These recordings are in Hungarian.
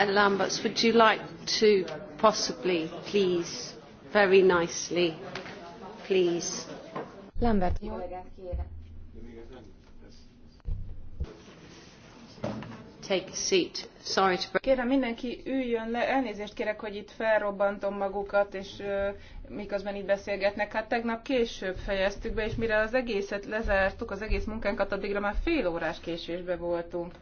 and Lamberts, would you like to possibly, please, very nicely, please? Lambert, Take a seat. Sorry to... break. Kérem, mindenki üljön le. Elnézést kérek, hogy itt felrobbantom magukat, és uh, miközben itt beszélgetnek. Hát tegnap később fejeztük be, és mire az egészet lezártuk, az egész munkánkat, addigra már fél órás késésbe voltunk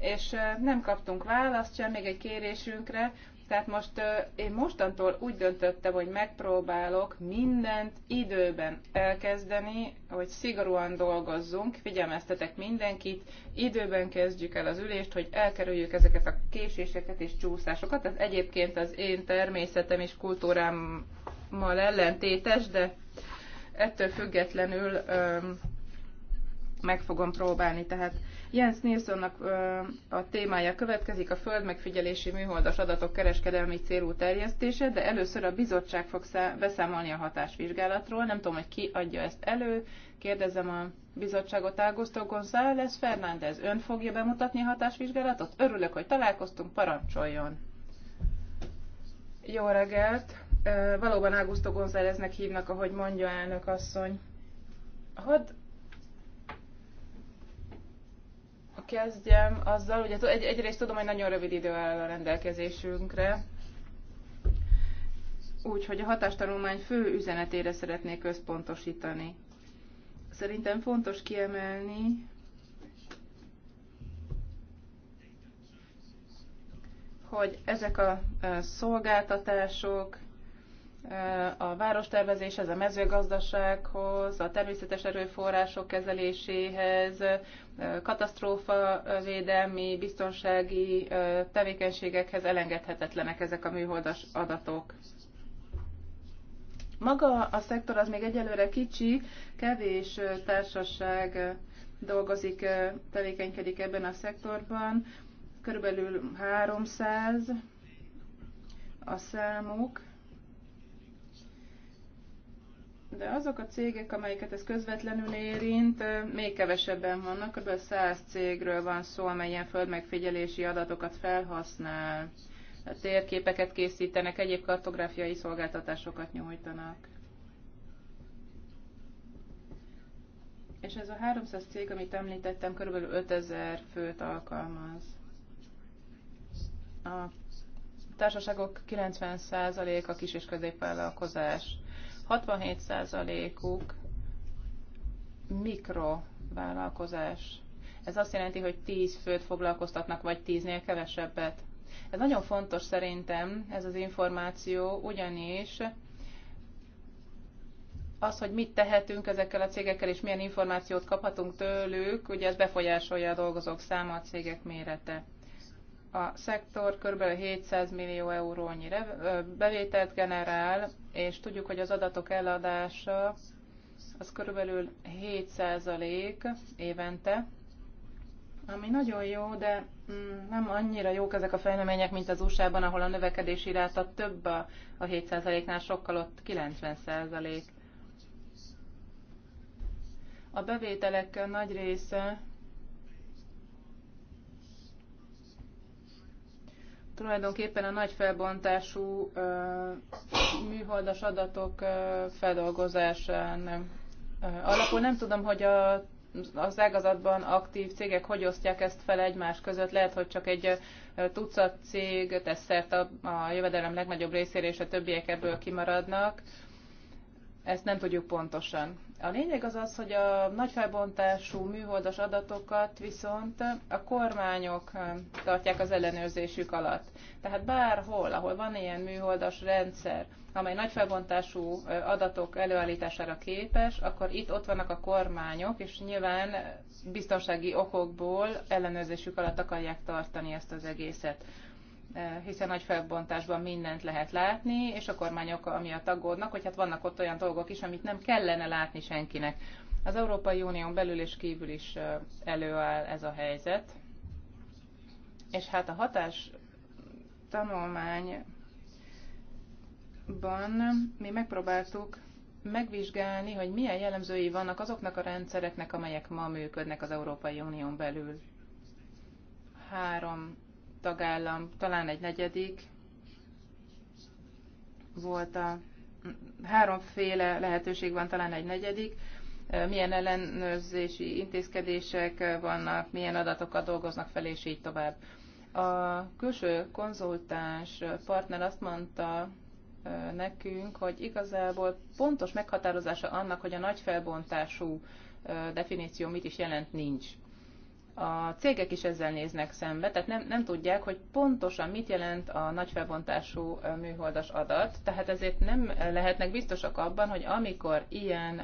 és nem kaptunk választ sem még egy kérésünkre, tehát most én mostantól úgy döntöttem, hogy megpróbálok mindent időben elkezdeni, hogy szigorúan dolgozzunk, figyelmeztetek mindenkit, időben kezdjük el az ülést, hogy elkerüljük ezeket a késéseket és csúszásokat. Ez egyébként az én természetem és kultúrámmal ellentétes, de ettől függetlenül öm, meg fogom próbálni. Tehát Jens Nilssonnak a témája következik a Föld megfigyelési műholdas adatok kereskedelmi célú terjesztése, de először a bizottság fog beszámolni a hatásvizsgálatról. Nem tudom, hogy ki adja ezt elő. Kérdezem a bizottságot Ágosztó González Fernández. Ön fogja bemutatni a hatásvizsgálatot? Örülök, hogy találkoztunk, parancsoljon. Jó reggelt! Valóban Águsztó Gonzáleznek hívnak, ahogy mondja elnök asszony. Hadd kezdjem azzal, hogy hát egy, egyrészt tudom, hogy nagyon rövid idő áll a rendelkezésünkre, úgyhogy a hatástanulmány fő üzenetére szeretnék összpontosítani. Szerintem fontos kiemelni, hogy ezek a szolgáltatások, a várostervezéshez, a mezőgazdasághoz, a természetes erőforrások kezeléséhez, katasztrófa védelmi, biztonsági tevékenységekhez elengedhetetlenek ezek a műholdas adatok. Maga a szektor az még egyelőre kicsi, kevés társaság dolgozik, tevékenykedik ebben a szektorban, körülbelül 300 a számuk, de azok a cégek, amelyeket ez közvetlenül érint, még kevesebben vannak, kb. 100 cégről van szó, amely ilyen földmegfigyelési adatokat felhasznál, térképeket készítenek, egyéb kartográfiai szolgáltatásokat nyújtanak. És ez a 300 cég, amit említettem, kb. 5000 főt alkalmaz. A társaságok 90% a kis és középvállalkozás. 67%-uk mikrovállalkozás. Ez azt jelenti, hogy 10 főt foglalkoztatnak, vagy 10-nél kevesebbet. Ez nagyon fontos szerintem, ez az információ, ugyanis az, hogy mit tehetünk ezekkel a cégekkel, és milyen információt kaphatunk tőlük, ugye ez befolyásolja a dolgozók száma, a cégek mérete. A szektor kb. 700 millió eurónyi bevételt generál, és tudjuk, hogy az adatok eladása az körülbelül 7% évente, ami nagyon jó, de mm, nem annyira jók ezek a fejlemények, mint az USA-ban, ahol a növekedés iráta több a, a 7%-nál, sokkal ott 90%. A bevételek nagy része tulajdonképpen a nagy felbontású műholdas adatok feldolgozásán alapul. Nem tudom, hogy a az ágazatban aktív cégek hogy osztják ezt fel egymás között? Lehet, hogy csak egy tucat cég tesz szert a, a jövedelem legnagyobb részére, és a többiek ebből kimaradnak ezt nem tudjuk pontosan. A lényeg az az, hogy a nagy felbontású műholdas adatokat viszont a kormányok tartják az ellenőrzésük alatt. Tehát bárhol, ahol van ilyen műholdas rendszer, amely nagy felbontású adatok előállítására képes, akkor itt ott vannak a kormányok, és nyilván biztonsági okokból ellenőrzésük alatt akarják tartani ezt az egészet. Eh, hiszen nagy felbontásban mindent lehet látni, és a kormányok amiatt aggódnak, hogy hát vannak ott olyan dolgok is, amit nem kellene látni senkinek. Az Európai Unión belül és kívül is eh, előáll ez a helyzet. És hát a hatás tanulmányban mi megpróbáltuk megvizsgálni, hogy milyen jellemzői vannak azoknak a rendszereknek, amelyek ma működnek az Európai Unión belül. Három tagállam, talán egy negyedik volt a háromféle lehetőség van, talán egy negyedik, milyen ellenőrzési intézkedések vannak, milyen adatokat dolgoznak fel, és így tovább. A külső konzultáns partner azt mondta nekünk, hogy igazából pontos meghatározása annak, hogy a nagy felbontású definíció mit is jelent, nincs a cégek is ezzel néznek szembe, tehát nem, nem tudják, hogy pontosan mit jelent a nagy felbontású műholdas adat, tehát ezért nem lehetnek biztosak abban, hogy amikor ilyen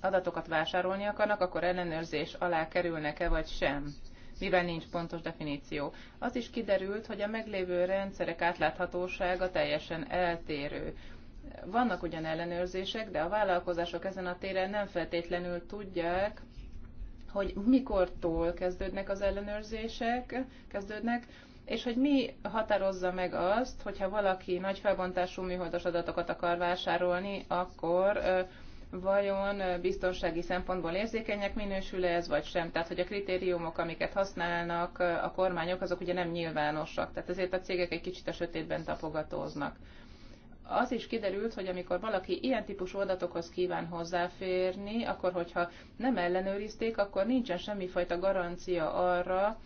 adatokat vásárolni akarnak, akkor ellenőrzés alá kerülnek-e vagy sem mivel nincs pontos definíció. Az is kiderült, hogy a meglévő rendszerek átláthatósága teljesen eltérő. Vannak ugyan ellenőrzések, de a vállalkozások ezen a téren nem feltétlenül tudják, hogy mikortól kezdődnek az ellenőrzések, kezdődnek, és hogy mi határozza meg azt, hogyha valaki nagy felbontású műholdas adatokat akar vásárolni, akkor vajon biztonsági szempontból érzékenyek minősül ez, vagy sem. Tehát, hogy a kritériumok, amiket használnak a kormányok, azok ugye nem nyilvánosak. Tehát ezért a cégek egy kicsit a sötétben tapogatóznak az is kiderült, hogy amikor valaki ilyen típusú adatokhoz kíván hozzáférni, akkor hogyha nem ellenőrizték, akkor nincsen semmifajta garancia arra,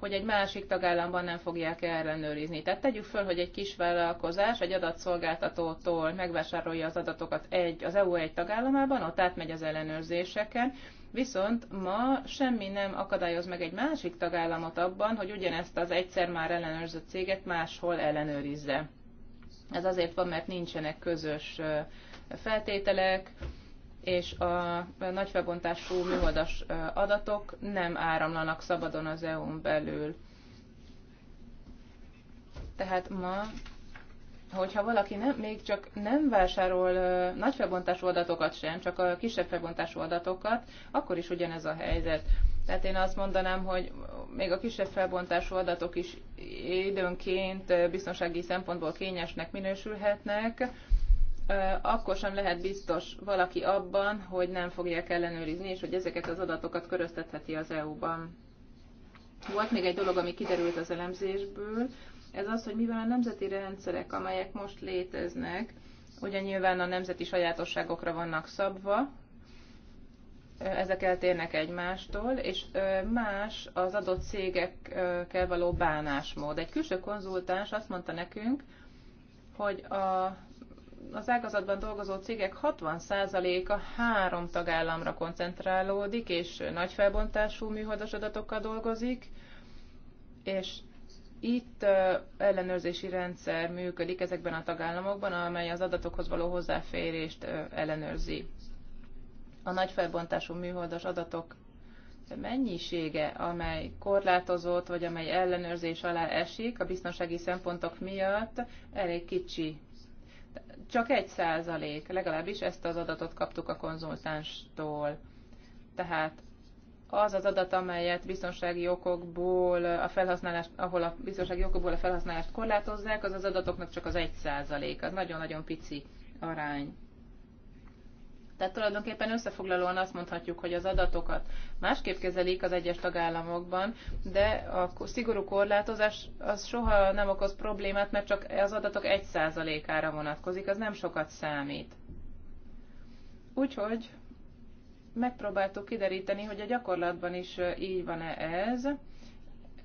hogy egy másik tagállamban nem fogják ellenőrizni. Tehát tegyük föl, hogy egy kisvállalkozás egy adatszolgáltatótól megvásárolja az adatokat egy, az EU egy tagállamában, ott átmegy az ellenőrzéseken, Viszont ma semmi nem akadályoz meg egy másik tagállamot abban, hogy ugyanezt az egyszer már ellenőrzött céget máshol ellenőrizze. Ez azért van, mert nincsenek közös feltételek, és a nagy műholdas adatok nem áramlanak szabadon az EU-n belül. Tehát ma, hogyha valaki nem, még csak nem vásárol nagy adatokat sem, csak a kisebb felbontású adatokat, akkor is ugyanez a helyzet. Tehát én azt mondanám, hogy még a kisebb felbontású adatok is időnként biztonsági szempontból kényesnek minősülhetnek, akkor sem lehet biztos valaki abban, hogy nem fogják ellenőrizni, és hogy ezeket az adatokat köröztetheti az EU-ban. Volt még egy dolog, ami kiderült az elemzésből, ez az, hogy mivel a nemzeti rendszerek, amelyek most léteznek, ugye nyilván a nemzeti sajátosságokra vannak szabva, ezek eltérnek egymástól, és más az adott cégekkel való bánásmód. Egy külső konzultáns azt mondta nekünk, hogy a, az ágazatban dolgozó cégek 60%-a három tagállamra koncentrálódik, és nagy felbontású műholdas adatokkal dolgozik, és itt ellenőrzési rendszer működik ezekben a tagállamokban, amely az adatokhoz való hozzáférést ellenőrzi a nagy felbontású műholdas adatok mennyisége, amely korlátozott, vagy amely ellenőrzés alá esik a biztonsági szempontok miatt, elég kicsi. Csak egy százalék, legalábbis ezt az adatot kaptuk a konzultánstól. Tehát az az adat, amelyet biztonsági okokból a felhasználást, ahol a biztonsági okokból a felhasználást korlátozzák, az az adatoknak csak az egy százalék, az nagyon-nagyon pici arány. Tehát tulajdonképpen összefoglalóan azt mondhatjuk, hogy az adatokat másképp kezelik az egyes tagállamokban, de a szigorú korlátozás az soha nem okoz problémát, mert csak az adatok 1%-ára vonatkozik, az nem sokat számít. Úgyhogy megpróbáltuk kideríteni, hogy a gyakorlatban is így van-e ez,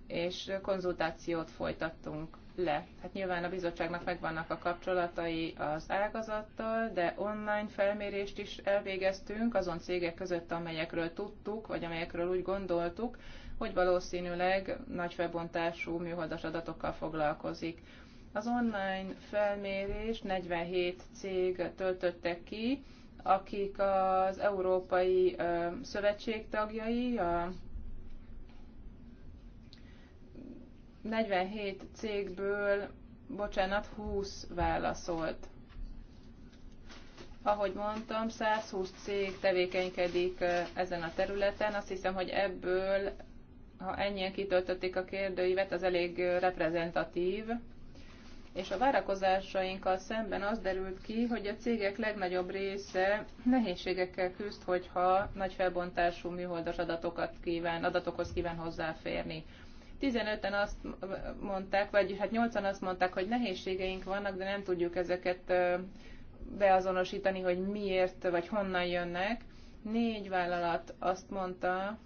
és konzultációt folytattunk le. Hát nyilván a bizottságnak megvannak a kapcsolatai az ágazattal, de online felmérést is elvégeztünk azon cégek között, amelyekről tudtuk, vagy amelyekről úgy gondoltuk, hogy valószínűleg nagy felbontású műholdas adatokkal foglalkozik. Az online felmérés 47 cég töltötte ki, akik az Európai Szövetség tagjai, a 47 cégből, bocsánat, 20 válaszolt. Ahogy mondtam, 120 cég tevékenykedik ezen a területen. Azt hiszem, hogy ebből, ha ennyien kitöltötték a kérdőívet, az elég reprezentatív és a várakozásainkkal szemben az derült ki, hogy a cégek legnagyobb része nehézségekkel küzd, hogyha nagy felbontású műholdas adatokat kíván, adatokhoz kíván hozzáférni. 15-en azt mondták, vagy hát 80 azt mondták, hogy nehézségeink vannak, de nem tudjuk ezeket beazonosítani, hogy miért, vagy honnan jönnek. Négy vállalat azt mondta,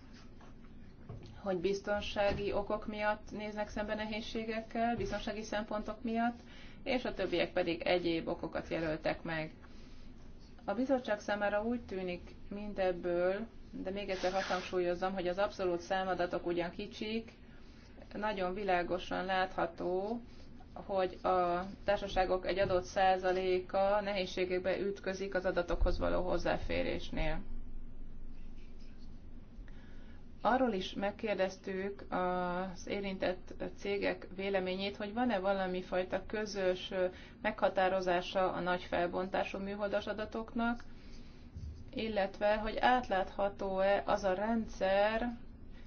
hogy biztonsági okok miatt néznek szembe nehézségekkel, biztonsági szempontok miatt, és a többiek pedig egyéb okokat jelöltek meg. A bizottság számára úgy tűnik mindebből, de még egyszer hangsúlyozom, hogy az abszolút számadatok ugyan kicsik, nagyon világosan látható, hogy a társaságok egy adott százaléka nehézségekbe ütközik az adatokhoz való hozzáférésnél. Arról is megkérdeztük az érintett cégek véleményét, hogy van-e valami fajta közös meghatározása a nagy felbontású műholdas adatoknak, illetve hogy átlátható-e az a rendszer,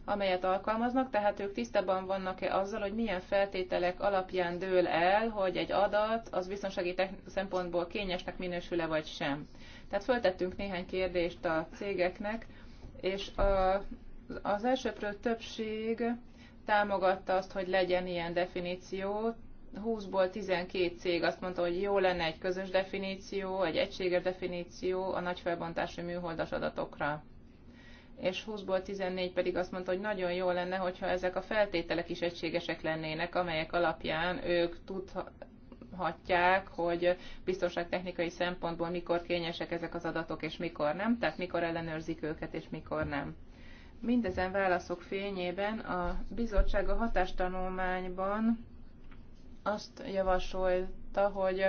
amelyet alkalmaznak, tehát ők tisztában vannak-e azzal, hogy milyen feltételek alapján dől el, hogy egy adat az biztonsági szempontból kényesnek minősül-e vagy sem. Tehát föltettünk néhány kérdést a cégeknek, és a, az elsőpről többség támogatta azt, hogy legyen ilyen definíció. 20-ból 12 cég azt mondta, hogy jó lenne egy közös definíció, egy egységes definíció a nagy felbontású műholdas adatokra és 20-ból 14 pedig azt mondta, hogy nagyon jó lenne, hogyha ezek a feltételek is egységesek lennének, amelyek alapján ők tudhatják, hogy biztonságtechnikai szempontból mikor kényesek ezek az adatok, és mikor nem, tehát mikor ellenőrzik őket, és mikor nem. Mindezen válaszok fényében a bizottság a hatástanulmányban azt javasolta, hogy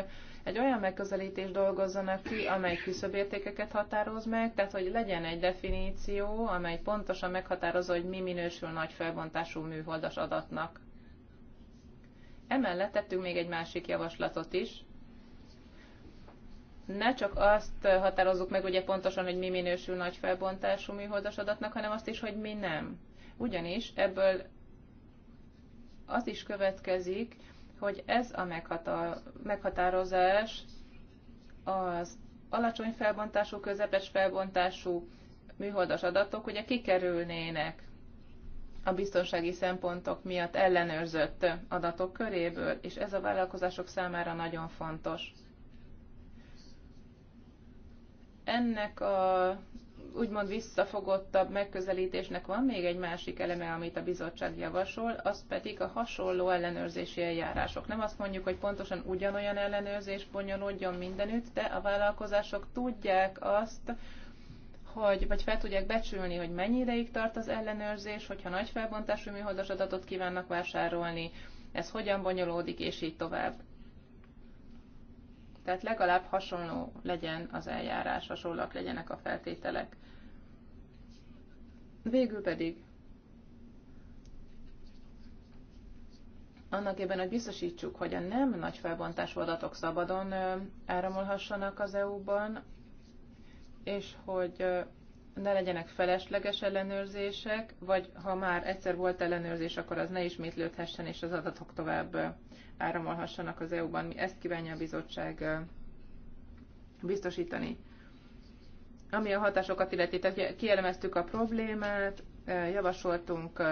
egy olyan megközelítés dolgozzanak ki, amely küszöbértékeket határoz meg, tehát hogy legyen egy definíció, amely pontosan meghatározza, hogy mi minősül nagy felbontású műholdas adatnak. Emellett tettünk még egy másik javaslatot is, ne csak azt határozzuk meg ugye pontosan, hogy mi minősül nagy felbontású műholdas adatnak, hanem azt is, hogy mi nem. Ugyanis ebből az is következik, hogy ez a meghatározás az alacsony felbontású, közepes felbontású műholdas adatok ugye kikerülnének a biztonsági szempontok miatt ellenőrzött adatok köréből, és ez a vállalkozások számára nagyon fontos. Ennek a úgymond visszafogottabb megközelítésnek van még egy másik eleme, amit a bizottság javasol, az pedig a hasonló ellenőrzési eljárások. Nem azt mondjuk, hogy pontosan ugyanolyan ellenőrzés bonyolódjon mindenütt, de a vállalkozások tudják azt, hogy, vagy fel tudják becsülni, hogy mennyi ideig tart az ellenőrzés, hogyha nagy felbontású műholdas adatot kívánnak vásárolni, ez hogyan bonyolódik, és így tovább. Tehát legalább hasonló legyen az eljárás, hasonlóak legyenek a feltételek. Végül pedig ében, hogy biztosítsuk, hogy a nem nagy felbontású adatok szabadon áramolhassanak az EU-ban, és hogy ne legyenek felesleges ellenőrzések, vagy ha már egyszer volt ellenőrzés, akkor az ne ismétlődhessen, és az adatok tovább áramolhassanak az EU-ban. Mi ezt kívánja a bizottság biztosítani. Ami a hatásokat illeti, tehát kielemeztük a problémát, javasoltunk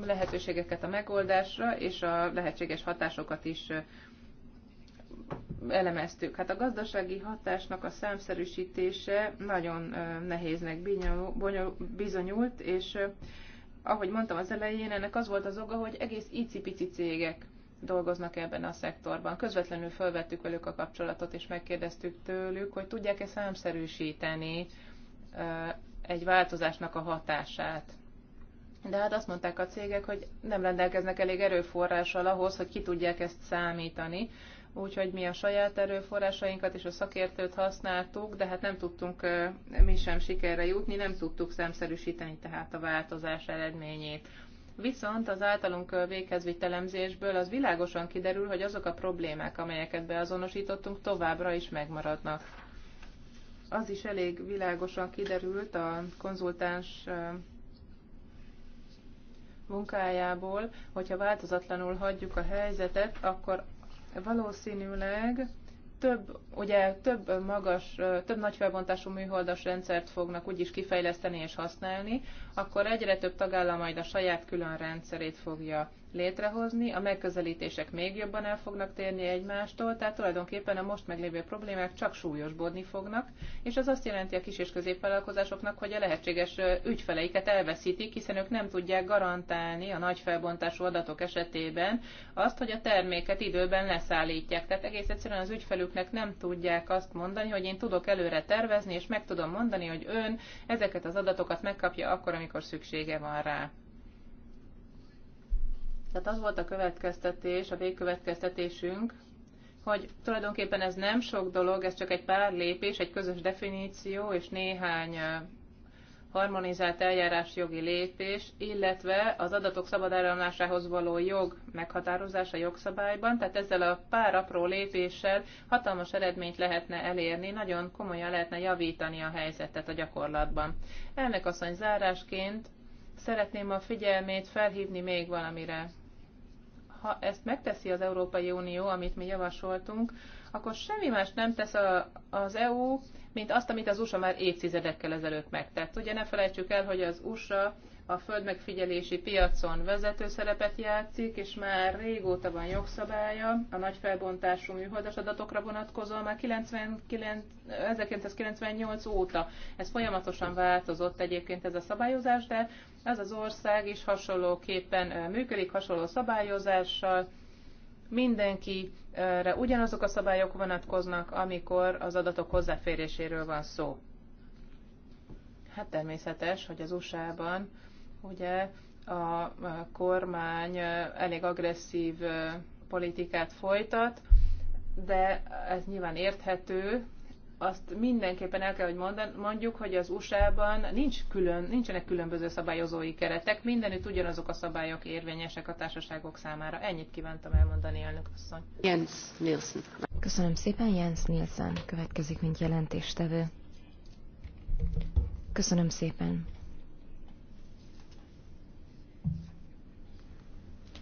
lehetőségeket a megoldásra, és a lehetséges hatásokat is elemeztük. Hát a gazdasági hatásnak a számszerűsítése nagyon nehéznek bizonyult, és ahogy mondtam az elején, ennek az volt az oga, hogy egész icipici cégek dolgoznak ebben a szektorban. Közvetlenül felvettük velük a kapcsolatot, és megkérdeztük tőlük, hogy tudják-e számszerűsíteni egy változásnak a hatását. De hát azt mondták a cégek, hogy nem rendelkeznek elég erőforrással ahhoz, hogy ki tudják ezt számítani, úgyhogy mi a saját erőforrásainkat és a szakértőt használtuk, de hát nem tudtunk mi sem sikerre jutni, nem tudtuk szemszerűsíteni tehát a változás eredményét. Viszont az általunk véghez vitt elemzésből az világosan kiderül, hogy azok a problémák, amelyeket beazonosítottunk, továbbra is megmaradnak. Az is elég világosan kiderült a konzultáns munkájából, hogyha változatlanul hagyjuk a helyzetet, akkor valószínűleg több, ugye több magas, több nagy felbontású műholdas rendszert fognak úgyis kifejleszteni és használni, akkor egyre több tagállam majd a saját külön rendszerét fogja létrehozni, a megközelítések még jobban el fognak térni egymástól, tehát tulajdonképpen a most meglévő problémák csak súlyosbodni fognak, és az azt jelenti a kis és középvállalkozásoknak, hogy a lehetséges ügyfeleiket elveszítik, hiszen ők nem tudják garantálni a nagy felbontású adatok esetében azt, hogy a terméket időben leszállítják. Tehát egész egyszerűen az ügyfelüknek nem tudják azt mondani, hogy én tudok előre tervezni, és meg tudom mondani, hogy ön ezeket az adatokat megkapja akkor, amikor szüksége van rá. Tehát az volt a következtetés, a végkövetkeztetésünk, hogy tulajdonképpen ez nem sok dolog, ez csak egy pár lépés, egy közös definíció és néhány harmonizált eljárás jogi lépés, illetve az adatok szabad áramlásához való jog meghatározása jogszabályban, tehát ezzel a pár apró lépéssel hatalmas eredményt lehetne elérni, nagyon komolyan lehetne javítani a helyzetet a gyakorlatban. Elnök asszony zárásként szeretném a figyelmét felhívni még valamire ha ezt megteszi az Európai Unió, amit mi javasoltunk, akkor semmi más nem tesz a, az EU, mint azt, amit az USA már évtizedekkel ezelőtt megtett. Ugye ne felejtsük el, hogy az USA a földmegfigyelési piacon vezető szerepet játszik, és már régóta van jogszabálya a nagy felbontású műholdas adatokra vonatkozóan, már 99, 1998 óta. Ez folyamatosan változott egyébként ez a szabályozás, de ez az ország is hasonlóképpen működik, hasonló szabályozással, mindenkire ugyanazok a szabályok vonatkoznak, amikor az adatok hozzáféréséről van szó. Hát természetes, hogy az USA-ban ugye a kormány elég agresszív politikát folytat, de ez nyilván érthető. Azt mindenképpen el kell, hogy mondjuk, hogy az USA-ban nincs külön, nincsenek különböző szabályozói keretek, mindenütt ugyanazok a szabályok érvényesek a társaságok számára. Ennyit kívántam elmondani, elnök asszony. Jens Nielsen. Köszönöm szépen, Jens Nielsen következik, mint jelentéstevő. Köszönöm szépen.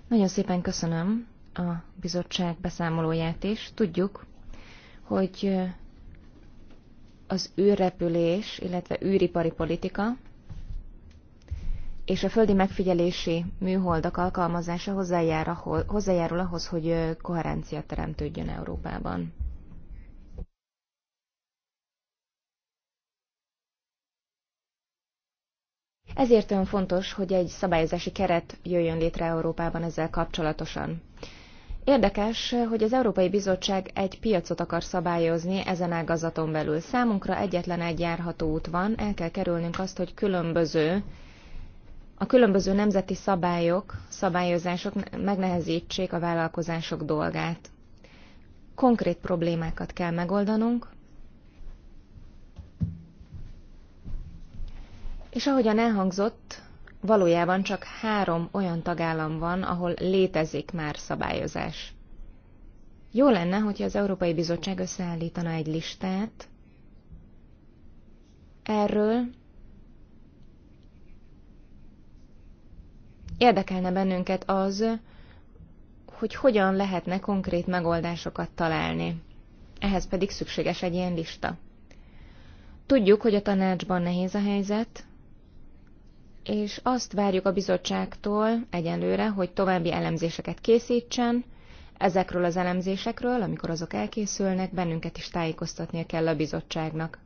Nagyon szépen köszönöm a bizottság beszámolóját is. Tudjuk, hogy az űrrepülés, illetve űripari politika és a földi megfigyelési műholdak alkalmazása hozzájárul ahhoz, hogy koherencia teremtődjön Európában. Ezért olyan fontos, hogy egy szabályozási keret jöjjön létre Európában ezzel kapcsolatosan. Érdekes, hogy az Európai Bizottság egy piacot akar szabályozni ezen ágazaton belül. Számunkra egyetlen egy járható út van, el kell kerülnünk azt, hogy különböző a különböző nemzeti szabályok, szabályozások megnehezítsék a vállalkozások dolgát. Konkrét problémákat kell megoldanunk, És ahogyan elhangzott, valójában csak három olyan tagállam van, ahol létezik már szabályozás. Jó lenne, hogyha az Európai Bizottság összeállítana egy listát erről. Érdekelne bennünket az, hogy hogyan lehetne konkrét megoldásokat találni. Ehhez pedig szükséges egy ilyen lista. Tudjuk, hogy a tanácsban nehéz a helyzet, és azt várjuk a bizottságtól egyenlőre, hogy további elemzéseket készítsen, Ezekről az elemzésekről, amikor azok elkészülnek, bennünket is tájékoztatnia kell a bizottságnak.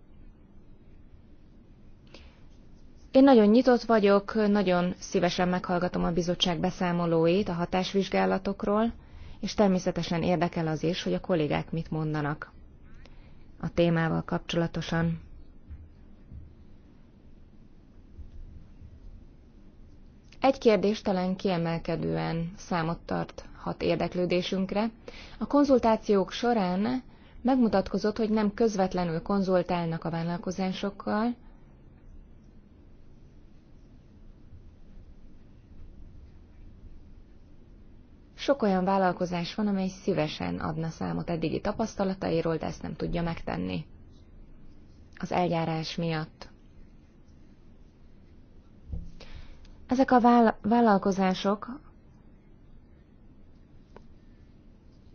Én nagyon nyitott vagyok, nagyon szívesen meghallgatom a bizottság beszámolóit a hatásvizsgálatokról, és természetesen érdekel az is, hogy a kollégák mit mondanak a témával kapcsolatosan. Egy kérdés talán kiemelkedően számot tarthat érdeklődésünkre. A konzultációk során megmutatkozott, hogy nem közvetlenül konzultálnak a vállalkozásokkal, Sok olyan vállalkozás van, amely szívesen adna számot eddigi tapasztalatairól, de ezt nem tudja megtenni. Az eljárás miatt. Ezek a vállalkozások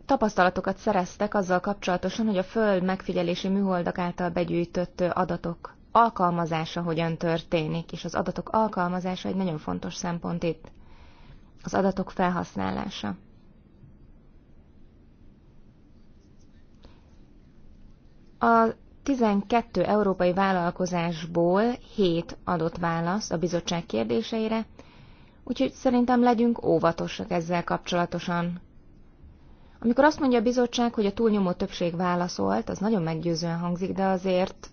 tapasztalatokat szereztek azzal kapcsolatosan, hogy a Föld megfigyelési műholdak által begyűjtött adatok alkalmazása hogyan történik, és az adatok alkalmazása egy nagyon fontos szempont itt. Az adatok felhasználása. A 12 európai vállalkozásból 7 adott választ a bizottság kérdéseire, úgyhogy szerintem legyünk óvatosak ezzel kapcsolatosan. Amikor azt mondja a bizottság, hogy a túlnyomó többség válaszolt, az nagyon meggyőzően hangzik, de azért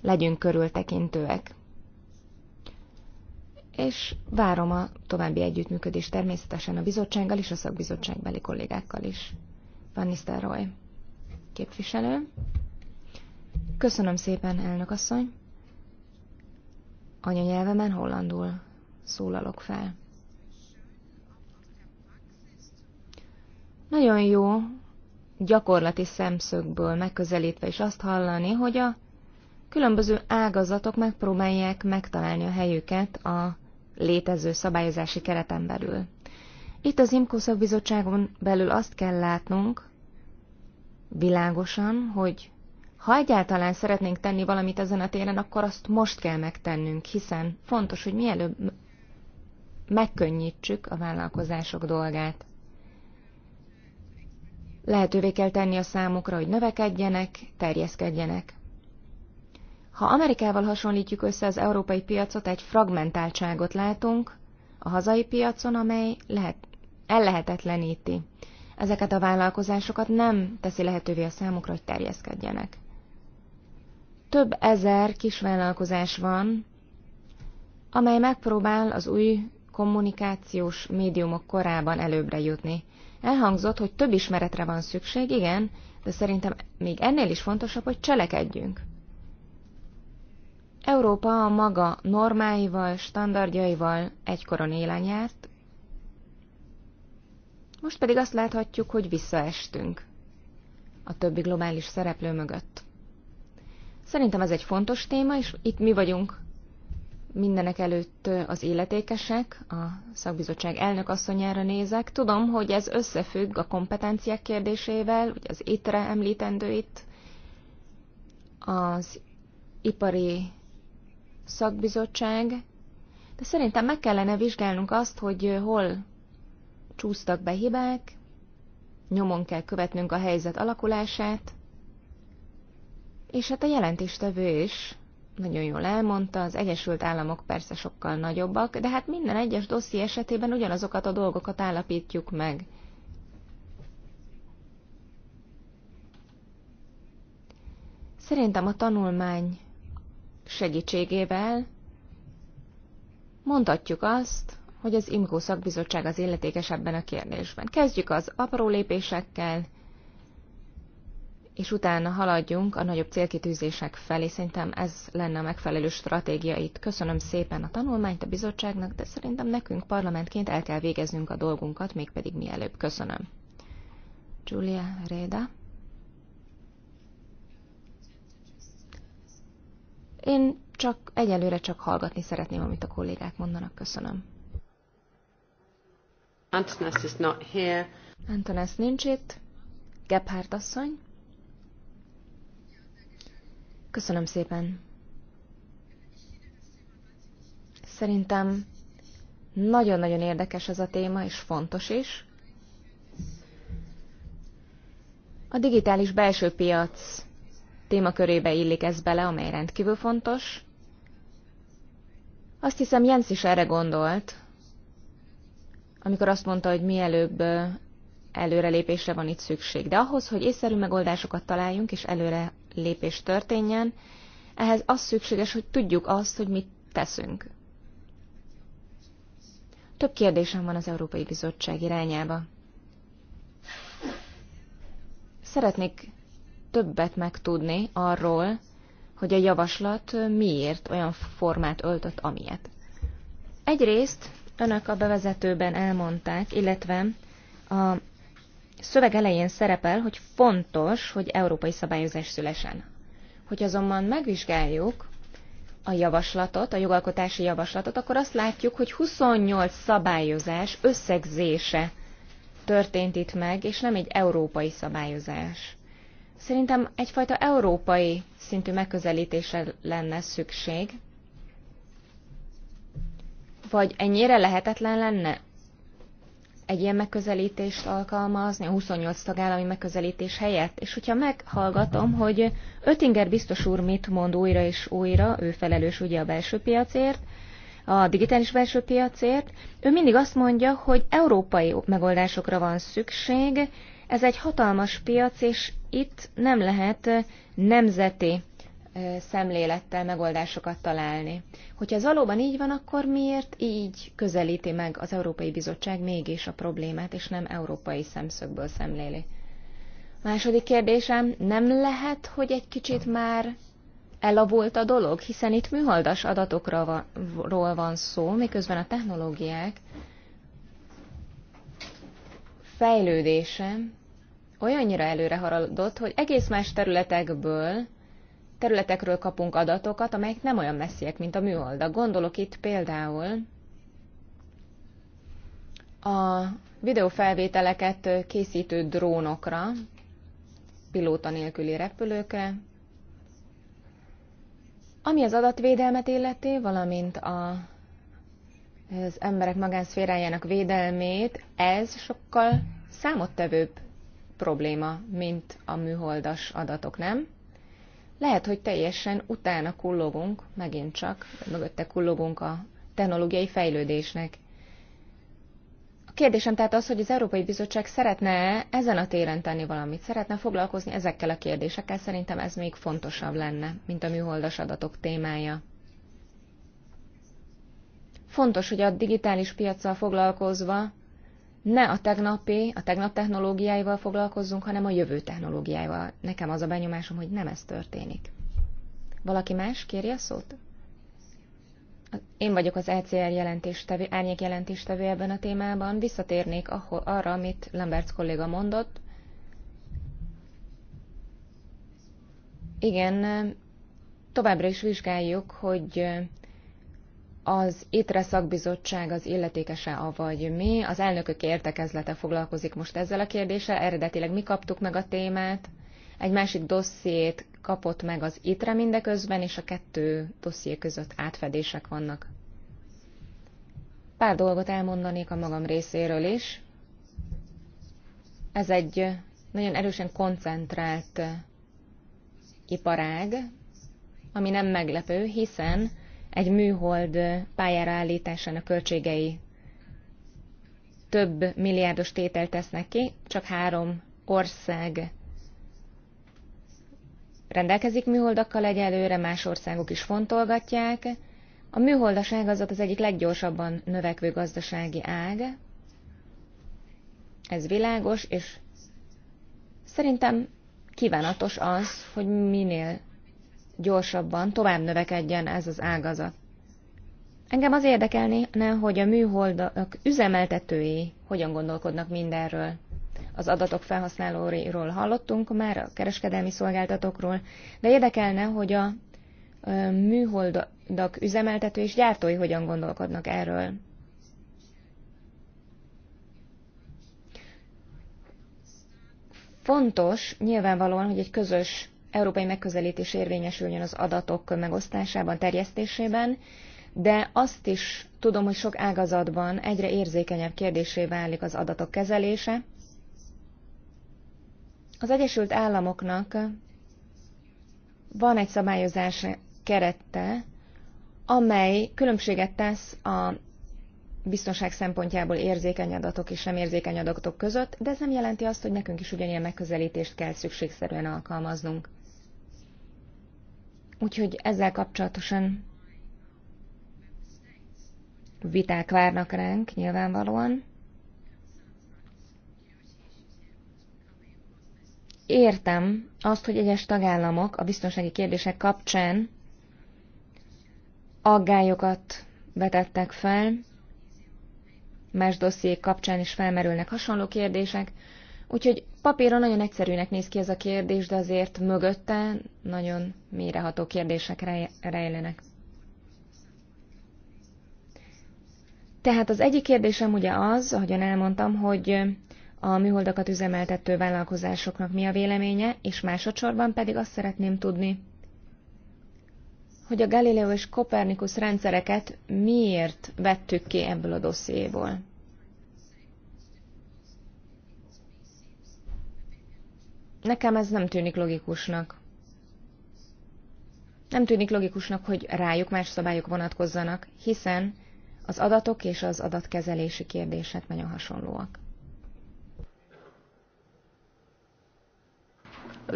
legyünk körültekintőek. És várom a további együttműködést természetesen a bizottsággal és a szakbizottságbeli kollégákkal is. Van Roy, képviselő. Köszönöm szépen, elnök asszony. Anyanyelvemen hollandul szólalok fel. Nagyon jó gyakorlati szemszögből megközelítve is azt hallani, hogy a különböző ágazatok megpróbálják megtalálni a helyüket a létező szabályozási kereten belül. Itt az IMCO szakbizottságon belül azt kell látnunk világosan, hogy ha egyáltalán szeretnénk tenni valamit ezen a téren, akkor azt most kell megtennünk, hiszen fontos, hogy mielőbb megkönnyítsük a vállalkozások dolgát. Lehetővé kell tenni a számukra, hogy növekedjenek, terjeszkedjenek. Ha Amerikával hasonlítjuk össze az európai piacot, egy fragmentáltságot látunk a hazai piacon, amely lehet, ellehetetleníti. Ezeket a vállalkozásokat nem teszi lehetővé a számukra, hogy terjeszkedjenek. Több ezer kisvállalkozás van, amely megpróbál az új kommunikációs médiumok korában előbbre jutni. Elhangzott, hogy több ismeretre van szükség, igen, de szerintem még ennél is fontosabb, hogy cselekedjünk. Európa a maga normáival, standardjaival egykoron élen járt, most pedig azt láthatjuk, hogy visszaestünk a többi globális szereplő mögött. Szerintem ez egy fontos téma, és itt mi vagyunk mindenek előtt az életékesek, a szakbizottság elnök asszonyára nézek. Tudom, hogy ez összefügg a kompetenciák kérdésével, ugye az étre említendő itt, az ipari szakbizottság, de szerintem meg kellene vizsgálnunk azt, hogy hol csúsztak be hibák, nyomon kell követnünk a helyzet alakulását, és hát a jelentéstevő is nagyon jól elmondta, az Egyesült Államok persze sokkal nagyobbak, de hát minden egyes dosszi esetében ugyanazokat a dolgokat állapítjuk meg. Szerintem a tanulmány segítségével mondhatjuk azt, hogy az IMKO szakbizottság az illetékes ebben a kérdésben. Kezdjük az apró lépésekkel, és utána haladjunk a nagyobb célkitűzések felé. Szerintem ez lenne a megfelelő stratégia itt. Köszönöm szépen a tanulmányt a bizottságnak, de szerintem nekünk parlamentként el kell végeznünk a dolgunkat, mégpedig mielőbb. Köszönöm. Julia Reda. Én csak egyelőre csak hallgatni szeretném, amit a kollégák mondanak. Köszönöm. Antones is not here. nincs itt. Gebhardt asszony. Köszönöm szépen. Szerintem nagyon-nagyon érdekes ez a téma, és fontos is. A digitális belső piac témakörébe illik ez bele, amely rendkívül fontos. Azt hiszem, Jens is erre gondolt, amikor azt mondta, hogy mielőbb előrelépésre van itt szükség. De ahhoz, hogy észszerű megoldásokat találjunk és előre lépés történjen. Ehhez az szükséges, hogy tudjuk azt, hogy mit teszünk. Több kérdésem van az Európai Bizottság irányába. Szeretnék többet megtudni arról, hogy a javaslat miért olyan formát öltött, amilyet. Egyrészt önök a bevezetőben elmondták, illetve a szöveg elején szerepel, hogy fontos, hogy európai szabályozás szülesen. Hogy azonban megvizsgáljuk a javaslatot, a jogalkotási javaslatot, akkor azt látjuk, hogy 28 szabályozás összegzése történt itt meg, és nem egy európai szabályozás. Szerintem egyfajta európai szintű megközelítése lenne szükség. Vagy ennyire lehetetlen lenne? egy ilyen megközelítést alkalmazni, a 28 tagállami megközelítés helyett. És hogyha meghallgatom, hogy Ötinger biztos úr mit mond újra és újra, ő felelős ugye a belső piacért, a digitális belső piacért, ő mindig azt mondja, hogy európai megoldásokra van szükség, ez egy hatalmas piac, és itt nem lehet nemzeti szemlélettel megoldásokat találni. Hogyha ez valóban így van, akkor miért így közelíti meg az Európai Bizottság mégis a problémát, és nem európai szemszögből szemléli? Második kérdésem, nem lehet, hogy egy kicsit már elavult a dolog, hiszen itt műholdas adatokról van szó, miközben a technológiák fejlődése olyannyira előre haladott, hogy egész más területekből területekről kapunk adatokat, amelyek nem olyan messziek, mint a műholdak. Gondolok itt például a videófelvételeket készítő drónokra, pilóta nélküli repülőkre, ami az adatvédelmet illeti, valamint a, az emberek magánszférájának védelmét, ez sokkal számottevőbb probléma, mint a műholdas adatok, nem? lehet, hogy teljesen utána kullogunk, megint csak, mögötte kullogunk a technológiai fejlődésnek. A kérdésem tehát az, hogy az Európai Bizottság szeretne ezen a téren tenni valamit, szeretne foglalkozni ezekkel a kérdésekkel, szerintem ez még fontosabb lenne, mint a műholdas adatok témája. Fontos, hogy a digitális piaccal foglalkozva ne a tegnapi, a tegnap technológiáival foglalkozzunk, hanem a jövő technológiáival. Nekem az a benyomásom, hogy nem ez történik. Valaki más kéri a szót? Én vagyok az ECR jelentéstevő, árnyék jelentéstevő ebben a témában. Visszatérnék ahol, arra, amit Lamberts kolléga mondott. Igen, továbbra is vizsgáljuk, hogy az ITRE szakbizottság az illetékese, avagy mi. Az elnökök értekezlete foglalkozik most ezzel a kérdéssel. Eredetileg mi kaptuk meg a témát, egy másik dossziét kapott meg az ITRE mindeközben, és a kettő dosszié között átfedések vannak. Pár dolgot elmondanék a magam részéről is. Ez egy nagyon erősen koncentrált iparág, ami nem meglepő, hiszen egy műhold pályára állításának költségei több milliárdos tételt tesznek ki, csak három ország rendelkezik műholdakkal egyelőre, más országok is fontolgatják. A műholdas ágazat az egyik leggyorsabban növekvő gazdasági ág. Ez világos, és szerintem kívánatos az, hogy minél gyorsabban tovább növekedjen ez az ágazat. Engem az érdekelné, hogy a műholdak üzemeltetői hogyan gondolkodnak mindenről. Az adatok felhasználóiról hallottunk már, a kereskedelmi szolgáltatókról, de érdekelne, hogy a műholdak üzemeltető és gyártói hogyan gondolkodnak erről. Fontos nyilvánvalóan, hogy egy közös európai megközelítés érvényesüljön az adatok megosztásában, terjesztésében, de azt is tudom, hogy sok ágazatban egyre érzékenyebb kérdésé válik az adatok kezelése. Az Egyesült Államoknak van egy szabályozás kerette, amely különbséget tesz a biztonság szempontjából érzékeny adatok és nem érzékeny adatok között, de ez nem jelenti azt, hogy nekünk is ugyanilyen megközelítést kell szükségszerűen alkalmaznunk. Úgyhogy ezzel kapcsolatosan viták várnak ránk nyilvánvalóan. Értem azt, hogy egyes tagállamok a biztonsági kérdések kapcsán aggályokat vetettek fel, más dossziék kapcsán is felmerülnek hasonló kérdések, úgyhogy Papíron nagyon egyszerűnek néz ki ez a kérdés, de azért mögötte nagyon mélyreható kérdések rejlenek. Tehát az egyik kérdésem ugye az, ahogyan elmondtam, hogy a műholdakat üzemeltető vállalkozásoknak mi a véleménye, és másodszorban pedig azt szeretném tudni, hogy a Galileo és Kopernikus rendszereket miért vettük ki ebből a dossziéból. Nekem ez nem tűnik logikusnak. Nem tűnik logikusnak, hogy rájuk más szabályok vonatkozzanak, hiszen az adatok és az adatkezelési kérdések nagyon hasonlóak.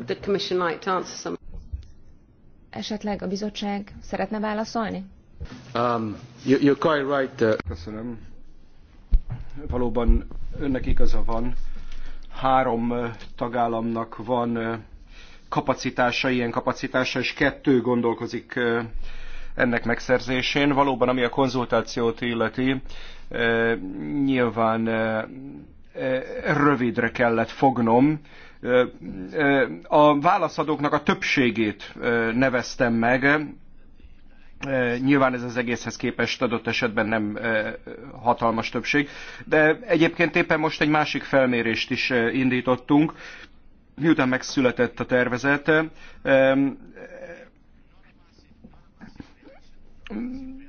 The commission might answer some. Esetleg a bizottság szeretne válaszolni? Um, you're quite right. Uh... Köszönöm. Valóban önnek igaza van Három tagállamnak van kapacitása, ilyen kapacitása, és kettő gondolkozik ennek megszerzésén. Valóban, ami a konzultációt illeti, nyilván rövidre kellett fognom. A válaszadóknak a többségét neveztem meg, Nyilván ez az egészhez képest adott esetben nem hatalmas többség, de egyébként éppen most egy másik felmérést is indítottunk, miután megszületett a tervezet.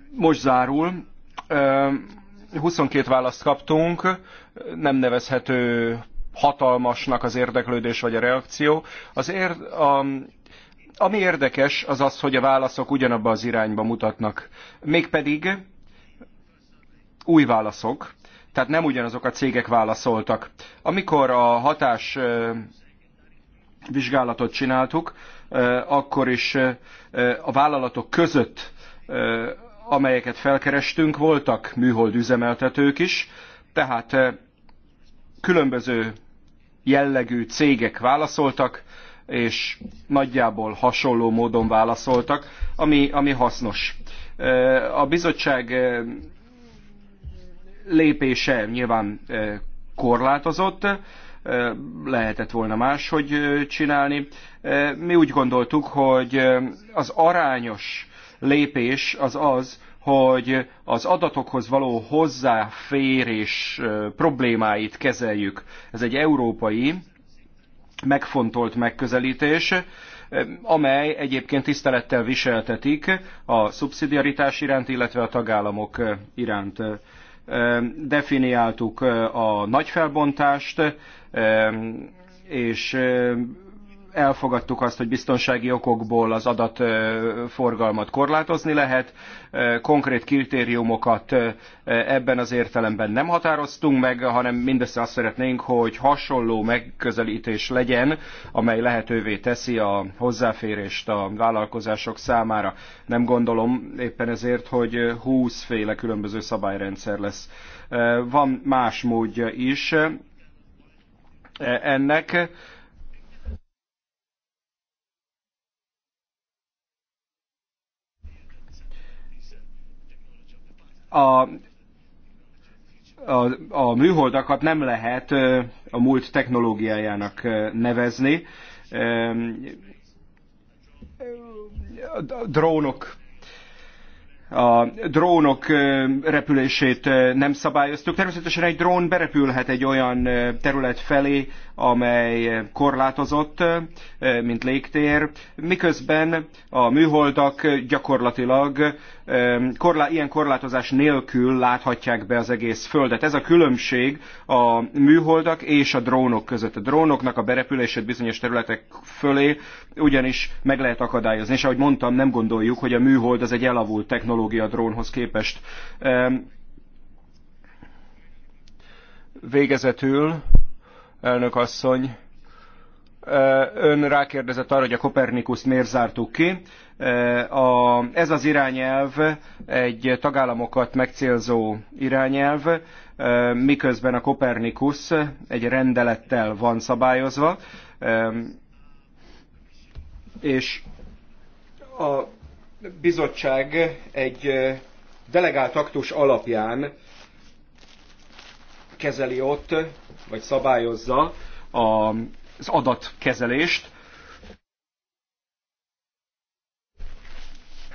Most zárul. 22 választ kaptunk, nem nevezhető hatalmasnak az érdeklődés vagy a reakció. Az ér, a ami érdekes, az az, hogy a válaszok ugyanabba az irányba mutatnak. Mégpedig új válaszok, tehát nem ugyanazok a cégek válaszoltak. Amikor a hatás vizsgálatot csináltuk, akkor is a vállalatok között, amelyeket felkerestünk, voltak műhold üzemeltetők is, tehát különböző jellegű cégek válaszoltak, és nagyjából hasonló módon válaszoltak, ami, ami hasznos. A bizottság lépése nyilván korlátozott, lehetett volna máshogy csinálni. Mi úgy gondoltuk, hogy az arányos lépés az az, hogy az adatokhoz való hozzáférés problémáit kezeljük. Ez egy európai megfontolt megközelítés, amely egyébként tisztelettel viseltetik a szubszidiaritás iránt, illetve a tagállamok iránt. Definiáltuk a nagyfelbontást, és elfogadtuk azt, hogy biztonsági okokból az adatforgalmat korlátozni lehet, konkrét kritériumokat ebben az értelemben nem határoztunk meg, hanem mindössze azt szeretnénk, hogy hasonló megközelítés legyen, amely lehetővé teszi a hozzáférést a vállalkozások számára. Nem gondolom éppen ezért, hogy 20 féle különböző szabályrendszer lesz. Van más módja is ennek a, a, a műholdakat nem lehet a múlt technológiájának nevezni. A drónok a drónok repülését nem szabályoztuk. Természetesen egy drón berepülhet egy olyan terület felé, amely korlátozott, mint légtér, miközben a műholdak gyakorlatilag korlá, ilyen korlátozás nélkül láthatják be az egész földet. Ez a különbség a műholdak és a drónok között. A drónoknak a berepülését bizonyos területek fölé ugyanis meg lehet akadályozni, és ahogy mondtam, nem gondoljuk, hogy a műhold az egy elavult technológia a drónhoz képest. Végezetül, elnök asszony, ön rákérdezett arra, hogy a Kopernikuszt miért zártuk ki a, ez az irányelv egy tagállamokat megcélzó irányelv, e, miközben a Kopernikus egy rendelettel van szabályozva, e, és a bizottság egy e, delegált aktus alapján kezeli ott, vagy szabályozza az adatkezelést,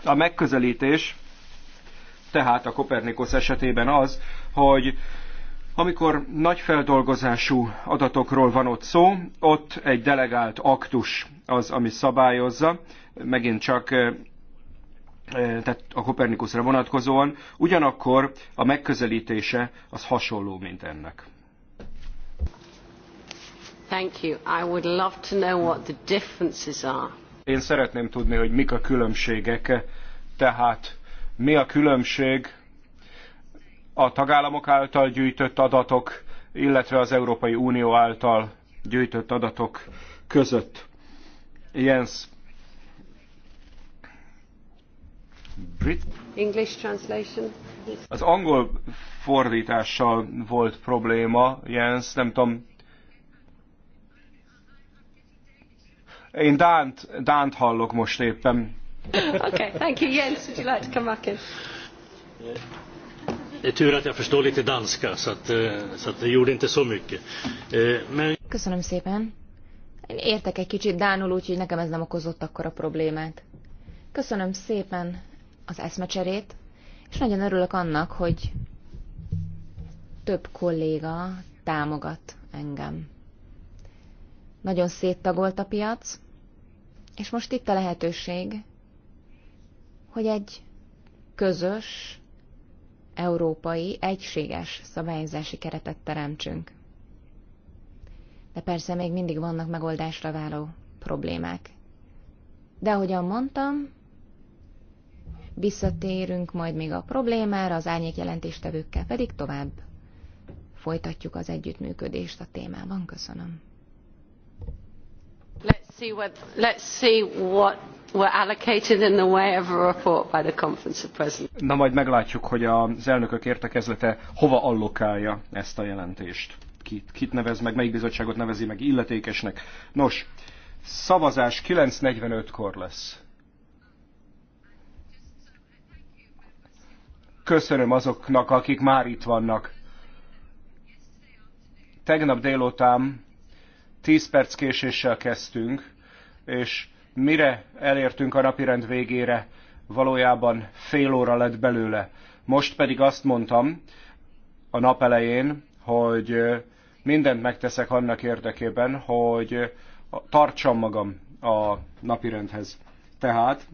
A megközelítés tehát a Kopernikus esetében az, hogy amikor nagy feldolgozású adatokról van ott szó, ott egy delegált aktus az, ami szabályozza, megint csak eh, tehát a Kopernikusra vonatkozóan, ugyanakkor a megközelítése az hasonló, mint ennek. Thank you. I would love to know what the differences are. Én szeretném tudni, hogy mik a különbségek, tehát mi a különbség a tagállamok által gyűjtött adatok, illetve az Európai Unió által gyűjtött adatok között. Jens. Brit? English translation. Az angol fordítással volt probléma, Jens, nem tudom, Én Dánt, Dánt hallok most éppen. okay, thank you. Jens, would you like to come back in? Det är tur att jag förstår lite danska, så, att, eh, så att det gjorde inte så mycket. Eh, men... Köszönöm szépen. Én értek egy kicsit dánul, úgyhogy nekem ez nem okozott a problémát. Köszönöm szépen az eszmecserét, és nagyon örülök annak, hogy több kolléga támogat engem. Nagyon széttagolt a piac, és most itt a lehetőség, hogy egy közös, európai, egységes szabályozási keretet teremtsünk. De persze még mindig vannak megoldásra váló problémák. De ahogyan mondtam, visszatérünk majd még a problémára, az árnyék jelentéstevőkkel pedig tovább folytatjuk az együttműködést a témában. Köszönöm. Na majd meglátjuk, hogy az elnökök értekezlete hova allokálja ezt a jelentést. Kit, kit nevez meg, melyik bizottságot nevezi meg illetékesnek. Nos, szavazás 9.45-kor lesz. Köszönöm azoknak, akik már itt vannak. Tegnap délután 10 perc késéssel kezdtünk, és mire elértünk a napirend végére, valójában fél óra lett belőle. Most pedig azt mondtam a nap elején, hogy mindent megteszek annak érdekében, hogy tartsam magam a napirendhez. Tehát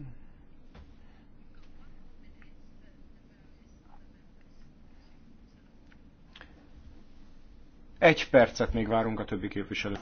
egy percet még várunk a többi képviselőt.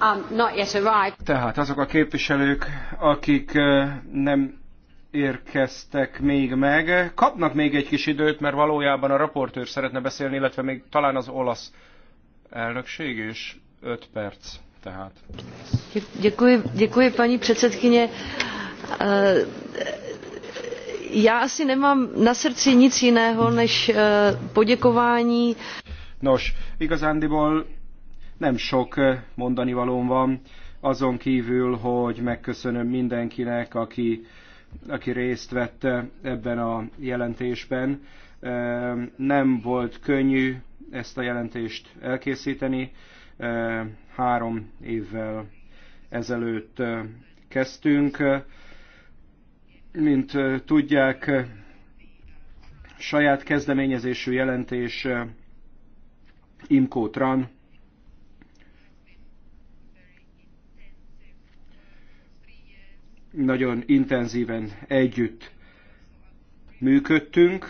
Um, tehát azok a képviselők, akik nem érkeztek még meg, kapnak még egy kis időt, mert valójában a raportőr szeretne beszélni, illetve még talán az olasz elnökség is 5 perc. Tehát. Děkuji, děkuji paní předsedkyně. Já asi nemám na srdci nic jiného než poděkování Nos, igazándiból nem sok eh, mondani valóm van, azon kívül, hogy megköszönöm mindenkinek, aki, aki részt vette eh, ebben a jelentésben. Eh, nem volt könnyű ezt a jelentést elkészíteni. Három évvel ezelőtt kezdtünk. Mint tudják, saját kezdeményezésű jelentés Imco Tran, nagyon intenzíven együtt működtünk.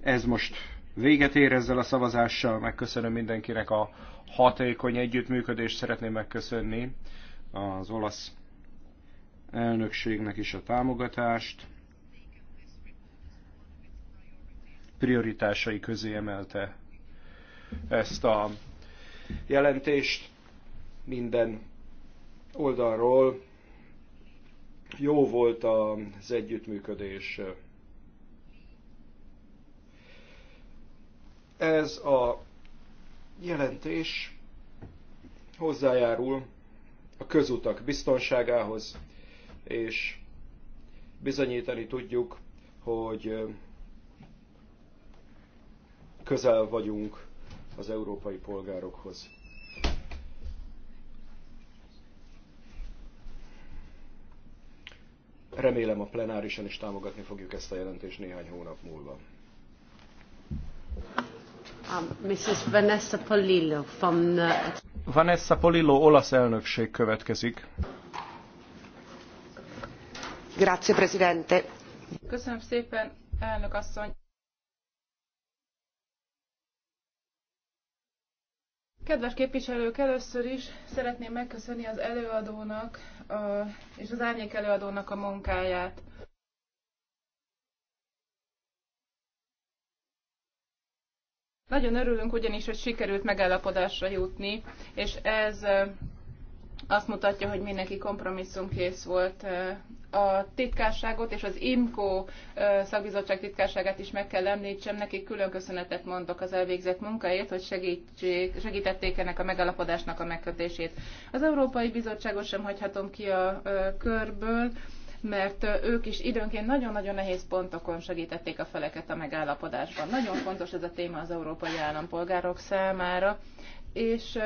Ez most véget ér ezzel a szavazással. Megköszönöm mindenkinek a hatékony együttműködést. Szeretném megköszönni az olasz elnökségnek is a támogatást. prioritásai közé emelte ezt a jelentést minden oldalról. Jó volt az együttműködés. Ez a jelentés hozzájárul a közutak biztonságához, és bizonyítani tudjuk, hogy közel vagyunk az európai polgárokhoz. Remélem a plenárisan is támogatni fogjuk ezt a jelentést néhány hónap múlva. Um, Mrs. Vanessa Polillo from the... Vanessa Polillo, olasz elnökség következik. Grazie, Presidente. Köszönöm szépen, elnök asszony. Kedves képviselők, először is szeretném megköszönni az előadónak a, és az árnyék előadónak a munkáját. Nagyon örülünk ugyanis, hogy sikerült megállapodásra jutni, és ez azt mutatja, hogy mindenki kompromisszumkész volt. A titkárságot és az IMCO szakbizottság titkárságát is meg kell említsem, nekik külön köszönetet mondok az elvégzett munkáért, hogy segítség, segítették ennek a megalapodásnak a megkötését. Az Európai Bizottságot sem hagyhatom ki a körből, mert ők is időnként nagyon-nagyon nehéz pontokon segítették a feleket a megállapodásban. Nagyon fontos ez a téma az európai állampolgárok számára, és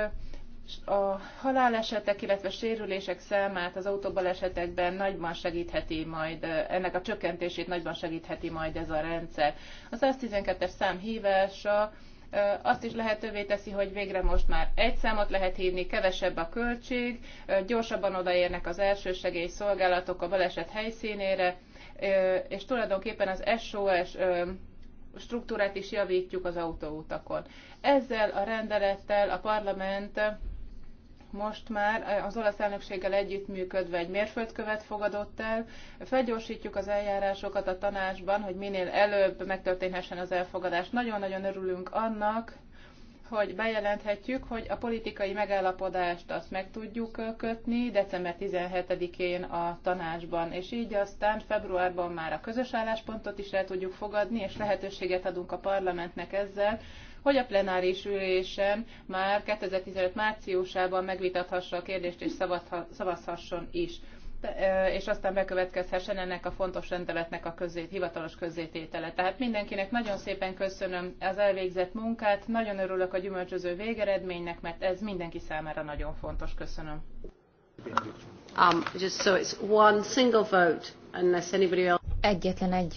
a halálesetek, illetve sérülések számát az autóbalesetekben nagyban segítheti majd, ennek a csökkentését nagyban segítheti majd ez a rendszer. Az 112-es szám hívása azt is lehetővé teszi, hogy végre most már egy számot lehet hívni, kevesebb a költség, gyorsabban odaérnek az elsősegély szolgálatok a baleset helyszínére, és tulajdonképpen az SOS struktúrát is javítjuk az autóutakon. Ezzel a rendelettel a parlament most már az olasz elnökséggel együttműködve egy mérföldkövet fogadott el. Felgyorsítjuk az eljárásokat a tanácsban, hogy minél előbb megtörténhessen az elfogadás. Nagyon-nagyon örülünk annak, hogy bejelenthetjük, hogy a politikai megállapodást azt meg tudjuk kötni december 17-én a tanácsban, és így aztán februárban már a közös álláspontot is el tudjuk fogadni, és lehetőséget adunk a parlamentnek ezzel, hogy a plenáris ülésen már 2015 márciusában megvitathassa a kérdést és szavazhasson is és aztán bekövetkezhessen ennek a fontos rendeletnek a közzét, hivatalos közzététele. Tehát mindenkinek nagyon szépen köszönöm az elvégzett munkát, nagyon örülök a gyümölcsöző végeredménynek, mert ez mindenki számára nagyon fontos. Köszönöm. Um, just so it's one single vote, unless anybody else... Egyetlen egy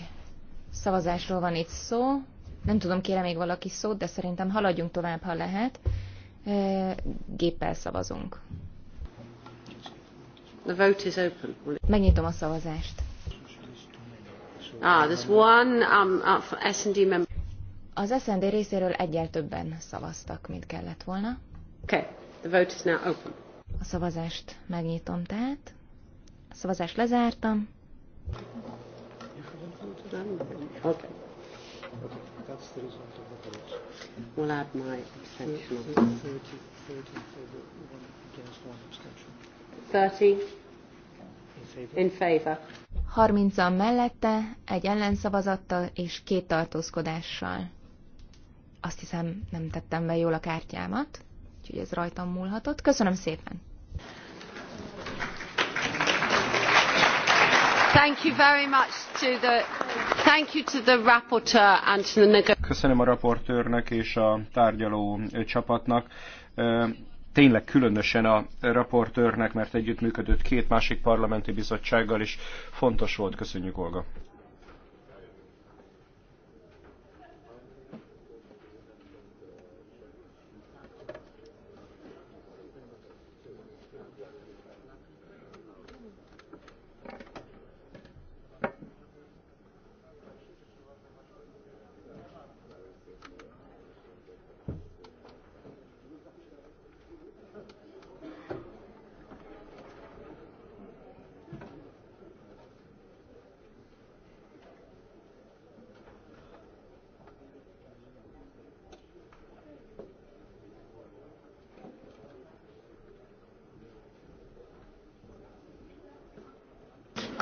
szavazásról van itt szó. Nem tudom, kérem még valaki szót, de szerintem haladjunk tovább, ha lehet. Géppel szavazunk. The vote is open. Megnyitom a szavazást. Ah, there's one um, uh, S&D member. Az S&D részéről egyel többen szavaztak, mint kellett volna. Okay, the vote is now open. A szavazást megnyitom tehát. A szavazást lezártam. Okay. That's the result of the vote. We'll add my abstention. 30, 30 one against, one abstention. 30 in favor. 30-an mellette, egy ellenszavazattal és két tartózkodással. Azt hiszem, nem tettem be jól a kártyámat, úgyhogy ez rajtam múlhatott. Köszönöm szépen! Köszönöm a raportőrnek és a tárgyaló csapatnak. Tényleg különösen a raportőrnek, mert együttműködött két másik parlamenti bizottsággal is. Fontos volt. Köszönjük, Olga.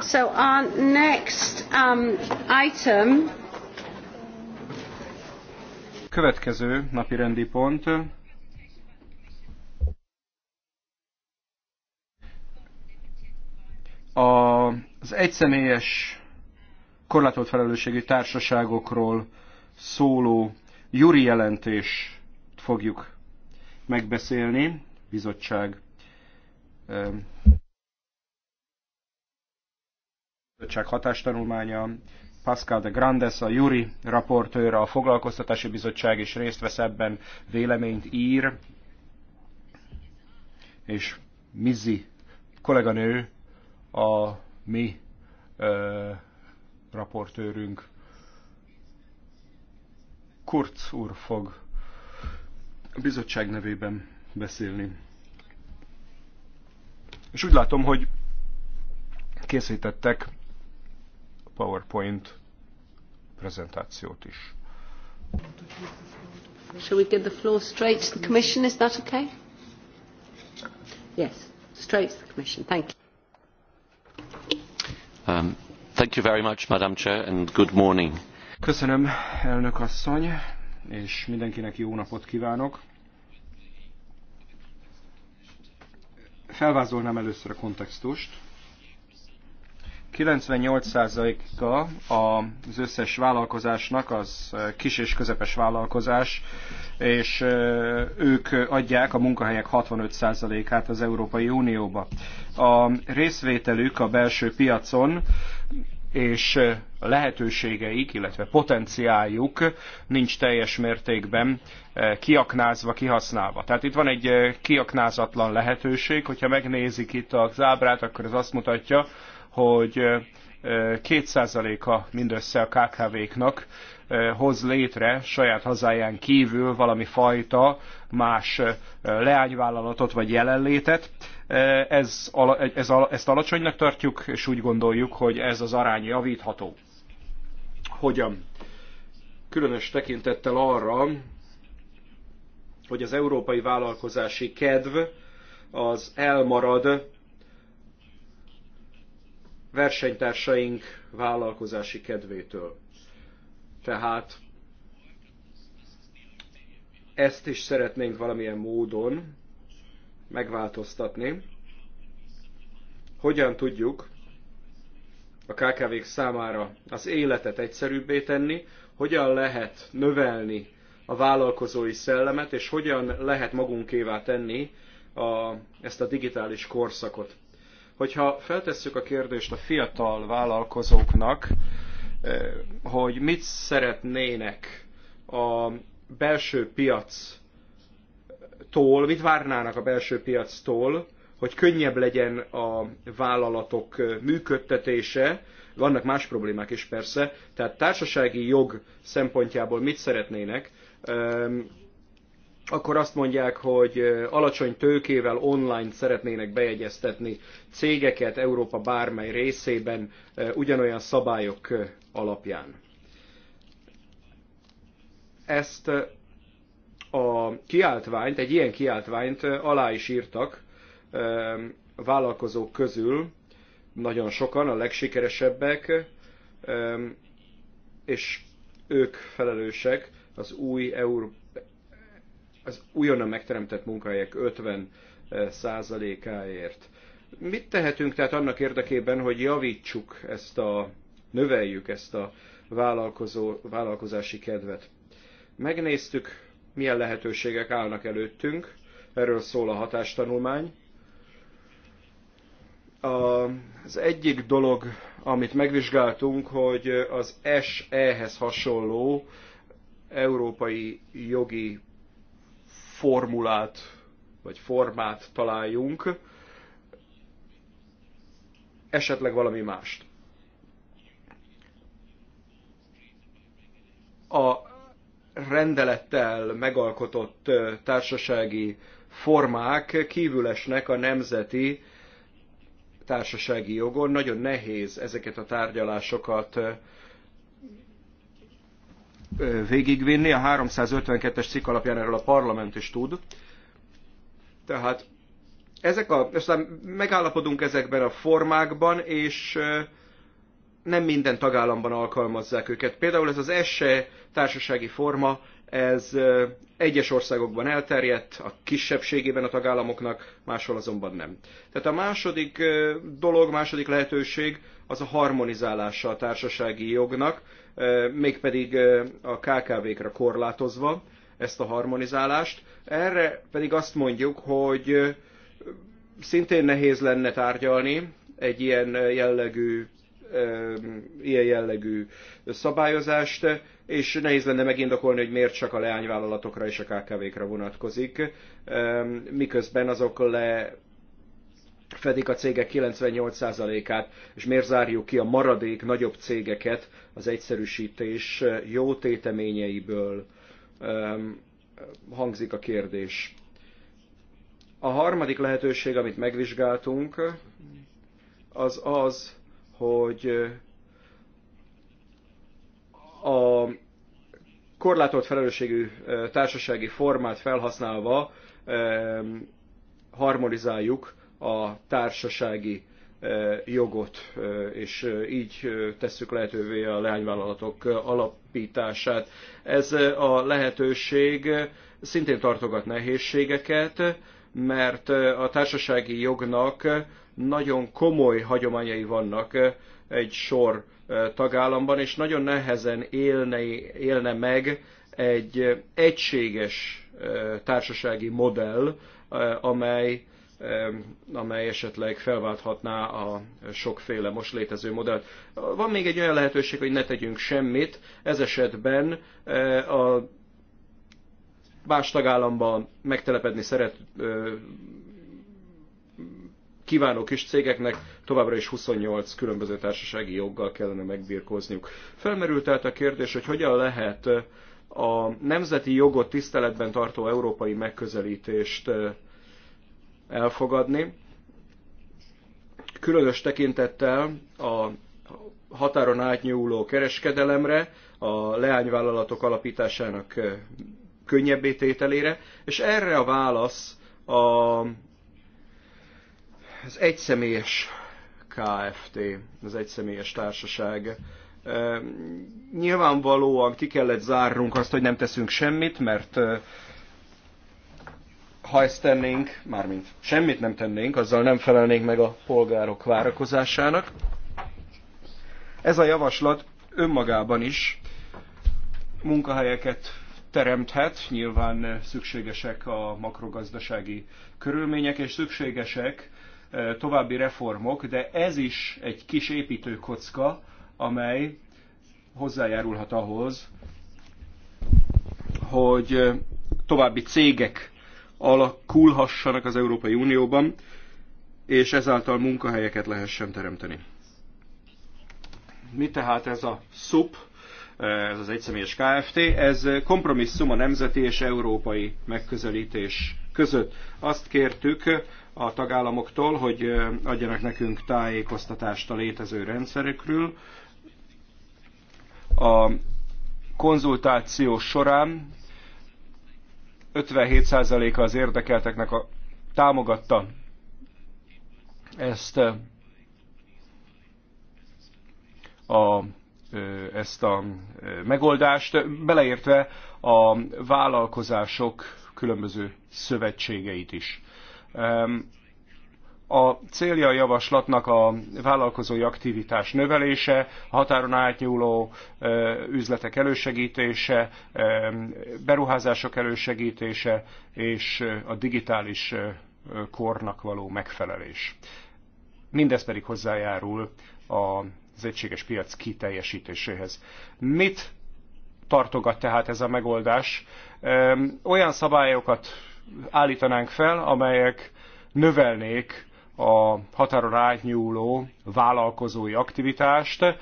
So our next um, item. Következő napi rendi pont. Az egyszemélyes korlátolt felelősségű társaságokról szóló júri jelentést fogjuk megbeszélni, bizottság eh, bizottság hatástanulmánya, Pascal de Grandes, a Juri raportőr, a Foglalkoztatási Bizottság is részt vesz ebben, véleményt ír, és Mizzi kolléganő a mi ö, raportőrünk. Kurz úr fog a bizottság nevében beszélni. És úgy látom, hogy készítettek PowerPoint prezentációt is. Shall we give the floor straight to the Commission? Is that okay? Yes, straight to the Commission. Thank you. Um, thank you very much, Madam Chair, and good morning. Köszönöm, elnök asszony, és mindenkinek jó napot kívánok. Felvázolnám először a kontextust. 98%-a az összes vállalkozásnak az kis és közepes vállalkozás, és ők adják a munkahelyek 65%-át az Európai Unióba. A részvételük a belső piacon és lehetőségeik, illetve potenciáljuk nincs teljes mértékben kiaknázva, kihasználva. Tehát itt van egy kiaknázatlan lehetőség, hogyha megnézik itt az ábrát, akkor ez azt mutatja, hogy 2%-a mindössze a KKV-knak hoz létre saját hazáján kívül valami fajta más leányvállalatot vagy jelenlétet. Ez, ez, ezt alacsonynak tartjuk, és úgy gondoljuk, hogy ez az arány javítható. Hogyan? Különös tekintettel arra, hogy az európai vállalkozási kedv az elmarad versenytársaink vállalkozási kedvétől. Tehát ezt is szeretnénk valamilyen módon megváltoztatni. Hogyan tudjuk a KKV-k számára az életet egyszerűbbé tenni, hogyan lehet növelni a vállalkozói szellemet, és hogyan lehet magunkévá tenni a, ezt a digitális korszakot. Hogyha feltesszük a kérdést a fiatal vállalkozóknak, eh, hogy mit szeretnének a belső piactól, mit várnának a belső piactól, hogy könnyebb legyen a vállalatok eh, működtetése, vannak más problémák is persze, tehát társasági jog szempontjából mit szeretnének, ehm, akkor azt mondják, hogy alacsony tőkével online szeretnének bejegyeztetni cégeket Európa bármely részében ugyanolyan szabályok alapján. Ezt a kiáltványt, egy ilyen kiáltványt alá is írtak vállalkozók közül, nagyon sokan, a legsikeresebbek, és ők felelősek az új Európa az újonnan megteremtett munkahelyek 50 eh, százalékáért. Mit tehetünk tehát annak érdekében, hogy javítsuk ezt a, növeljük ezt a vállalkozó, vállalkozási kedvet? Megnéztük, milyen lehetőségek állnak előttünk, erről szól a hatástanulmány. Az egyik dolog, amit megvizsgáltunk, hogy az SE-hez hasonló európai jogi formulát vagy formát találjunk, esetleg valami mást. A rendelettel megalkotott társasági formák kívülesnek a nemzeti társasági jogon. Nagyon nehéz ezeket a tárgyalásokat végigvinni. A 352-es cikk alapján erről a parlament is tud. Tehát ezek a, aztán megállapodunk ezekben a formákban, és nem minden tagállamban alkalmazzák őket. Például ez az SE társasági forma, ez egyes országokban elterjedt, a kisebbségében a tagállamoknak, máshol azonban nem. Tehát a második dolog, második lehetőség az a harmonizálása a társasági jognak mégpedig a KKV-kra korlátozva ezt a harmonizálást. Erre pedig azt mondjuk, hogy szintén nehéz lenne tárgyalni egy ilyen jellegű ilyen jellegű szabályozást, és nehéz lenne megindokolni, hogy miért csak a leányvállalatokra és a KKV-kra vonatkozik, miközben azok le fedik a cégek 98%-át, és miért zárjuk ki a maradék nagyobb cégeket az egyszerűsítés jó téteményeiből, hangzik a kérdés. A harmadik lehetőség, amit megvizsgáltunk, az az, hogy a korlátolt felelősségű társasági formát felhasználva harmonizáljuk a társasági e, jogot, e, és e, így tesszük lehetővé a leányvállalatok alapítását. Ez a lehetőség szintén tartogat nehézségeket, mert a társasági jognak nagyon komoly hagyományai vannak egy sor tagállamban, és nagyon nehezen élne, élne meg egy egységes társasági modell, amely amely esetleg felválthatná a sokféle most létező modellt. Van még egy olyan lehetőség, hogy ne tegyünk semmit, ez esetben e, a más tagállamban megtelepedni szeret e, kívánó kis cégeknek továbbra is 28 különböző társasági joggal kellene megbírkozniuk. Felmerült tehát a kérdés, hogy hogyan lehet a nemzeti jogot tiszteletben tartó európai megközelítést e, elfogadni. Különös tekintettel a határon átnyúló kereskedelemre, a leányvállalatok alapításának könnyebbé tételére, és erre a válasz a, az egyszemélyes KFT, az egyszemélyes társaság. Nyilvánvalóan ki kellett zárnunk azt, hogy nem teszünk semmit, mert ha ezt tennénk, mármint semmit nem tennénk, azzal nem felelnénk meg a polgárok várakozásának. Ez a javaslat önmagában is munkahelyeket teremthet, nyilván szükségesek a makrogazdasági körülmények, és szükségesek e, további reformok, de ez is egy kis építőkocka, amely hozzájárulhat ahhoz, hogy további cégek alakulhassanak az Európai Unióban, és ezáltal munkahelyeket lehessen teremteni. Mi tehát ez a SUP, ez az egyszemélyes KFT, ez kompromisszum a nemzeti és európai megközelítés között. Azt kértük a tagállamoktól, hogy adjanak nekünk tájékoztatást a létező rendszerekről. A konzultáció során 57%-a az érdekelteknek a, támogatta ezt a, ezt a megoldást, beleértve a vállalkozások különböző szövetségeit is. A célja a javaslatnak a vállalkozói aktivitás növelése, a határon átnyúló üzletek elősegítése, beruházások elősegítése és a digitális kornak való megfelelés. Mindez pedig hozzájárul az egységes piac kiteljesítéséhez. Mit tartogat tehát ez a megoldás? Olyan szabályokat állítanánk fel, amelyek növelnék a határon átnyúló vállalkozói aktivitást. E,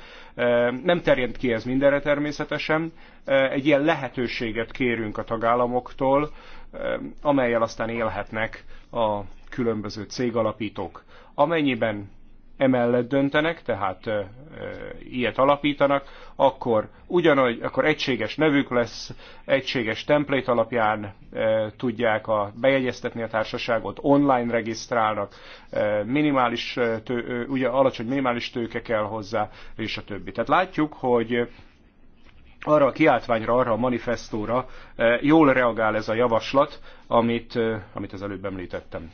nem terjed ki ez mindenre természetesen. E, egy ilyen lehetőséget kérünk a tagállamoktól, e, amelyel aztán élhetnek a különböző cégalapítók. Amennyiben emellett döntenek, tehát e, e, ilyet alapítanak, akkor ugyanúgy, akkor egységes nevük lesz, egységes templét alapján e, tudják a, bejegyeztetni a társaságot, online regisztrálnak, e, minimális, tő, e, ugye alacsony minimális tőke kell hozzá, és a többi. Tehát látjuk, hogy arra a kiáltványra, arra a manifestóra jól reagál ez a javaslat, amit, amit az előbb említettem.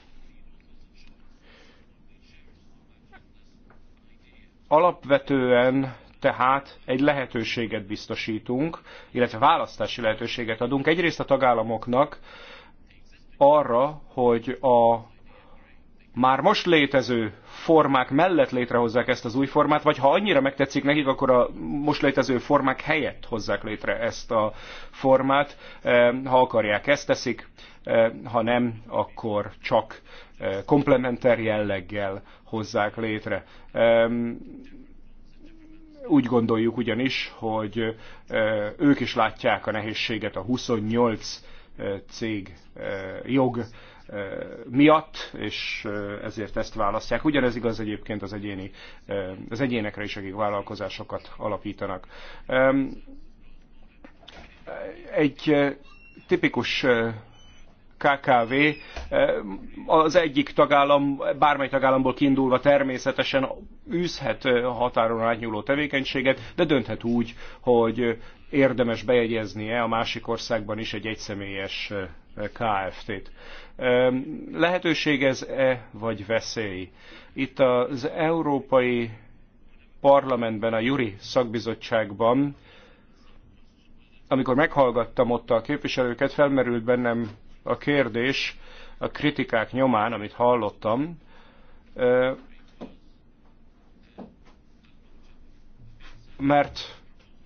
Alapvetően tehát egy lehetőséget biztosítunk, illetve választási lehetőséget adunk egyrészt a tagállamoknak arra, hogy a már most létező formák mellett létrehozzák ezt az új formát, vagy ha annyira megtetszik nekik, akkor a most létező formák helyett hozzák létre ezt a formát. Eh, ha akarják, ezt teszik, eh, ha nem, akkor csak komplementer jelleggel hozzák létre. Úgy gondoljuk ugyanis, hogy ők is látják a nehézséget a 28 cég jog miatt, és ezért ezt választják. Ugyanez igaz egyébként az, egyéni, az egyénekre is, akik vállalkozásokat alapítanak. Egy tipikus KKV az egyik tagállam, bármely tagállamból kiindulva természetesen űzhet határon átnyúló tevékenységet, de dönthet úgy, hogy érdemes bejegyeznie a másik országban is egy egyszemélyes KFT-t. Lehetőség ez-e, vagy veszély? Itt az Európai Parlamentben, a Juri szakbizottságban amikor meghallgattam ott a képviselőket, felmerült bennem a kérdés a kritikák nyomán, amit hallottam, mert,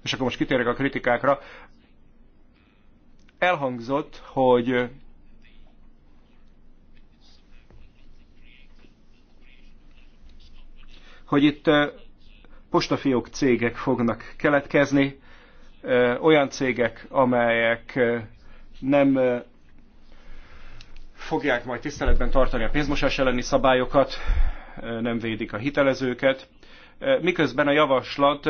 és akkor most kitérek a kritikákra, elhangzott, hogy hogy itt postafiók cégek fognak keletkezni, olyan cégek, amelyek nem fogják majd tiszteletben tartani a pénzmosás elleni szabályokat, nem védik a hitelezőket, miközben a javaslat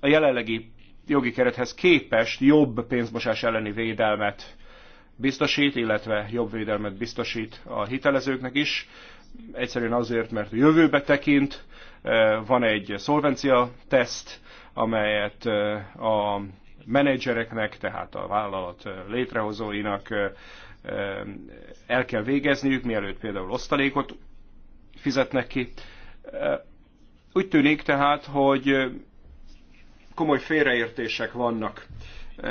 a jelenlegi jogi kerethez képest jobb pénzmosás elleni védelmet biztosít, illetve jobb védelmet biztosít a hitelezőknek is. Egyszerűen azért, mert a jövőbe tekint, van egy szolvencia teszt, amelyet a menedzsereknek, tehát a vállalat létrehozóinak el kell végezniük, mielőtt például osztalékot fizetnek ki. Úgy tűnik tehát, hogy komoly félreértések vannak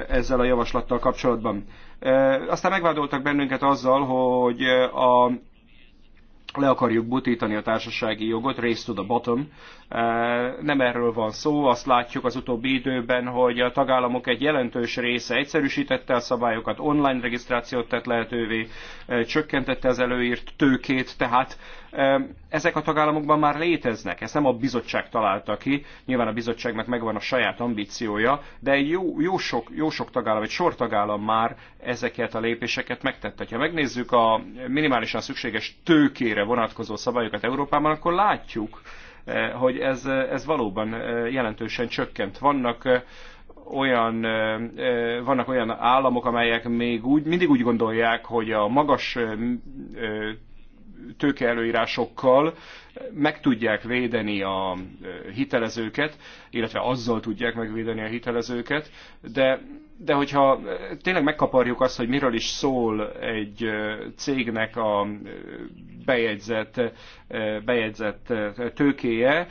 ezzel a javaslattal kapcsolatban. Aztán megvádoltak bennünket azzal, hogy a le akarjuk butítani a társasági jogot, race to the bottom. E, nem erről van szó, azt látjuk az utóbbi időben, hogy a tagállamok egy jelentős része egyszerűsítette a szabályokat, online regisztrációt tett lehetővé, e, csökkentette az előírt tőkét, tehát ezek a tagállamokban már léteznek. Ezt nem a bizottság találta ki, nyilván a bizottságnak megvan a saját ambíciója, de jó, jó, sok, jó sok tagállam, egy sor tagállam már ezeket a lépéseket megtette. Ha megnézzük a minimálisan szükséges tőkére vonatkozó szabályokat Európában, akkor látjuk, eh, hogy ez, eh, ez valóban eh, jelentősen csökkent. Vannak olyan, vannak olyan államok, amelyek még úgy, mindig úgy gondolják, hogy a magas tőkeelőírásokkal meg tudják védeni a e, hitelezőket, illetve azzal tudják megvédeni a hitelezőket, de, de hogyha e, tényleg megkaparjuk azt, hogy miről is szól egy e, cégnek a bejegyzett, bejegyzett tőkéje,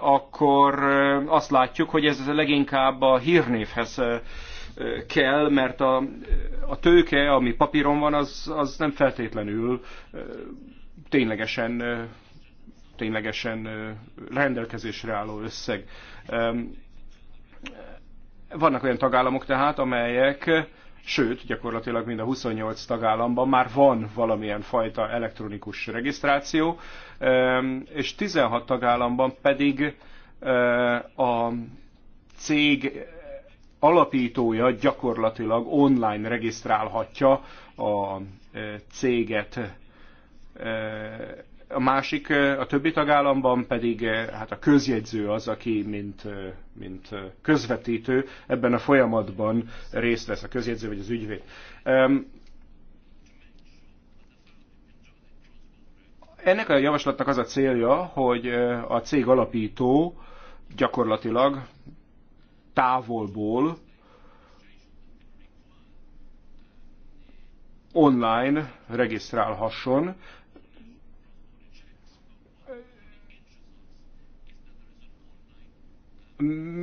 akkor azt látjuk, hogy ez leginkább a hírnévhez kell, mert a, a tőke, ami papíron van, az, az nem feltétlenül ténylegesen, ténylegesen rendelkezésre álló összeg. Vannak olyan tagállamok tehát, amelyek sőt, gyakorlatilag mind a 28 tagállamban már van valamilyen fajta elektronikus regisztráció, és 16 tagállamban pedig a cég alapítója gyakorlatilag online regisztrálhatja a céget a másik, a többi tagállamban pedig hát a közjegyző az, aki mint, mint közvetítő ebben a folyamatban részt vesz, a közjegyző vagy az ügyvéd. Ennek a javaslatnak az a célja, hogy eh, a cég alapító gyakorlatilag távolból online regisztrálhasson,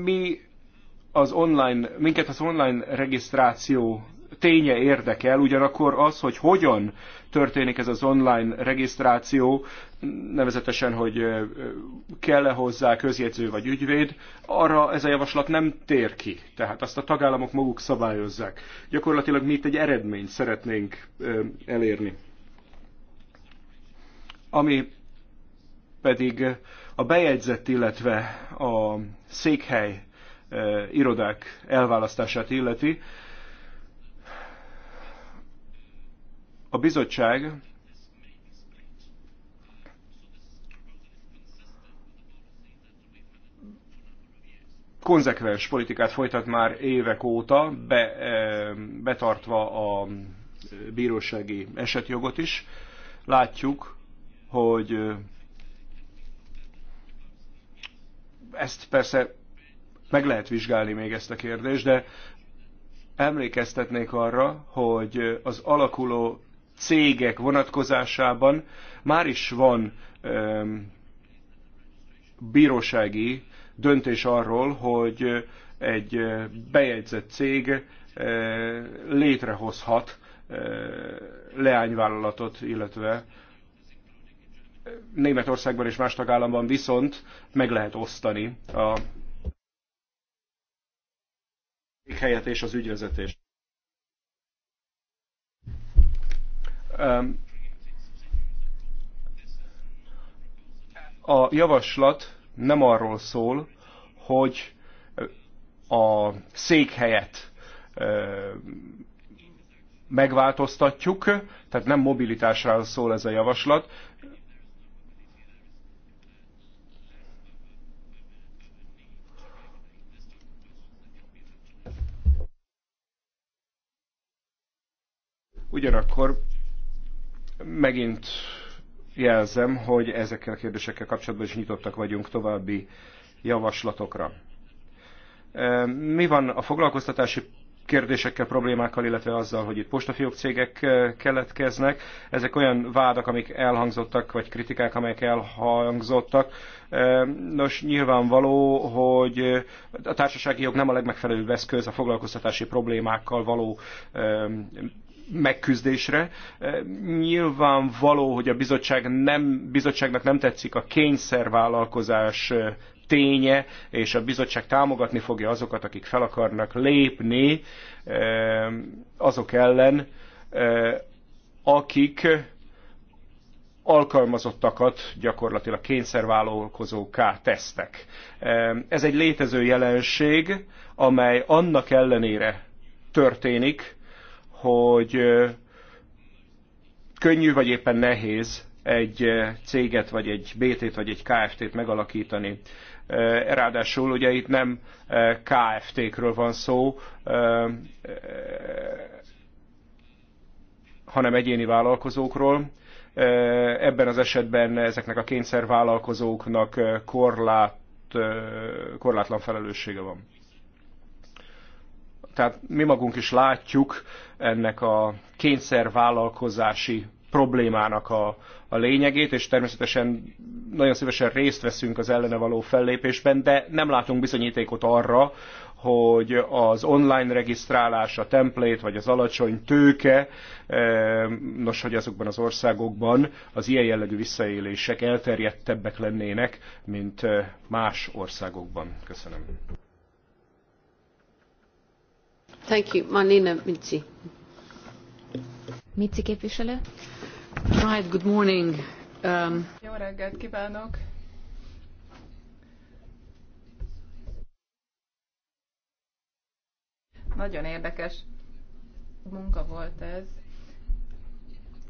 Mi az online, minket az online regisztráció ténye érdekel, ugyanakkor az, hogy hogyan történik ez az online regisztráció, nevezetesen, hogy kell-e hozzá közjegyző vagy ügyvéd, arra ez a javaslat nem tér ki. Tehát azt a tagállamok maguk szabályozzák. Gyakorlatilag mi itt egy eredményt szeretnénk elérni. Ami pedig a bejegyzett, illetve a székhely e, irodák elválasztását illeti, a bizottság konzekvens politikát folytat már évek óta, be, e, betartva a bírósági esetjogot is. Látjuk, hogy Ezt persze meg lehet vizsgálni még ezt a kérdést, de emlékeztetnék arra, hogy az alakuló cégek vonatkozásában már is van um, bírósági döntés arról, hogy egy bejegyzett cég létrehozhat leányvállalatot, illetve Németországban és más tagállamban viszont meg lehet osztani a helyet és az ügyvezetést. A javaslat nem arról szól, hogy a székhelyet megváltoztatjuk, tehát nem mobilitásról szól ez a javaslat, Ugyanakkor megint jelzem, hogy ezekkel a kérdésekkel kapcsolatban is nyitottak vagyunk további javaslatokra. E, mi van a foglalkoztatási kérdésekkel, problémákkal, illetve azzal, hogy itt postafiók cégek e, keletkeznek. Ezek olyan vádak, amik elhangzottak, vagy kritikák, amelyek elhangzottak. E, nos, nyilvánvaló, hogy a társasági jog nem a legmegfelelőbb eszköz a foglalkoztatási problémákkal való megküzdésre. Nyilvánvaló, hogy a bizottság nem, bizottságnak nem tetszik a kényszervállalkozás ténye, és a bizottság támogatni fogja azokat, akik fel akarnak lépni azok ellen, akik alkalmazottakat gyakorlatilag kényszervállalkozóká tesztek. Ez egy létező jelenség, amely annak ellenére történik, hogy könnyű vagy éppen nehéz egy céget, vagy egy BT-t, vagy egy KFT-t megalakítani. Ráadásul ugye itt nem KFT-kről van szó, hanem egyéni vállalkozókról. Ebben az esetben ezeknek a kényszervállalkozóknak korlát, korlátlan felelőssége van tehát mi magunk is látjuk ennek a kényszervállalkozási problémának a, a lényegét, és természetesen nagyon szívesen részt veszünk az ellene való fellépésben, de nem látunk bizonyítékot arra, hogy az online regisztrálás, a template vagy az alacsony tőke, eh, nos, hogy azokban az országokban az ilyen jellegű visszaélések elterjedtebbek lennének, mint eh, más országokban. Köszönöm. Thank you. Marlene Mitzi. Mitzi képviselő. Right, good morning. Um... Jó reggelt kívánok. Nagyon érdekes munka volt ez,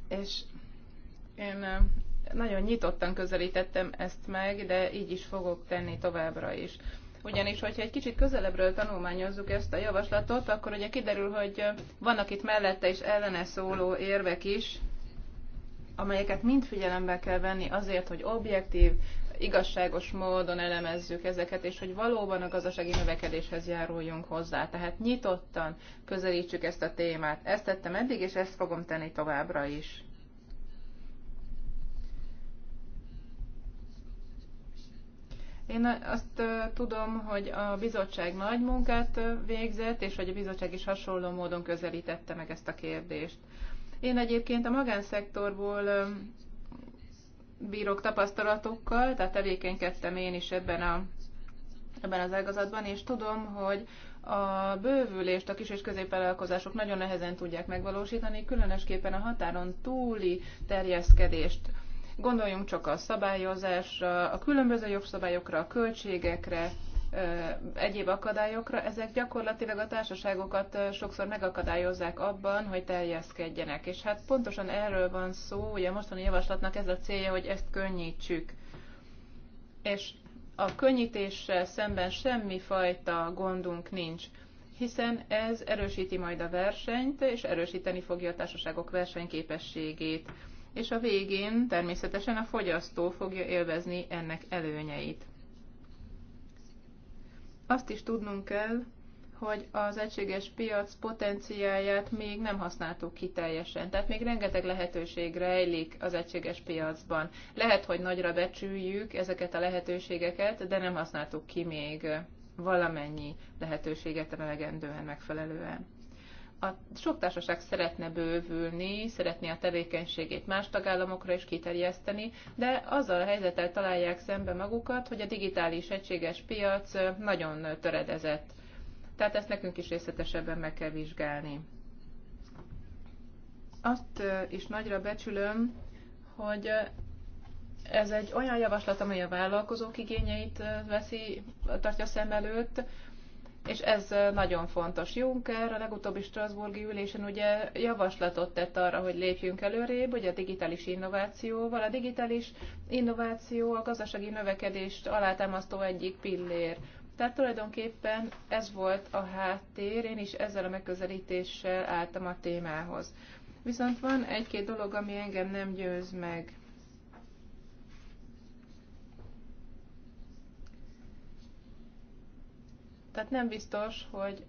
és én eh, nagyon nyitottan közelítettem ezt meg, de így is fogok tenni továbbra is ugyanis hogyha egy kicsit közelebbről tanulmányozzuk ezt a javaslatot, akkor ugye kiderül, hogy vannak itt mellette is ellene szóló érvek is, amelyeket mind figyelembe kell venni azért, hogy objektív, igazságos módon elemezzük ezeket, és hogy valóban a gazdasági növekedéshez járuljunk hozzá. Tehát nyitottan közelítsük ezt a témát. Ezt tettem eddig, és ezt fogom tenni továbbra is. Én azt tudom, hogy a bizottság nagy munkát végzett, és hogy a bizottság is hasonló módon közelítette meg ezt a kérdést. Én egyébként a magánszektorból bírok tapasztalatokkal, tehát tevékenykedtem én is ebben, a, ebben az ágazatban, és tudom, hogy a bővülést a kis és középvállalkozások nagyon nehezen tudják megvalósítani, különösképpen a határon túli terjeszkedést Gondoljunk csak a szabályozásra, a különböző jogszabályokra, a költségekre, egyéb akadályokra, ezek gyakorlatilag a társaságokat sokszor megakadályozzák abban, hogy terjeszkedjenek. És hát pontosan erről van szó, ugye a mostani javaslatnak ez a célja, hogy ezt könnyítsük. És a könnyítéssel szemben semmi fajta gondunk nincs, hiszen ez erősíti majd a versenyt, és erősíteni fogja a társaságok versenyképességét és a végén természetesen a fogyasztó fogja élvezni ennek előnyeit. Azt is tudnunk kell, hogy az egységes piac potenciáját még nem használtuk ki teljesen. Tehát még rengeteg lehetőség rejlik az egységes piacban. Lehet, hogy nagyra becsüljük ezeket a lehetőségeket, de nem használtuk ki még valamennyi lehetőséget elegendően, megfelelően. A sok társaság szeretne bővülni, szeretné a tevékenységét más tagállamokra is kiterjeszteni, de azzal a helyzettel találják szembe magukat, hogy a digitális egységes piac nagyon töredezett. Tehát ezt nekünk is részletesebben meg kell vizsgálni. Azt is nagyra becsülöm, hogy ez egy olyan javaslat, amely a vállalkozók igényeit veszi, tartja szem előtt, és ez nagyon fontos. Juncker a legutóbbi Strasburgi ülésen ugye javaslatot tett arra, hogy lépjünk előrébb, hogy a digitális innovációval. A digitális innováció a gazdasági növekedést alátámasztó egyik pillér. Tehát tulajdonképpen ez volt a háttér, én is ezzel a megközelítéssel álltam a témához. Viszont van egy-két dolog, ami engem nem győz meg. Tehát nem biztos, hogy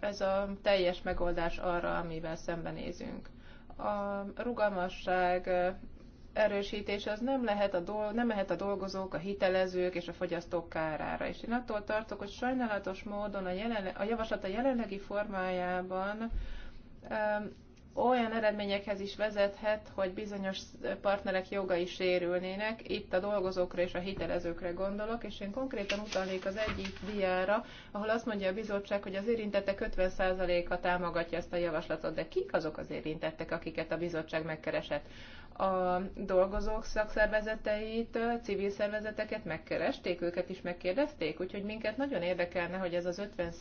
ez a teljes megoldás arra, amivel szembenézünk. A rugalmasság erősítése az nem, lehet a dol- nem lehet a dolgozók, a hitelezők és a fogyasztók kárára. És én attól tartok, hogy sajnálatos módon a, jelenle- a javaslat a jelenlegi formájában olyan eredményekhez is vezethet, hogy bizonyos partnerek jogai sérülnének, itt a dolgozókra és a hitelezőkre gondolok, és én konkrétan utalnék az egyik diára, ahol azt mondja a bizottság, hogy az érintettek 50%-a támogatja ezt a javaslatot, de kik azok az érintettek, akiket a bizottság megkeresett? a dolgozók szakszervezeteit, civil szervezeteket megkeresték, őket is megkérdezték, úgyhogy minket nagyon érdekelne, hogy ez az 50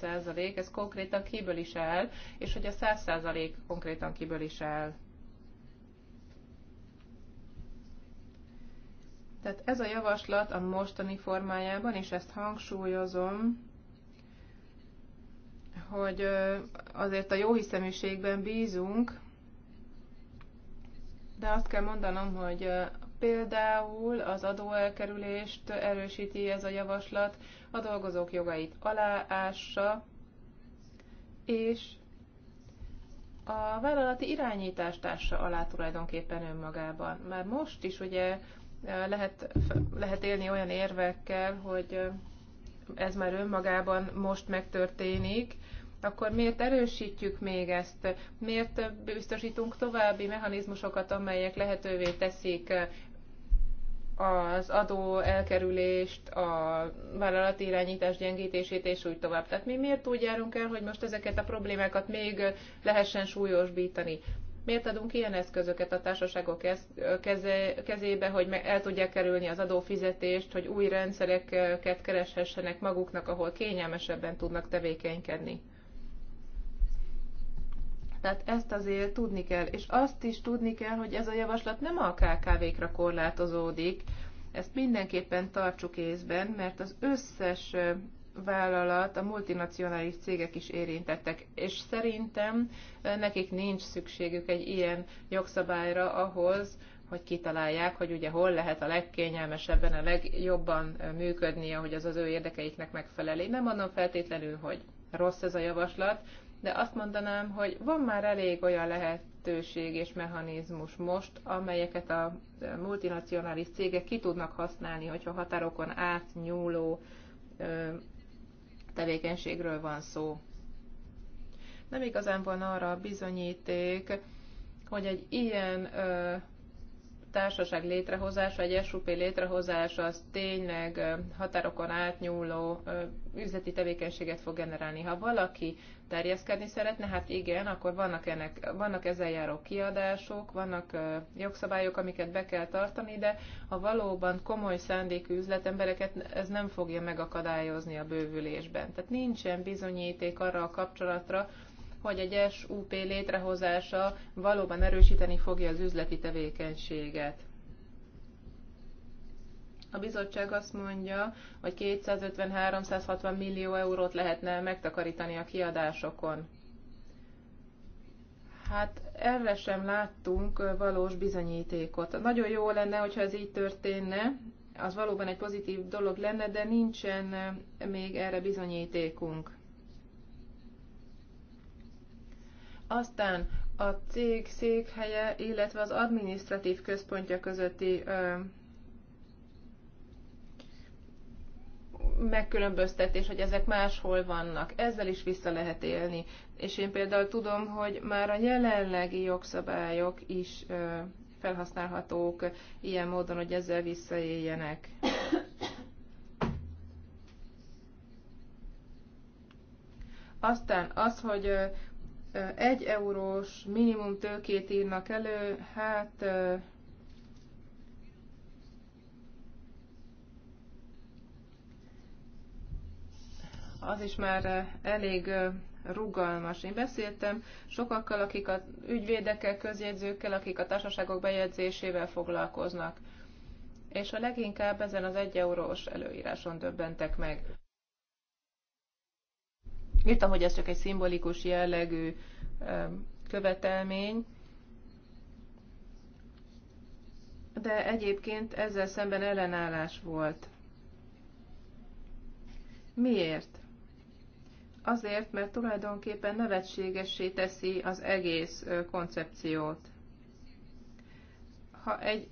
ez konkrétan kiből is áll, és hogy a 100 konkrétan kiből kiből is áll. Tehát ez a javaslat a mostani formájában, és ezt hangsúlyozom, hogy azért a jóhiszeműségben bízunk, de azt kell mondanom, hogy például az adóelkerülést erősíti ez a javaslat, a dolgozók jogait aláássa, és a vállalati irányítás társa alá tulajdonképpen önmagában. Már most is ugye e, lehet, lehet élni olyan érvekkel, hogy e, ez már önmagában most megtörténik, akkor miért erősítjük még ezt? Miért biztosítunk további mechanizmusokat, amelyek lehetővé teszik e, az adó elkerülést, a vállalati irányítás gyengítését, és úgy tovább. Tehát mi miért úgy járunk el, hogy most ezeket a problémákat még lehessen súlyosbítani? Miért adunk ilyen eszközöket a társaságok kezébe, hogy el tudják kerülni az adófizetést, hogy új rendszereket kereshessenek maguknak, ahol kényelmesebben tudnak tevékenykedni? Tehát ezt azért tudni kell, és azt is tudni kell, hogy ez a javaslat nem a KKV-kra korlátozódik, ezt mindenképpen tartsuk észben, mert az összes vállalat, a multinacionális cégek is érintettek, és szerintem nekik nincs szükségük egy ilyen jogszabályra ahhoz, hogy kitalálják, hogy ugye hol lehet a legkényelmesebben, a legjobban működni, ahogy az az ő érdekeiknek megfelelé. nem mondom feltétlenül, hogy rossz ez a javaslat, de azt mondanám, hogy van már elég olyan lehetőség és mechanizmus most, amelyeket a multinacionális cégek ki tudnak használni, hogyha határokon átnyúló tevékenységről van szó. Nem igazán van arra a bizonyíték, hogy egy ilyen társaság létrehozása, egy SUP létrehozása az tényleg határokon átnyúló üzleti tevékenységet fog generálni. Ha valaki terjeszkedni szeretne, hát igen, akkor vannak, ennek, vannak ezzel járó kiadások, vannak jogszabályok, amiket be kell tartani, de ha valóban komoly szándékű üzletembereket ez nem fogja megakadályozni a bővülésben. Tehát nincsen bizonyíték arra a kapcsolatra, hogy egy SUP létrehozása valóban erősíteni fogja az üzleti tevékenységet. A bizottság azt mondja, hogy 250-360 millió eurót lehetne megtakarítani a kiadásokon. Hát erre sem láttunk valós bizonyítékot. Nagyon jó lenne, hogyha ez így történne, az valóban egy pozitív dolog lenne, de nincsen még erre bizonyítékunk. Aztán a cég székhelye, illetve az adminisztratív központja közötti ö, megkülönböztetés, hogy ezek máshol vannak. Ezzel is vissza lehet élni. És én például tudom, hogy már a jelenlegi jogszabályok is ö, felhasználhatók ilyen módon, hogy ezzel visszaéljenek. Aztán az, hogy egy eurós minimum tőkét írnak elő, hát az is már elég rugalmas. Én beszéltem sokakkal, akik a ügyvédekkel, közjegyzőkkel, akik a társaságok bejegyzésével foglalkoznak. És a leginkább ezen az egy eurós előíráson döbbentek meg. Írtam, hogy ez csak egy szimbolikus jellegű követelmény, de egyébként ezzel szemben ellenállás volt. Miért? Azért, mert tulajdonképpen nevetségessé teszi az egész koncepciót. Ha egy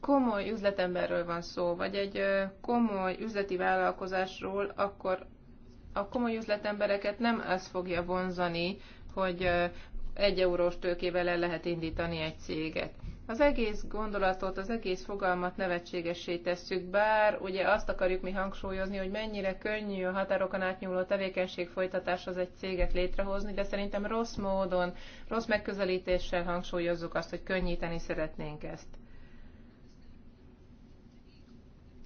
komoly üzletemberről van szó, vagy egy komoly üzleti vállalkozásról, akkor a komoly üzletembereket nem az fogja vonzani, hogy egy eurós tőkével el lehet indítani egy céget. Az egész gondolatot, az egész fogalmat nevetségessé tesszük, bár ugye azt akarjuk mi hangsúlyozni, hogy mennyire könnyű a határokon átnyúló tevékenység folytatáshoz egy céget létrehozni, de szerintem rossz módon, rossz megközelítéssel hangsúlyozzuk azt, hogy könnyíteni szeretnénk ezt.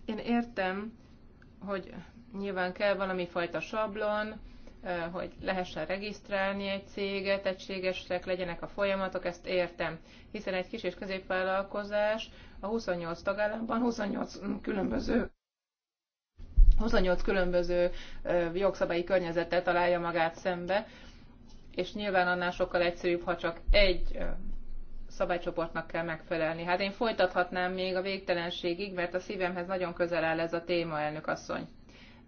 Én értem, hogy Nyilván kell valami fajta sablon, hogy lehessen regisztrálni egy céget, egységesek legyenek a folyamatok, ezt értem. Hiszen egy kis és középvállalkozás a 28 tagállamban 28 különböző 28 különböző jogszabályi környezettel találja magát szembe, és nyilván annál sokkal egyszerűbb, ha csak egy szabálycsoportnak kell megfelelni. Hát én folytathatnám még a végtelenségig, mert a szívemhez nagyon közel áll ez a téma, elnök asszony.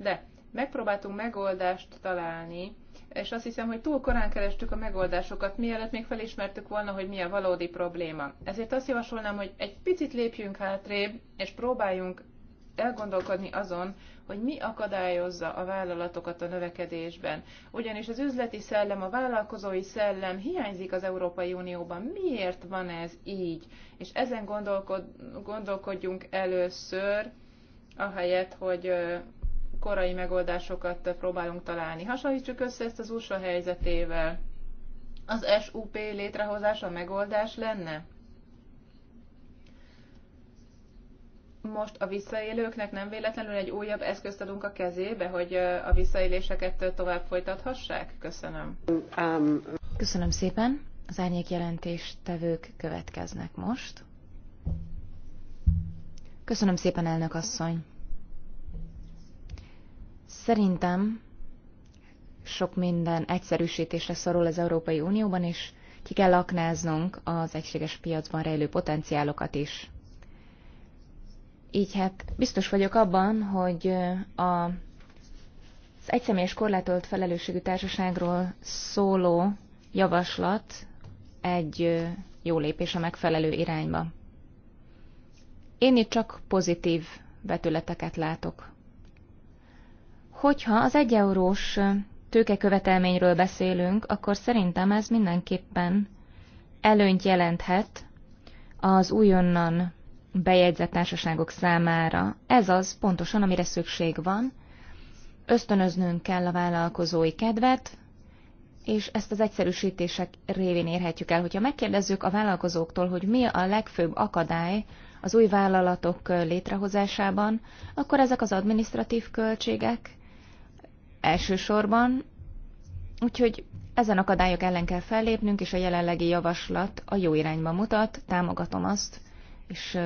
De megpróbáltunk megoldást találni, és azt hiszem, hogy túl korán kerestük a megoldásokat, mielőtt még felismertük volna, hogy mi a valódi probléma. Ezért azt javasolnám, hogy egy picit lépjünk hátrébb, és próbáljunk elgondolkodni azon, hogy mi akadályozza a vállalatokat a növekedésben. Ugyanis az üzleti szellem, a vállalkozói szellem hiányzik az Európai Unióban. Miért van ez így? És ezen gondolkod, gondolkodjunk először, ahelyett, hogy korai megoldásokat próbálunk találni. Hasonlítsuk össze ezt az USA helyzetével. Az SUP létrehozása megoldás lenne? most a visszaélőknek nem véletlenül egy újabb eszközt adunk a kezébe, hogy a visszaéléseket tovább folytathassák? Köszönöm. Um, Köszönöm szépen. Az árnyék jelentéstevők következnek most. Köszönöm szépen, elnök asszony. Szerintem sok minden egyszerűsítésre szorul az Európai Unióban, és ki kell aknáznunk az egységes piacban rejlő potenciálokat is. Így hát biztos vagyok abban, hogy a az egyszemélyes korlátolt felelősségű társaságról szóló javaslat egy jó lépés a megfelelő irányba. Én itt csak pozitív vetületeket látok. Hogyha az egy eurós tőkekövetelményről beszélünk, akkor szerintem ez mindenképpen előnyt jelenthet az újonnan bejegyzett társaságok számára. Ez az pontosan, amire szükség van. Ösztönöznünk kell a vállalkozói kedvet, és ezt az egyszerűsítések révén érhetjük el. Hogyha megkérdezzük a vállalkozóktól, hogy mi a legfőbb akadály az új vállalatok létrehozásában, akkor ezek az administratív költségek, elsősorban, úgyhogy ezen akadályok ellen kell fellépnünk, és a jelenlegi javaslat a jó irányba mutat, támogatom azt, és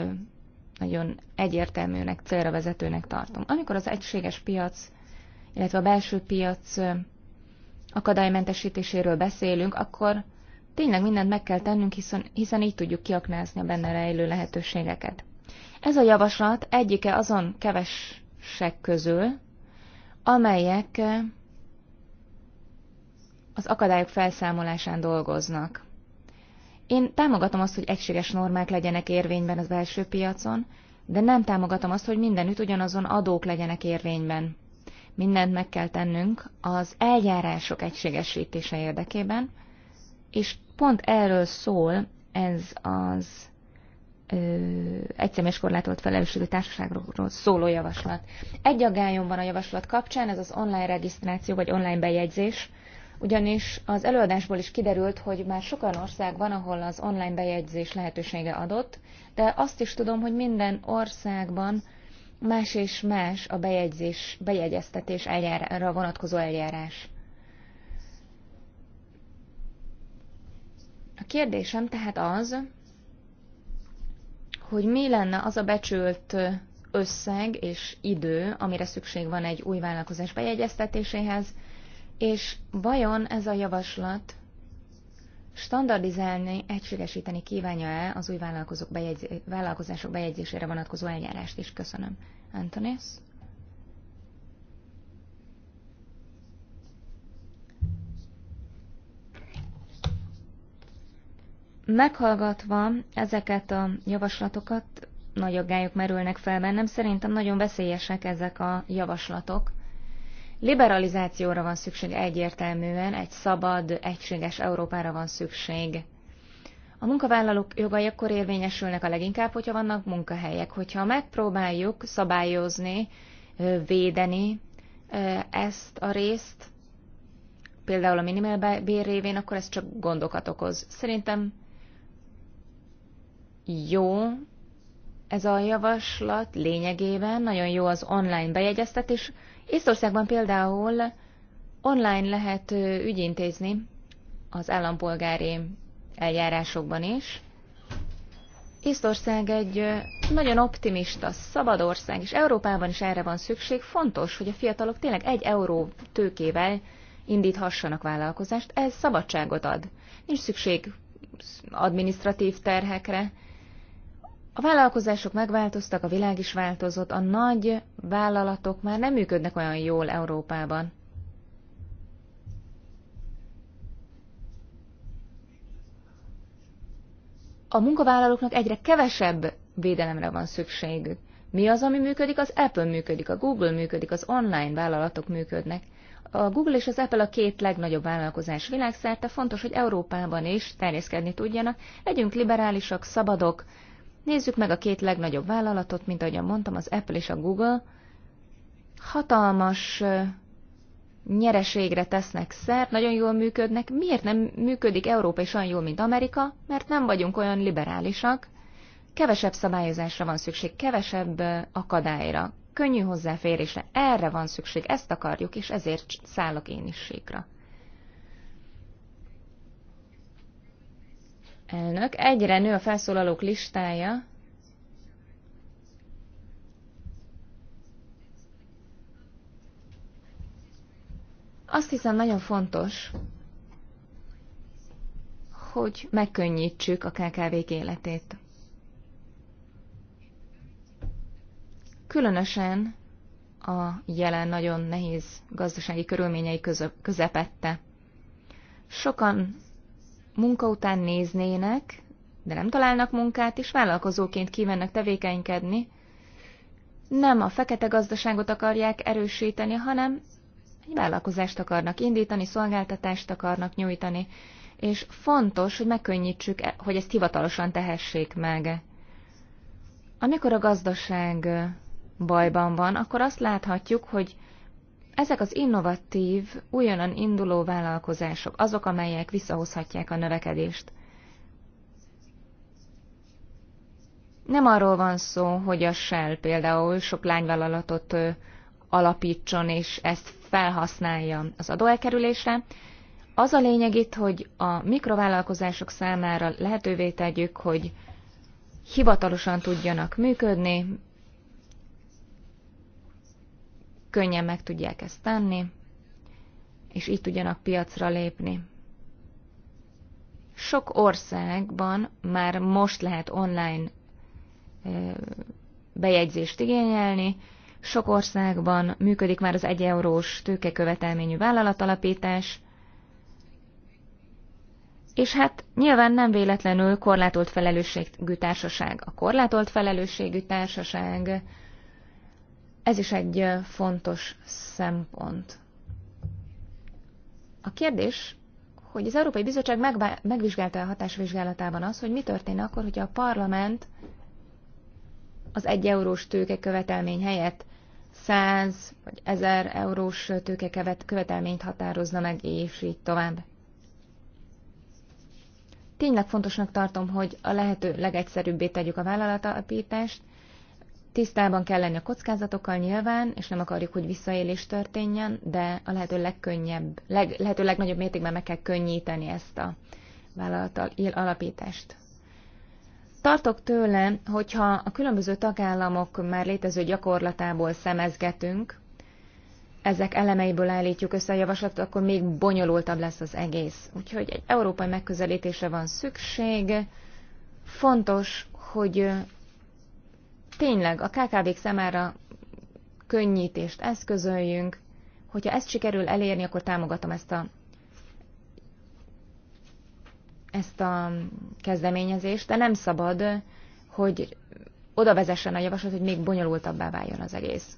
nagyon egyértelműnek, célra vezetőnek tartom. Amikor az egységes piac, illetve a belső piac akadálymentesítéséről beszélünk, akkor tényleg mindent meg kell tennünk, hiszen, hiszen így tudjuk kiaknázni a benne rejlő lehetőségeket. Ez a javaslat egyike azon kevesek közül, amelyek eh, az akadályok felszámolásán dolgoznak. Én támogatom azt, hogy egységes normák legyenek érvényben az belső piacon, de nem támogatom azt, hogy mindenütt ugyanazon adók legyenek érvényben. Mindent meg kell tennünk az eljárások egységesítése érdekében, és pont erről szól ez az egyszemélyes korlátolt felelősségű társaságról szóló javaslat. Egy aggályom van a javaslat kapcsán, ez az online regisztráció vagy online bejegyzés, ugyanis az előadásból is kiderült, hogy már sokan ország van, ahol az online bejegyzés lehetősége adott, de azt is tudom, hogy minden országban más és más a bejegyzés, bejegyeztetés eljárára vonatkozó eljárás. A kérdésem tehát az, hogy mi lenne az a becsült összeg és idő, amire szükség van egy új vállalkozás bejegyeztetéséhez, és vajon ez a javaslat standardizálni, egységesíteni kívánja-e az új vállalkozók bejegyz... vállalkozások bejegyzésére vonatkozó eljárást is? Köszönöm. Antonis? Meghallgatva ezeket a javaslatokat, nagy aggályok merülnek fel bennem, szerintem nagyon veszélyesek ezek a javaslatok. Liberalizációra van szükség egyértelműen, egy szabad, egységes Európára van szükség. A munkavállalók jogai akkor érvényesülnek a leginkább, hogyha vannak munkahelyek. Hogyha megpróbáljuk szabályozni, védeni ezt a részt, például a minimálbér révén, akkor ez csak gondokat okoz. Szerintem jó ez a javaslat lényegében, nagyon jó az online bejegyeztetés. Észtországban például online lehet ügyintézni az állampolgári eljárásokban is. Észtország egy nagyon optimista, szabad ország, és Európában is erre van szükség. Fontos, hogy a fiatalok tényleg egy euró tőkével indíthassanak vállalkozást. Ez szabadságot ad. Nincs szükség adminisztratív terhekre, a vállalkozások megváltoztak, a világ is változott, a nagy vállalatok már nem működnek olyan jól Európában. A munkavállalóknak egyre kevesebb védelemre van szükségük. Mi az, ami működik? Az Apple működik, a Google működik, az online vállalatok működnek. A Google és az Apple a két legnagyobb vállalkozás világszerte, fontos, hogy Európában is terjeszkedni tudjanak. Legyünk liberálisak, szabadok, Nézzük meg a két legnagyobb vállalatot, mint ahogyan mondtam, az Apple és a Google. Hatalmas nyereségre tesznek szert, nagyon jól működnek. Miért nem működik Európa is olyan jól, mint Amerika? Mert nem vagyunk olyan liberálisak. Kevesebb szabályozásra van szükség, kevesebb akadályra, könnyű hozzáférésre. Erre van szükség, ezt akarjuk, és ezért szállok én is síkra. Elnök, egyre nő a felszólalók listája. Azt hiszem nagyon fontos, hogy megkönnyítsük a KKV-k életét. Különösen a jelen nagyon nehéz gazdasági körülményei közepette. Sokan munka után néznének, de nem találnak munkát, és vállalkozóként kívánnak tevékenykedni, nem a fekete gazdaságot akarják erősíteni, hanem egy vállalkozást akarnak indítani, szolgáltatást akarnak nyújtani, és fontos, hogy megkönnyítsük, hogy ezt hivatalosan tehessék meg. Amikor a gazdaság bajban van, akkor azt láthatjuk, hogy ezek az innovatív, újonnan induló vállalkozások azok, amelyek visszahozhatják a növekedést. Nem arról van szó, hogy a Shell például sok lányvállalatot alapítson, és ezt felhasználja az adóelkerülésre. Az a lényeg itt, hogy a mikrovállalkozások számára lehetővé tegyük, hogy hivatalosan tudjanak működni, könnyen meg tudják ezt tenni, és így tudjanak piacra lépni. Sok országban már most lehet online bejegyzést igényelni, sok országban működik már az 1 eurós tőkekövetelményű vállalatalapítás, és hát nyilván nem véletlenül korlátolt felelősségű társaság. A korlátolt felelősségű társaság ez is egy fontos szempont. A kérdés, hogy az Európai Bizottság megvizsgálta a hatásvizsgálatában az, hogy mi történne akkor, hogyha a parlament az egy eurós tőke követelmény helyett 100 vagy 1000 eurós tőke követelményt határozna meg, és így tovább. Tényleg fontosnak tartom, hogy a lehető legegyszerűbbé tegyük a vállalatalapítást, Tisztában kell lenni a kockázatokkal nyilván, és nem akarjuk, hogy visszaélés történjen, de a lehető legkönnyebb, leg, lehető legnagyobb mértékben meg kell könnyíteni ezt a vállalat alapítást. Tartok tőle, hogyha a különböző tagállamok már létező gyakorlatából szemezgetünk, ezek elemeiből állítjuk össze a javaslatot, akkor még bonyolultabb lesz az egész. Úgyhogy egy európai megközelítésre van szükség. Fontos, hogy tényleg a KKV-k számára könnyítést eszközöljünk. Hogyha ezt sikerül elérni, akkor támogatom ezt a ezt a kezdeményezést, de nem szabad, hogy oda vezessen a javaslat, hogy még bonyolultabbá váljon az egész.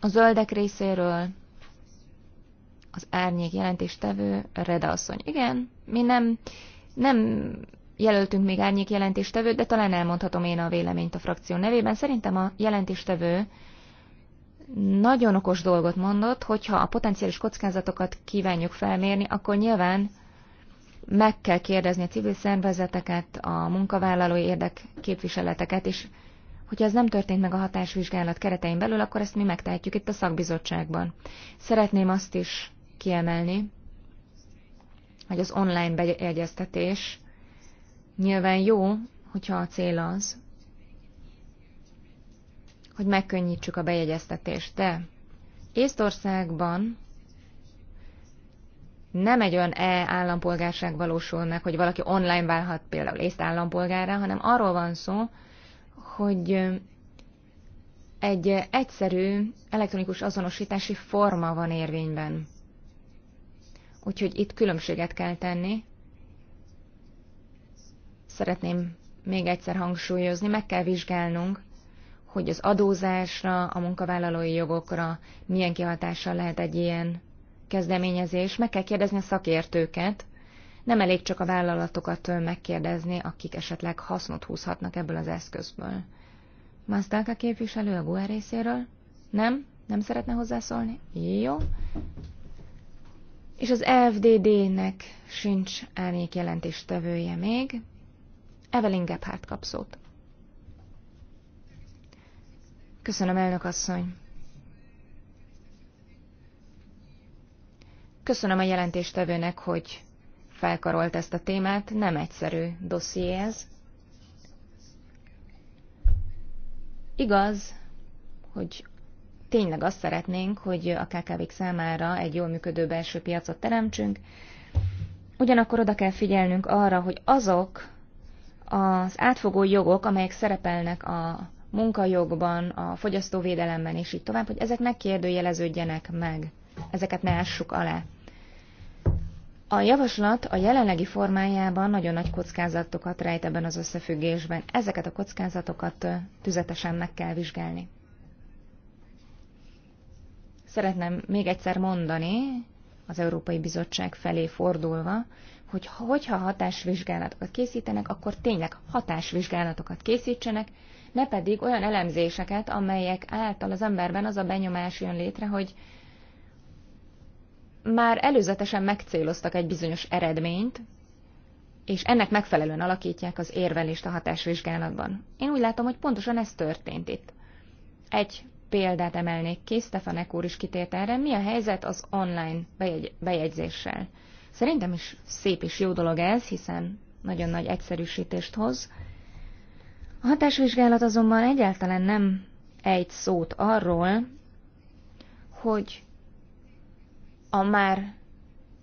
A zöldek részéről az árnyék jelentéstevő Reda asszony. Igen, mi nem, nem jelöltünk még árnyék jelentéstevőt, de talán elmondhatom én a véleményt a frakció nevében. Szerintem a jelentéstevő nagyon okos dolgot mondott, hogyha a potenciális kockázatokat kívánjuk felmérni, akkor nyilván meg kell kérdezni a civil szervezeteket, a munkavállalói érdekképviseleteket, és hogyha ez nem történt meg a hatásvizsgálat keretein belül, akkor ezt mi megtehetjük itt a szakbizottságban. Szeretném azt is kiemelni, hogy az online bejegyeztetés Nyilván jó, hogyha a cél az, hogy megkönnyítsük a bejegyeztetést, de Észtországban nem egy olyan e állampolgárság valósul meg, hogy valaki online válhat például észt állampolgára, hanem arról van szó, hogy egy egyszerű elektronikus azonosítási forma van érvényben. Úgyhogy itt különbséget kell tenni szeretném még egyszer hangsúlyozni, meg kell vizsgálnunk, hogy az adózásra, a munkavállalói jogokra milyen kihatással lehet egy ilyen kezdeményezés. Meg kell kérdezni a szakértőket, nem elég csak a vállalatokat megkérdezni, akik esetleg hasznot húzhatnak ebből az eszközből. Masztálka képviselő a GUE részéről? Nem? Nem szeretne hozzászólni? Jó. És az FDD-nek sincs árnyék jelentéstevője még. Evelyn Gebhardt kap szót. Köszönöm, elnök asszony. Köszönöm a jelentéstevőnek, hogy felkarolt ezt a témát. Nem egyszerű dosszié ez. Igaz, hogy tényleg azt szeretnénk, hogy a kkv számára egy jól működő belső piacot teremtsünk, ugyanakkor oda kell figyelnünk arra, hogy azok az átfogó jogok, amelyek szerepelnek a munkajogban, a fogyasztóvédelemben és így tovább, hogy ezek ne kérdőjeleződjenek meg, ezeket ne ássuk alá. A javaslat a jelenlegi formájában nagyon nagy kockázatokat rejt ebben az összefüggésben. Ezeket a kockázatokat tüzetesen meg kell vizsgálni. Szeretném még egyszer mondani, az Európai Bizottság felé fordulva, hogy hogyha hatásvizsgálatokat készítenek, akkor tényleg hatásvizsgálatokat készítsenek, ne pedig olyan elemzéseket, amelyek által az emberben az a benyomás jön létre, hogy már előzetesen megcéloztak egy bizonyos eredményt, és ennek megfelelően alakítják az érvelést a hatásvizsgálatban. Én úgy látom, hogy pontosan ez történt itt. Egy példát emelnék ki, Stefanek úr is kitért erre, mi a helyzet az online bejegy- bejegyzéssel. Szerintem is szép és jó dolog ez, hiszen nagyon nagy egyszerűsítést hoz. A hatásvizsgálat azonban egyáltalán nem egy szót arról, hogy a már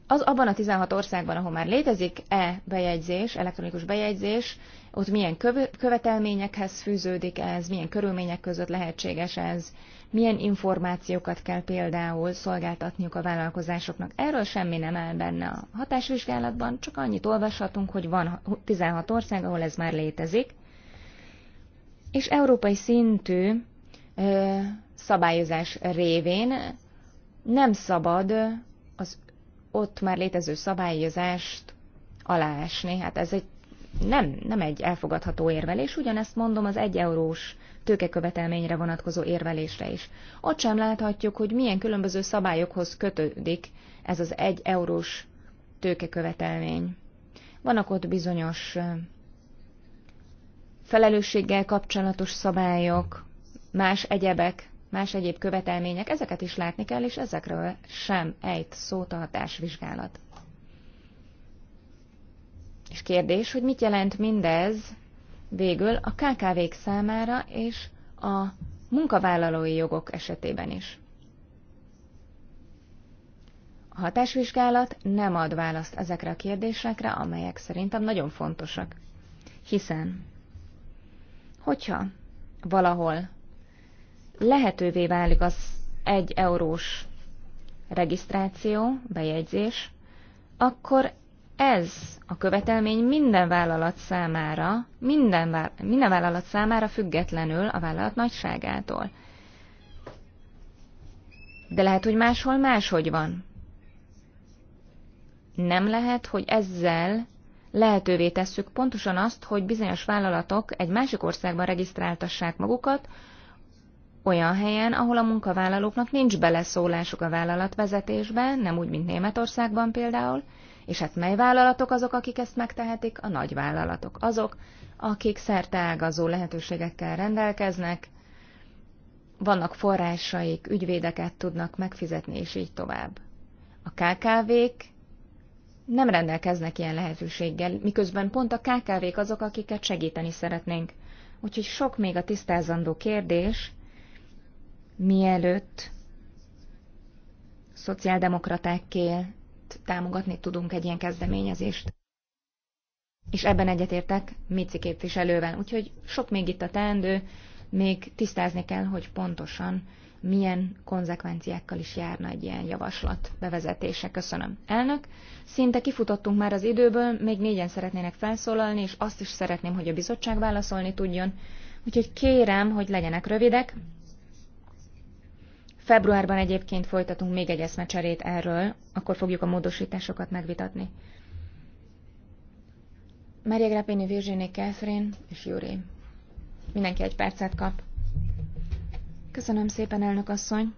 az abban a 16 országban, ahol már létezik e bejegyzés, elektronikus bejegyzés, ott milyen követelményekhez fűződik ez, milyen körülmények között lehetséges ez, milyen információkat kell például szolgáltatniuk a vállalkozásoknak. Erről semmi nem áll benne a hatásvizsgálatban, csak annyit olvashatunk, hogy van 16 ország, ahol ez már létezik, és európai szintű ö, szabályozás révén nem szabad az ott már létező szabályozást aláásni. Hát ez egy nem, nem egy elfogadható érvelés, ugyanezt mondom az egy eurós tőkekövetelményre vonatkozó érvelésre is. Ott sem láthatjuk, hogy milyen különböző szabályokhoz kötődik ez az egy eurós tőkekövetelmény. Vannak ott bizonyos felelősséggel kapcsolatos szabályok, más egyebek, más egyéb követelmények, ezeket is látni kell, és ezekről sem ejt szót a hatásvizsgálat. És kérdés, hogy mit jelent mindez végül a KKV-k számára és a munkavállalói jogok esetében is. A hatásvizsgálat nem ad választ ezekre a kérdésekre, amelyek szerintem nagyon fontosak. Hiszen, hogyha valahol lehetővé válik az egy eurós regisztráció, bejegyzés, akkor ez a követelmény minden vállalat számára, minden, vá minden vállalat számára függetlenül a vállalat nagyságától. De lehet, hogy máshol máshogy van. Nem lehet, hogy ezzel lehetővé tesszük pontosan azt, hogy bizonyos vállalatok egy másik országban regisztráltassák magukat, olyan helyen, ahol a munkavállalóknak nincs beleszólásuk a vállalatvezetésbe, nem úgy, mint Németországban például, és hát mely vállalatok azok, akik ezt megtehetik? A nagy vállalatok. Azok, akik ágazó lehetőségekkel rendelkeznek, vannak forrásaik, ügyvédeket tudnak megfizetni, és így tovább. A KKV-k nem rendelkeznek ilyen lehetőséggel, miközben pont a KKV-k azok, akiket segíteni szeretnénk. Úgyhogy sok még a tisztázandó kérdés, mielőtt szociáldemokratákként támogatni tudunk egy ilyen kezdeményezést. És ebben egyetértek Mici képviselővel. Úgyhogy sok még itt a teendő, még tisztázni kell, hogy pontosan milyen konzekvenciákkal is járna egy ilyen javaslat bevezetése. Köszönöm. Elnök, szinte kifutottunk már az időből, még négyen szeretnének felszólalni, és azt is szeretném, hogy a bizottság válaszolni tudjon. Úgyhogy kérem, hogy legyenek rövidek, Februárban egyébként folytatunk még egy eszmecserét erről, akkor fogjuk a módosításokat megvitatni. Maria Grappini, Virginie Catherine és Júri. Mindenki egy percet kap. Köszönöm szépen, elnök asszony.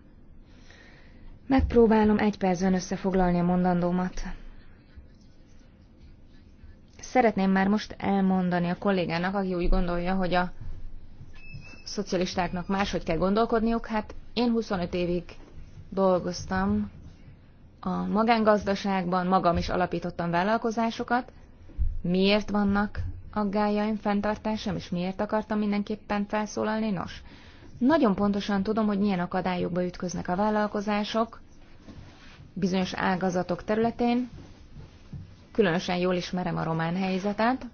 Megpróbálom egy percben összefoglalni a mondandómat. Szeretném már most elmondani a kollégának, aki úgy gondolja, hogy a szocialistáknak máshogy kell gondolkodniuk. Hát én 25 évig dolgoztam a magángazdaságban, magam is alapítottam vállalkozásokat. Miért vannak aggájaim, fenntartásom, és miért akartam mindenképpen felszólalni? Nos, nagyon pontosan tudom, hogy milyen akadályokba ütköznek a vállalkozások bizonyos ágazatok területén. Különösen jól ismerem a román helyzetet.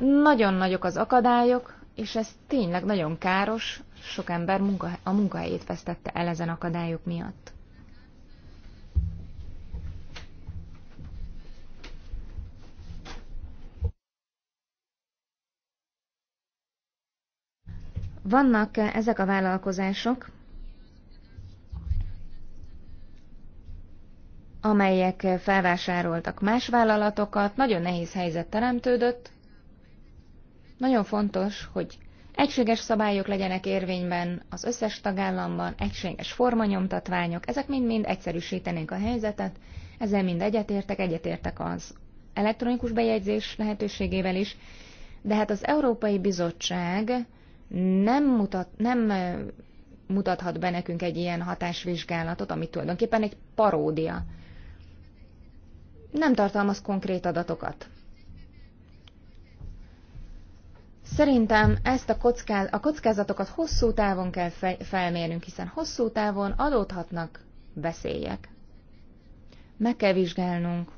Nagyon nagyok az akadályok, és ez tényleg nagyon káros, sok ember munka, a munkahelyét vesztette el ezen akadályok miatt. Vannak eh, ezek a vállalkozások, amelyek eh, felvásároltak más vállalatokat, nagyon nehéz helyzet teremtődött, nagyon fontos, hogy egységes szabályok legyenek érvényben az összes tagállamban, egységes formanyomtatványok, ezek mind-mind egyszerűsítenék a helyzetet, ezzel mind egyetértek, egyetértek az elektronikus bejegyzés lehetőségével is, de hát az Európai Bizottság nem, mutat, nem mutathat be nekünk egy ilyen hatásvizsgálatot, ami tulajdonképpen egy paródia. Nem tartalmaz konkrét adatokat. Szerintem ezt a, kockáz, a kockázatokat hosszú távon kell fej, felmérnünk, hiszen hosszú távon adódhatnak veszélyek. Meg kell vizsgálnunk,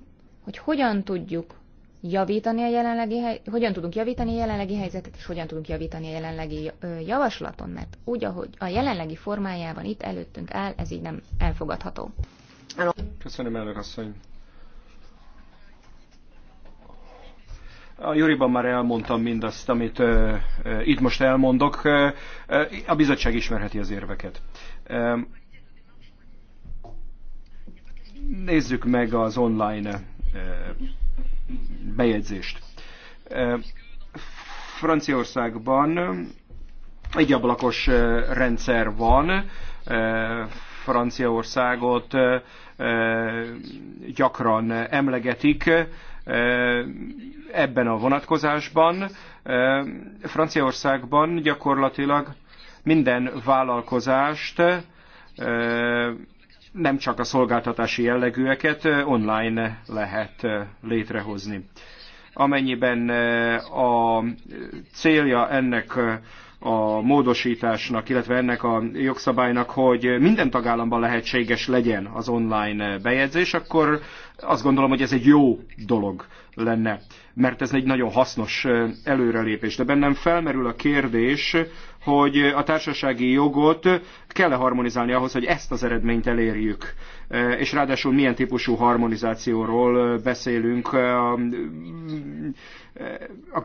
hogy hogyan tudjuk javítani a jelenlegi, hogyan tudunk javítani a jelenlegi helyzetet, és hogyan tudunk javítani a jelenlegi javaslaton, mert úgy, ahogy a jelenlegi formájában itt előttünk áll, ez így nem elfogadható. Köszönöm, elnök asszony. A Juriban már elmondtam mindazt, amit uh, itt most elmondok. uh, a bizottság ismerheti az érveket. Uh, nézzük meg az online uh, bejegyzést. Uh, Franciaországban egy ablakos rendszer van, Franciaországot gyakran emlegetik, ebben a vonatkozásban. Franciaországban gyakorlatilag minden vállalkozást, nem csak a szolgáltatási jellegűeket online lehet létrehozni. Amennyiben a célja ennek a módosításnak, illetve ennek a jogszabálynak, hogy minden tagállamban lehetséges legyen az online bejegyzés, akkor azt gondolom, hogy ez egy jó dolog lenne, mert ez egy nagyon hasznos előrelépés. De bennem felmerül a kérdés, hogy a társasági jogot kell -e harmonizálni ahhoz, hogy ezt az eredményt elérjük. E, és ráadásul milyen típusú harmonizációról beszélünk, e, e,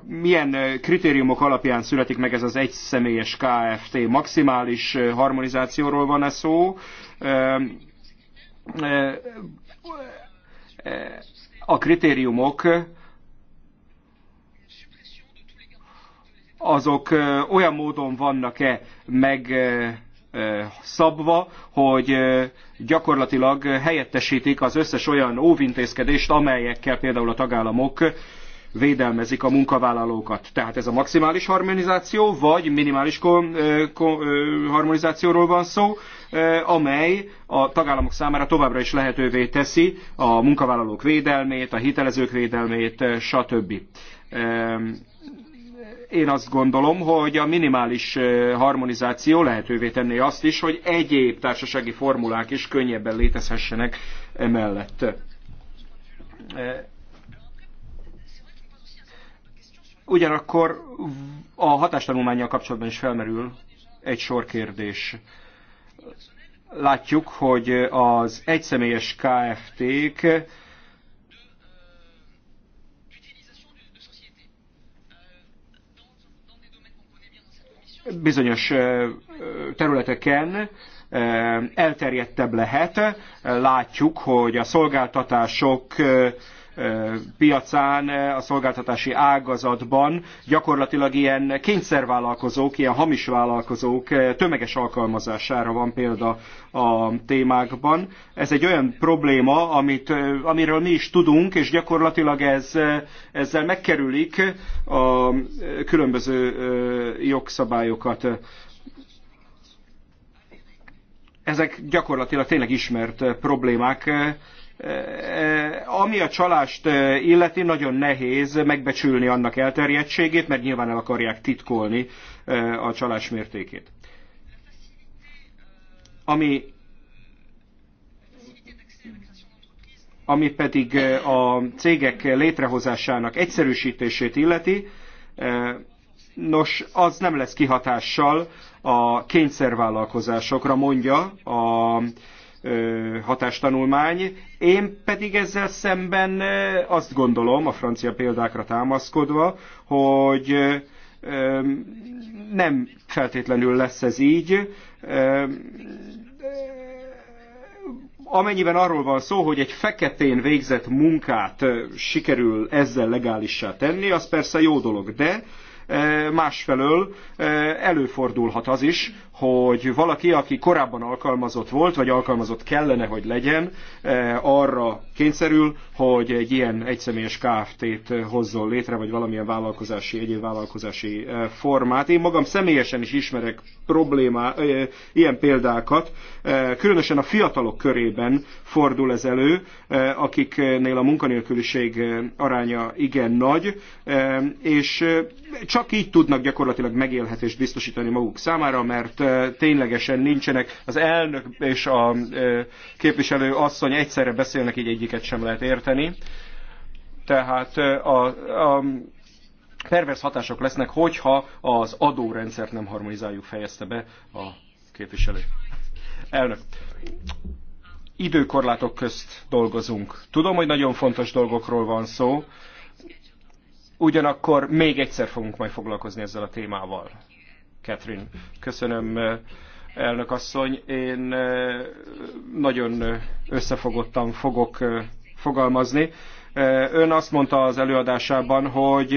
milyen kritériumok alapján születik meg ez az egyszemélyes KFT, maximális harmonizációról van-e szó, a kritériumok azok olyan módon vannak-e meg szabva, hogy gyakorlatilag helyettesítik az összes olyan óvintézkedést, amelyekkel például a tagállamok védelmezik a munkavállalókat. Tehát ez a maximális harmonizáció, vagy minimális harmonizációról van szó, amely a tagállamok számára továbbra is lehetővé teszi a munkavállalók védelmét, a hitelezők védelmét, stb én azt gondolom, hogy a minimális harmonizáció lehetővé tenné azt is, hogy egyéb társasági formulák is könnyebben létezhessenek emellett. Ugyanakkor a hatástanulmányjal kapcsolatban is felmerül egy sor kérdés. Látjuk, hogy az egyszemélyes KFT-k bizonyos területeken elterjedtebb lehet. Látjuk, hogy a szolgáltatások piacán, a szolgáltatási ágazatban gyakorlatilag ilyen kényszervállalkozók, ilyen hamis vállalkozók tömeges alkalmazására van példa a témákban. Ez egy olyan probléma, amit, amiről mi is tudunk, és gyakorlatilag ez, ezzel megkerülik a különböző jogszabályokat ezek gyakorlatilag tényleg ismert problémák, ami a csalást illeti, nagyon nehéz megbecsülni annak elterjedtségét, mert nyilván el akarják titkolni a csalás mértékét. Ami ami pedig a cégek létrehozásának egyszerűsítését illeti, nos, az nem lesz kihatással a kényszervállalkozásokra, mondja a hatástanulmány. Én pedig ezzel szemben azt gondolom, a francia példákra támaszkodva, hogy nem feltétlenül lesz ez így. Amennyiben arról van szó, hogy egy feketén végzett munkát sikerül ezzel legálissá tenni, az persze jó dolog, de másfelől előfordulhat az is, hogy valaki, aki korábban alkalmazott volt, vagy alkalmazott kellene, hogy legyen, arra kényszerül, hogy egy ilyen egyszemélyes KFT-t hozzon létre, vagy valamilyen vállalkozási, egyéb vállalkozási formát. Én magam személyesen is ismerek problémá, ilyen példákat. Különösen a fiatalok körében fordul ez elő, akiknél a munkanélküliség aránya igen nagy, és csak így tudnak gyakorlatilag megélhetést biztosítani maguk számára, mert ténylegesen nincsenek. Az elnök és a képviselő asszony egyszerre beszélnek, így egyiket sem lehet érteni. Tehát a, a pervers hatások lesznek, hogyha az adórendszert nem harmonizáljuk, fejezte be a képviselő. Elnök, időkorlátok közt dolgozunk. Tudom, hogy nagyon fontos dolgokról van szó, ugyanakkor még egyszer fogunk majd foglalkozni ezzel a témával. Catherine, köszönöm elnök asszony. Én eh, nagyon összefogottan fogok eh, fogalmazni. Eh, ön azt mondta az előadásában, hogy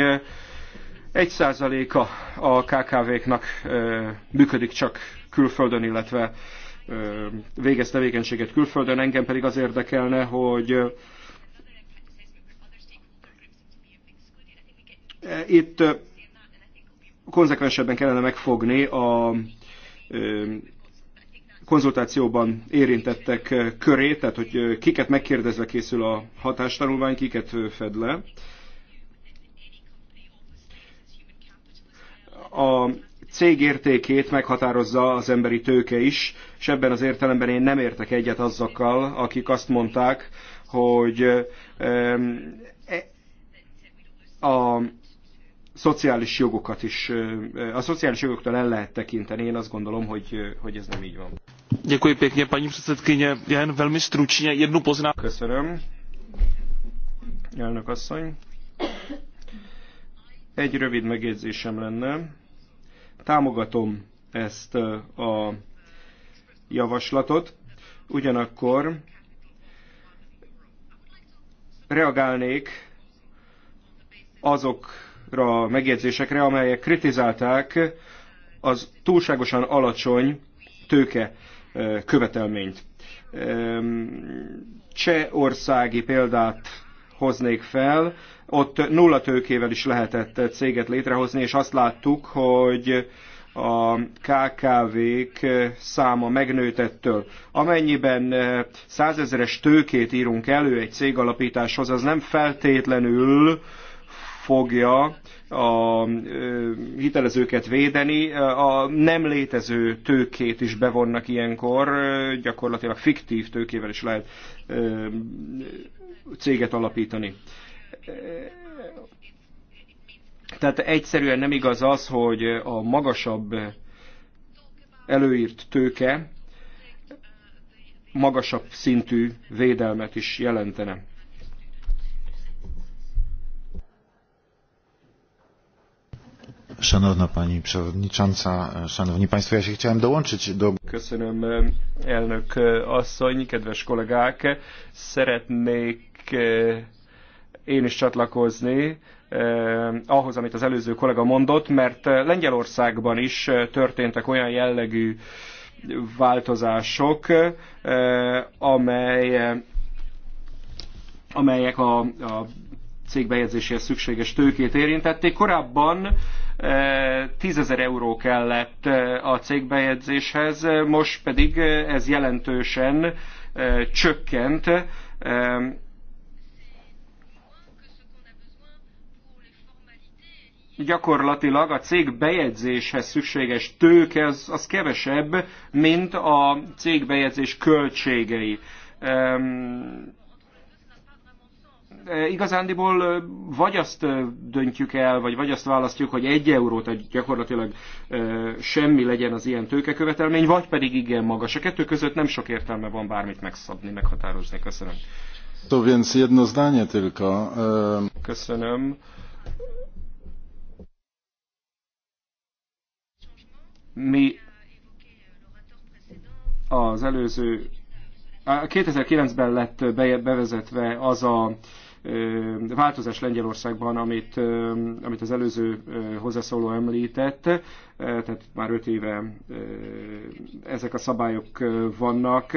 egy a, a KKV-knak működik csak külföldön, illetve végez tevékenységet külföldön. Engem pedig az érdekelne, hogy Eh, itt eh, konzekvensebben kellene megfogni a eh, konzultációban érintettek körét, tehát hogy kiket megkérdezve készül a hatástanulmány, kiket fed le. A cég értékét meghatározza az emberi tőke is, és ebben az értelemben én nem értek egyet azokkal, akik azt mondták, hogy e, a szociális jogokat is, a szociális jogoktól el lehet tekinteni, én azt gondolom, hogy, hogy ez nem így van. Děkuji pěkně, paní předsedkyně. Jen velmi stručně jednu poznámku. Köszönöm. Elnök asszony. Egy rövid megjegyzésem lenne. Támogatom ezt a javaslatot, ugyanakkor reagálnék azok azokra a megjegyzésekre, amelyek kritizálták az túlságosan alacsony tőke követelményt. Csehországi példát hoznék fel, ott nulla tőkével is lehetett céget létrehozni, és azt láttuk, hogy a KKV-k száma ettől. Amennyiben százezeres tőkét írunk elő egy cég alapításhoz, az nem feltétlenül fogja a hitelezőket védeni. A nem létező tőkét is bevonnak ilyenkor, gyakorlatilag fiktív tőkével is lehet céget alapítani. Tehát egyszerűen nem igaz az, hogy a magasabb előírt tőke magasabb szintű védelmet is jelentene. Szanowna Pani Przewodnicząca, Szanowni Państwo, ja się chciałem dołączyć do... Köszönöm, elnök asszony, kedves kollégák. Szeretnék eh, én is csatlakozni eh, ahhoz, amit az előző kollega mondott, mert Lengyelországban is történtek olyan jellegű változások, eh, amely, amelyek a, a cégbejegyzéséhez szükséges tőkét érintették. Korábban 10.000 eh, euró kellett eh, a cégbejegyzéshez, most pedig eh, ez jelentősen csökkent. Gyakorlatilag a cég bejegyzéshez szükséges tőke az, az kevesebb, mint a cég bejegyzés költségei igazándiból vagy azt döntjük el, vagy vagy azt választjuk, hogy egy euró, tehát gyakorlatilag semmi legyen az ilyen tőkekövetelmény, vagy pedig igen magas. A kettő között nem sok értelme van bármit megszabni, meghatározni. Köszönöm. To więc jedno zdanie tylko. E, Köszönöm. Mi az előző 2009-ben lett bevezetve az a változás Lengyelországban, amit, amit az előző hozzászóló említett, tehát már öt éve ezek a szabályok vannak,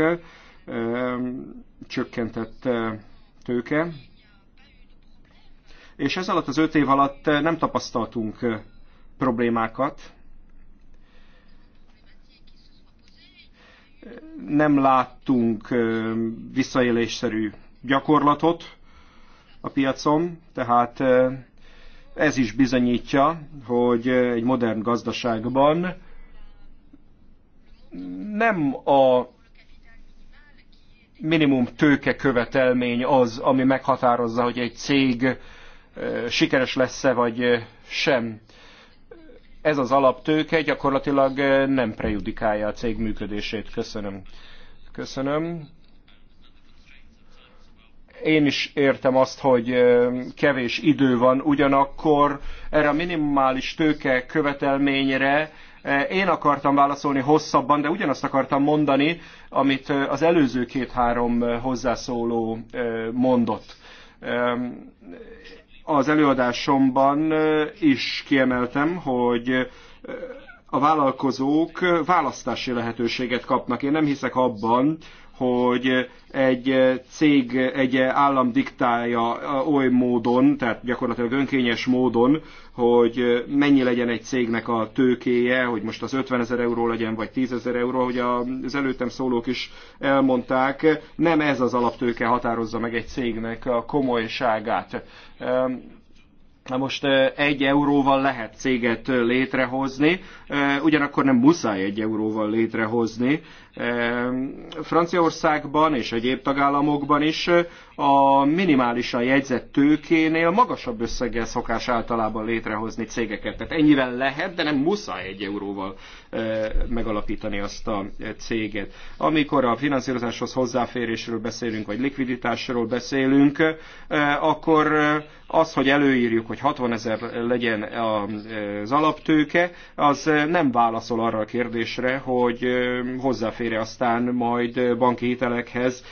csökkentett tőke, és ez alatt az öt év alatt nem tapasztaltunk problémákat, nem láttunk visszaélésszerű gyakorlatot, a piacon, tehát ez is bizonyítja, hogy egy modern gazdaságban nem a minimum tőke követelmény az, ami meghatározza, hogy egy cég sikeres lesz-e vagy sem. Ez az alaptőke gyakorlatilag nem prejudikálja a cég működését. Köszönöm. Köszönöm én is értem azt, hogy kevés idő van, ugyanakkor erre a minimális tőke követelményre én akartam válaszolni hosszabban, de ugyanazt akartam mondani, amit az előző két-három hozzászóló mondott. Az előadásomban is kiemeltem, hogy a vállalkozók választási lehetőséget kapnak. Én nem hiszek abban, hogy egy cég, egy állam diktálja oly módon, tehát gyakorlatilag önkényes módon, hogy mennyi legyen egy cégnek a tőkéje, hogy most az 50 ezer euró legyen, vagy 10 ezer euró, hogy az előttem szólók is elmondták, nem ez az alaptőke határozza meg egy cégnek a komolyságát. Na most egy euróval lehet céget létrehozni, ugyanakkor nem muszáj egy euróval létrehozni, Franciaországban és egyéb tagállamokban is a minimálisan jegyzett tőkénél magasabb összeggel szokás általában létrehozni cégeket. Tehát ennyivel lehet, de nem muszáj egy euróval megalapítani azt a céget. Amikor a finanszírozáshoz hozzáférésről beszélünk, vagy likviditásról beszélünk, akkor az, hogy előírjuk, hogy 60 ezer legyen az alaptőke, az nem válaszol arra a kérdésre, hogy hozzáfér amire aztán majd banki hitelekhez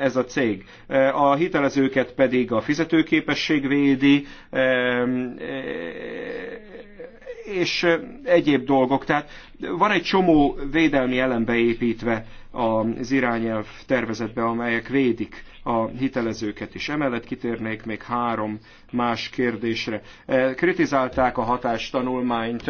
ez a cég. A hitelezőket pedig a fizetőképesség védi, és egyéb dolgok. Tehát van egy csomó védelmi elem beépítve az irányelv tervezetbe, amelyek védik a hitelezőket is. Emellett kitérnék még három más kérdésre. Kritizálták a hatástanulmányt.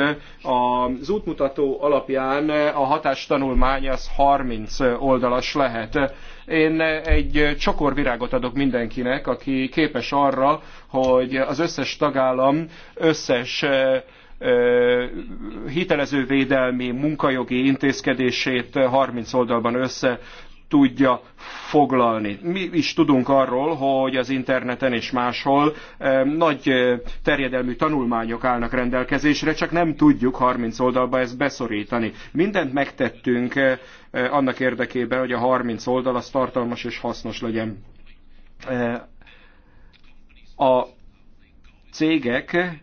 Az útmutató alapján a hatástanulmány az 30 oldalas lehet. Én egy csokor virágot adok mindenkinek, aki képes arra, hogy az összes tagállam összes hitelezővédelmi munkajogi intézkedését 30 oldalban össze tudja foglalni. Mi is tudunk arról, hogy az interneten és máshol nagy terjedelmű tanulmányok állnak rendelkezésre, csak nem tudjuk 30 oldalba ezt beszorítani. Mindent megtettünk annak érdekében, hogy a 30 oldal az tartalmas és hasznos legyen. A cégek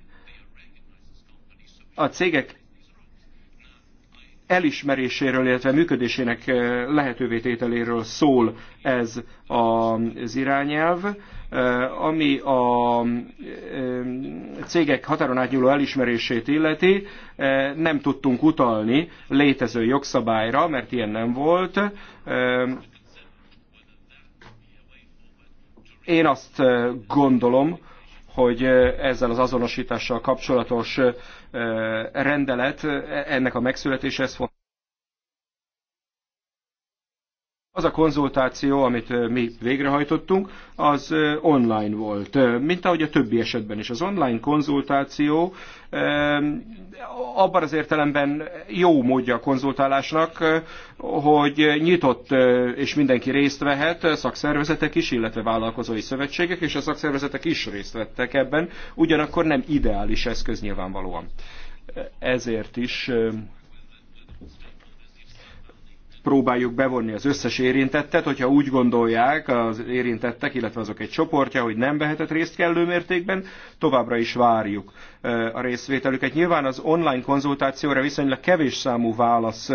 a cégek elismeréséről, illetve működésének eh, lehetővé tételéről szól ez az irányelv, eh, ami a eh, cégek határon átnyúló elismerését illeti, nem tudtunk utalni létező jogszabályra, mert ilyen nem volt. Én azt gondolom, hogy ezzel az azonosítással kapcsolatos rendelet, ennek a megszületése, fontos. Az a konzultáció, amit mi végrehajtottunk, az online volt, mint ahogy a többi esetben is. Az online konzultáció abban az értelemben jó módja a konzultálásnak, hogy nyitott és mindenki részt vehet, szakszervezetek is, illetve vállalkozói szövetségek, és a szakszervezetek is részt vettek ebben, ugyanakkor nem ideális eszköz nyilvánvalóan. Ezért is próbáljuk bevonni az összes érintettet, hogyha úgy gondolják az érintettek, illetve azok egy csoportja, hogy nem vehetett részt kellő mértékben, továbbra is várjuk a részvételüket. Nyilván az online konzultációra viszonylag kevés számú válasz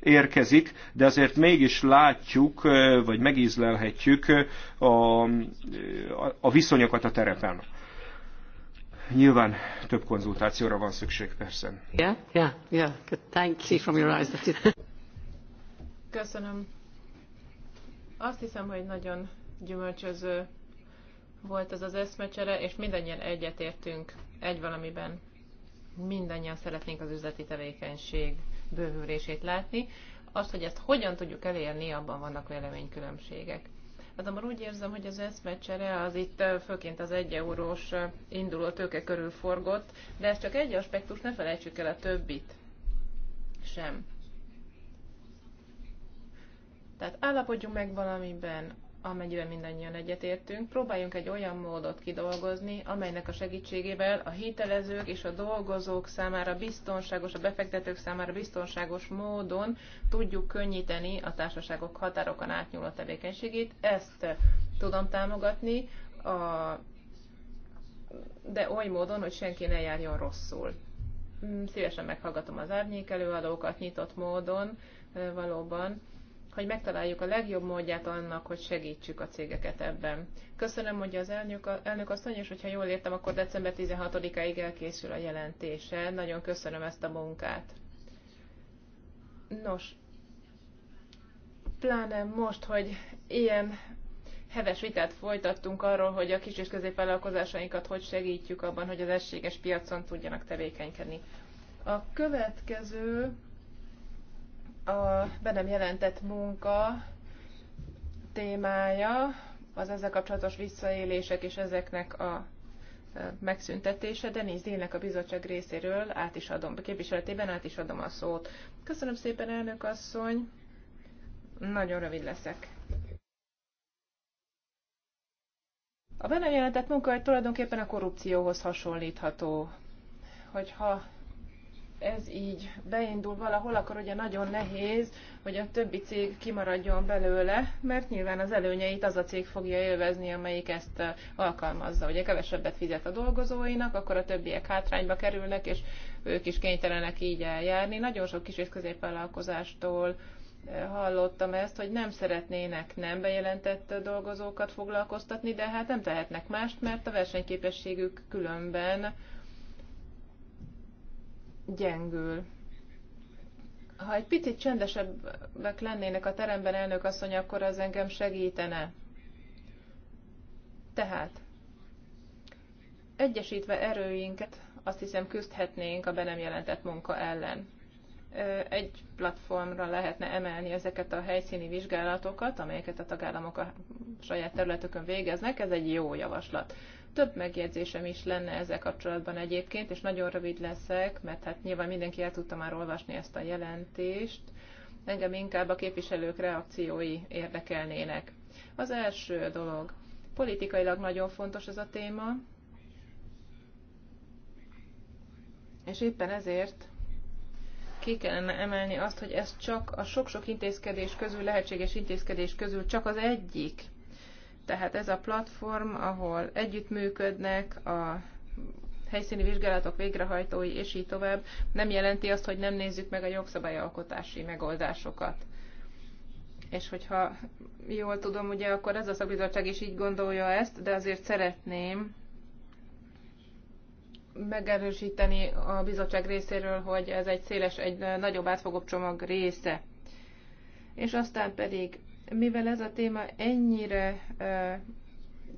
érkezik, de azért mégis látjuk, vagy megízlelhetjük a, a viszonyokat a terepen. Nyilván több konzultációra van szükség, persze. Yeah, yeah, yeah. Thank you from your eyes. Köszönöm. Azt hiszem, hogy nagyon gyümölcsöző volt ez az eszmecsere, és mindannyian egyetértünk egy valamiben. Mindannyian szeretnénk az üzleti tevékenység bővülését látni. Azt, hogy ezt hogyan tudjuk elérni, abban vannak véleménykülönbségek. Hát Azonban úgy érzem, hogy az eszmecsere az itt főként az egy eurós induló tőke körül forgott, de ez csak egy aspektus, ne felejtsük el a többit sem. Tehát állapodjunk meg valamiben, amennyiben mindannyian egyetértünk, próbáljunk egy olyan módot kidolgozni, amelynek a segítségével a hitelezők és a dolgozók számára biztonságos, a befektetők számára biztonságos módon tudjuk könnyíteni a társaságok határokon átnyúló tevékenységét. Ezt eh, tudom támogatni, a, de oly módon, hogy senki ne járjon rosszul. Mm, szívesen meghallgatom az árnyék előadókat nyitott módon, eh, valóban hogy megtaláljuk a legjobb módját annak, hogy segítsük a cégeket ebben. Köszönöm, hogy az elnök, elnök asszony, és hogyha jól értem, akkor december 16-áig elkészül a jelentése. Nagyon köszönöm ezt a munkát. Nos, pláne most, hogy ilyen heves vitát folytattunk arról, hogy a kis és középvállalkozásainkat hogy segítjük abban, hogy az egységes piacon tudjanak tevékenykedni. A következő a be nem jelentett munka témája, az ezzel kapcsolatos visszaélések és ezeknek a e, megszüntetése. Denis Dénnek a bizottság részéről át is adom, képviseletében át is adom a szót. Köszönöm szépen, elnök asszony. Nagyon rövid leszek. A benne jelentett munka tulajdonképpen a korrupcióhoz hasonlítható. Hogyha ez így beindul valahol, akkor ugye nagyon nehéz, hogy a többi cég kimaradjon belőle, mert nyilván az előnyeit az a cég fogja élvezni, amelyik ezt alkalmazza. Ugye kevesebbet fizet a dolgozóinak, akkor a többiek hátrányba kerülnek, és ők is kénytelenek így eljárni. Nagyon sok kis és középvállalkozástól hallottam ezt, hogy nem szeretnének nem bejelentett dolgozókat foglalkoztatni, de hát nem tehetnek mást, mert a versenyképességük különben gyengül. Ha egy picit csendesebbek lennének a teremben, elnök asszony, akkor az engem segítene. Tehát, egyesítve erőinket, azt hiszem küzdhetnénk a be nem jelentett munka ellen. Egy platformra lehetne emelni ezeket a helyszíni vizsgálatokat, amelyeket a tagállamok a saját területükön végeznek, ez egy jó javaslat. Több megjegyzésem is lenne ezzel kapcsolatban egyébként, és nagyon rövid leszek, mert hát nyilván mindenki el tudta már olvasni ezt a jelentést. Engem inkább a képviselők reakciói érdekelnének. Az első dolog, politikailag nagyon fontos ez a téma, és éppen ezért ki kellene emelni azt, hogy ez csak a sok-sok intézkedés közül, lehetséges intézkedés közül csak az egyik tehát ez a platform, ahol együttműködnek a helyszíni vizsgálatok végrehajtói, és így tovább, nem jelenti azt, hogy nem nézzük meg a jogszabályalkotási megoldásokat. És hogyha jól tudom, ugye akkor ez a szakbizottság is így gondolja ezt, de azért szeretném megerősíteni a bizottság részéről, hogy ez egy széles, egy nagyobb átfogó csomag része. És aztán pedig mivel ez a téma ennyire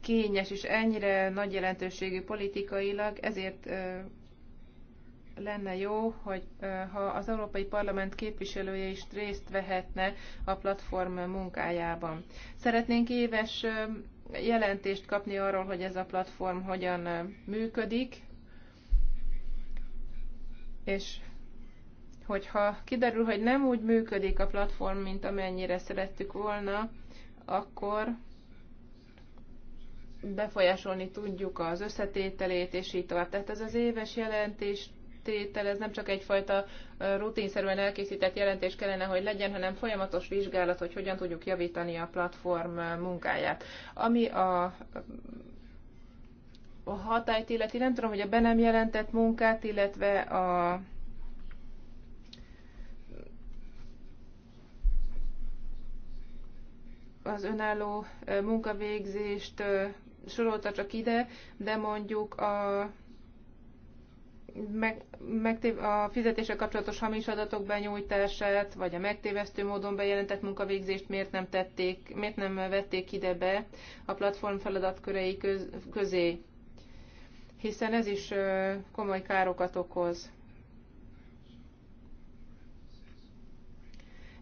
kényes és ennyire nagy jelentőségű politikailag, ezért lenne jó, hogy ha az Európai Parlament képviselője is részt vehetne a platform munkájában. Szeretnénk éves jelentést kapni arról, hogy ez a platform hogyan működik, és hogyha kiderül, hogy nem úgy működik a platform, mint amennyire szerettük volna, akkor befolyásolni tudjuk az összetételét, és így tovább. Tehát ez az éves jelentés tétel, ez nem csak egyfajta rutinszerűen elkészített jelentés kellene, hogy legyen, hanem folyamatos vizsgálat, hogy hogyan tudjuk javítani a platform munkáját. Ami a a hatályt illeti, nem tudom, hogy a be nem jelentett munkát, illetve a az önálló munkavégzést sorolta csak ide, de mondjuk a, meg, megtév, a fizetése kapcsolatos hamis adatok benyújtását, vagy a megtévesztő módon bejelentett munkavégzést miért nem, tették, miért nem vették ide be a platform feladatkörei köz, közé, hiszen ez is komoly károkat okoz.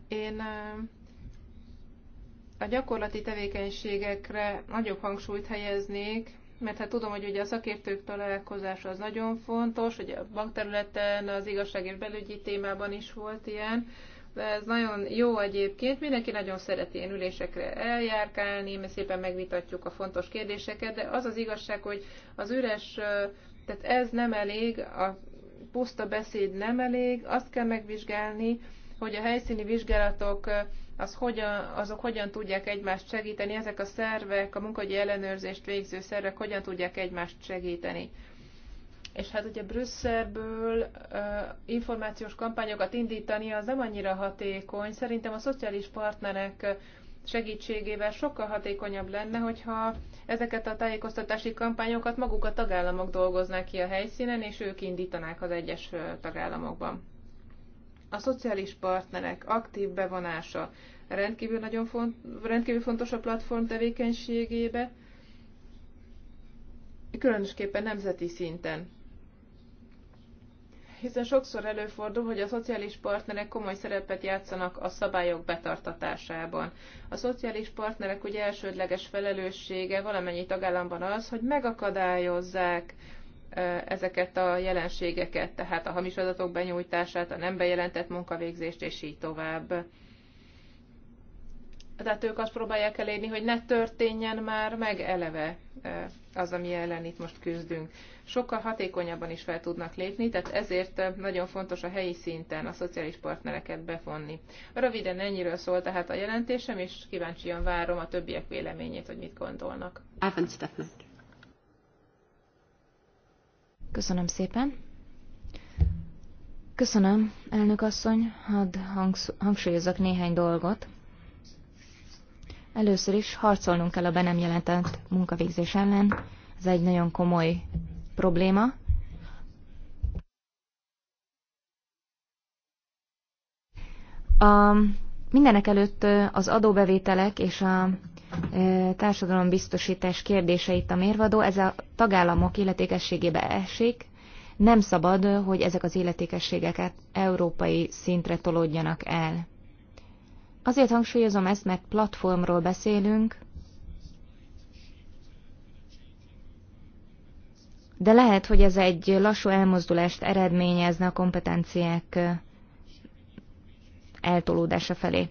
Én a gyakorlati tevékenységekre nagyobb hangsúlyt helyeznék, mert hát tudom, hogy ugye a szakértők találkozása az nagyon fontos, hogy a bankterületen, az igazság és belügyi témában is volt ilyen, de ez nagyon jó egyébként, mindenki nagyon szereti ilyen ülésekre eljárkálni, mert szépen megvitatjuk a fontos kérdéseket, de az az igazság, hogy az üres, tehát ez nem elég, a puszta beszéd nem elég, azt kell megvizsgálni, hogy a helyszíni vizsgálatok az hogyan, azok hogyan tudják egymást segíteni, ezek a szervek, a munkahogyi ellenőrzést végző szervek hogyan tudják egymást segíteni. És hát ugye Brüsszelből uh, információs kampányokat indítani az nem annyira hatékony. Szerintem a szociális partnerek segítségével sokkal hatékonyabb lenne, hogyha ezeket a tájékoztatási kampányokat maguk a tagállamok dolgoznák ki a helyszínen, és ők indítanák az egyes tagállamokban. A szociális partnerek aktív bevonása rendkívül, nagyon font, rendkívül fontos a platform tevékenységébe, különösképpen nemzeti szinten hiszen sokszor előfordul, hogy a szociális partnerek komoly szerepet játszanak a szabályok betartatásában. A szociális partnerek ugye elsődleges felelőssége valamennyi tagállamban az, hogy megakadályozzák ezeket a jelenségeket, tehát a hamis adatok benyújtását, a nem bejelentett munkavégzést, és így tovább. Tehát ők azt próbálják elérni, hogy ne történjen már meg eleve az, ami ellen itt most küzdünk. Sokkal hatékonyabban is fel tudnak lépni, tehát ezért nagyon fontos a helyi szinten a szociális partnereket befonni. Röviden ennyiről szól tehát a jelentésem, és kíváncsian várom a többiek véleményét, hogy mit gondolnak. Áven Stefan. Köszönöm szépen. Köszönöm, elnök asszony, hadd hangsúlyozok néhány dolgot. Először is harcolnunk kell a be nem jelentett munkavégzés ellen. Ez egy nagyon komoly probléma. A, mindenek előtt az adóbevételek és a társadalombiztosítás kérdéseit a mérvadó, ez a tagállamok illetékességébe esik, nem szabad, hogy ezek az illetékességeket európai szintre tolódjanak el. Azért hangsúlyozom ezt, mert platformról beszélünk, de lehet, hogy ez egy lassú elmozdulást eredményezne a kompetenciák eltolódása felé.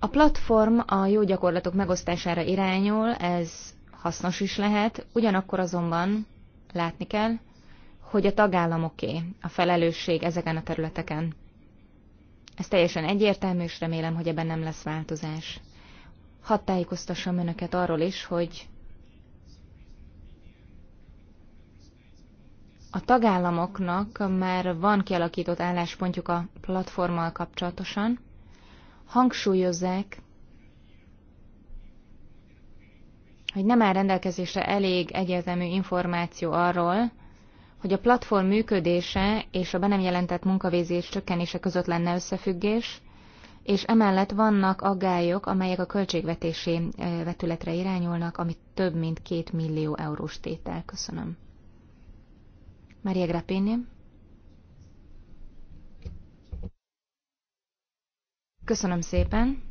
A platform a jó gyakorlatok megosztására irányul, ez hasznos is lehet, ugyanakkor azonban látni kell, hogy a tagállamoké a felelősség ezeken a területeken. Ez teljesen egyértelmű, és remélem, hogy ebben nem lesz változás. Hadd tájékoztassam önöket arról is, hogy a tagállamoknak már van kialakított álláspontjuk a platformmal kapcsolatosan, hangsúlyozzák, hogy nem áll rendelkezésre elég egyértelmű információ arról, hogy a platform működése és a be nem jelentett munkavégzés csökkenése között lenne összefüggés, és emellett vannak aggályok, amelyek a költségvetési vetületre irányulnak, ami több mint két millió eurós tétel. Köszönöm. Maria Grappini. Köszönöm szépen.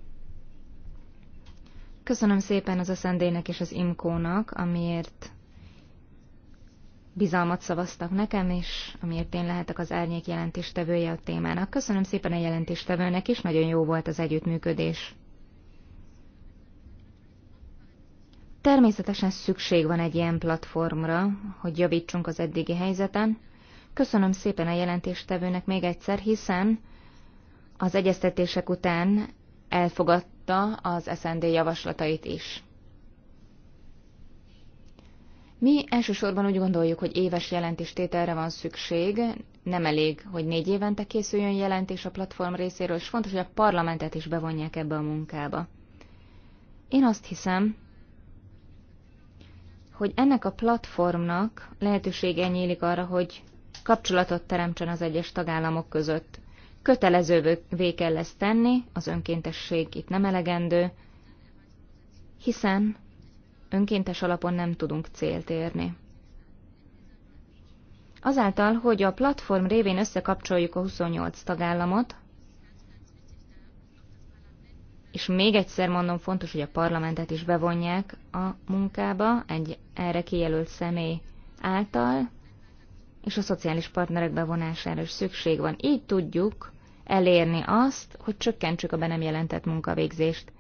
Köszönöm szépen az sznd és az Imkónak, amiért bizalmat szavaztak nekem, és amiért én lehetek az árnyék jelentéstevője a témának. Köszönöm szépen a jelentéstevőnek is, nagyon jó volt az együttműködés. Természetesen szükség van egy ilyen platformra, hogy javítsunk az eddigi helyzeten. Köszönöm szépen a jelentéstevőnek még egyszer, hiszen az egyeztetések után elfogadta az SND javaslatait is. Mi elsősorban úgy gondoljuk, hogy éves jelentéstételre van szükség, nem elég, hogy négy évente készüljön jelentés a platform részéről, és fontos, hogy a parlamentet is bevonják ebbe a munkába. Én azt hiszem, hogy ennek a platformnak lehetősége nyílik arra, hogy kapcsolatot teremtsen az egyes tagállamok között kötelezővé kell ezt tenni, az önkéntesség itt nem elegendő, hiszen önkéntes alapon nem tudunk célt érni. Azáltal, hogy a platform révén összekapcsoljuk a 28 tagállamot, és még egyszer mondom, fontos, hogy a parlamentet is bevonják a munkába egy erre kijelölt személy által, és a szociális partnerek bevonására is szükség van. Így tudjuk elérni azt, hogy csökkentsük a be nem jelentett munkavégzést.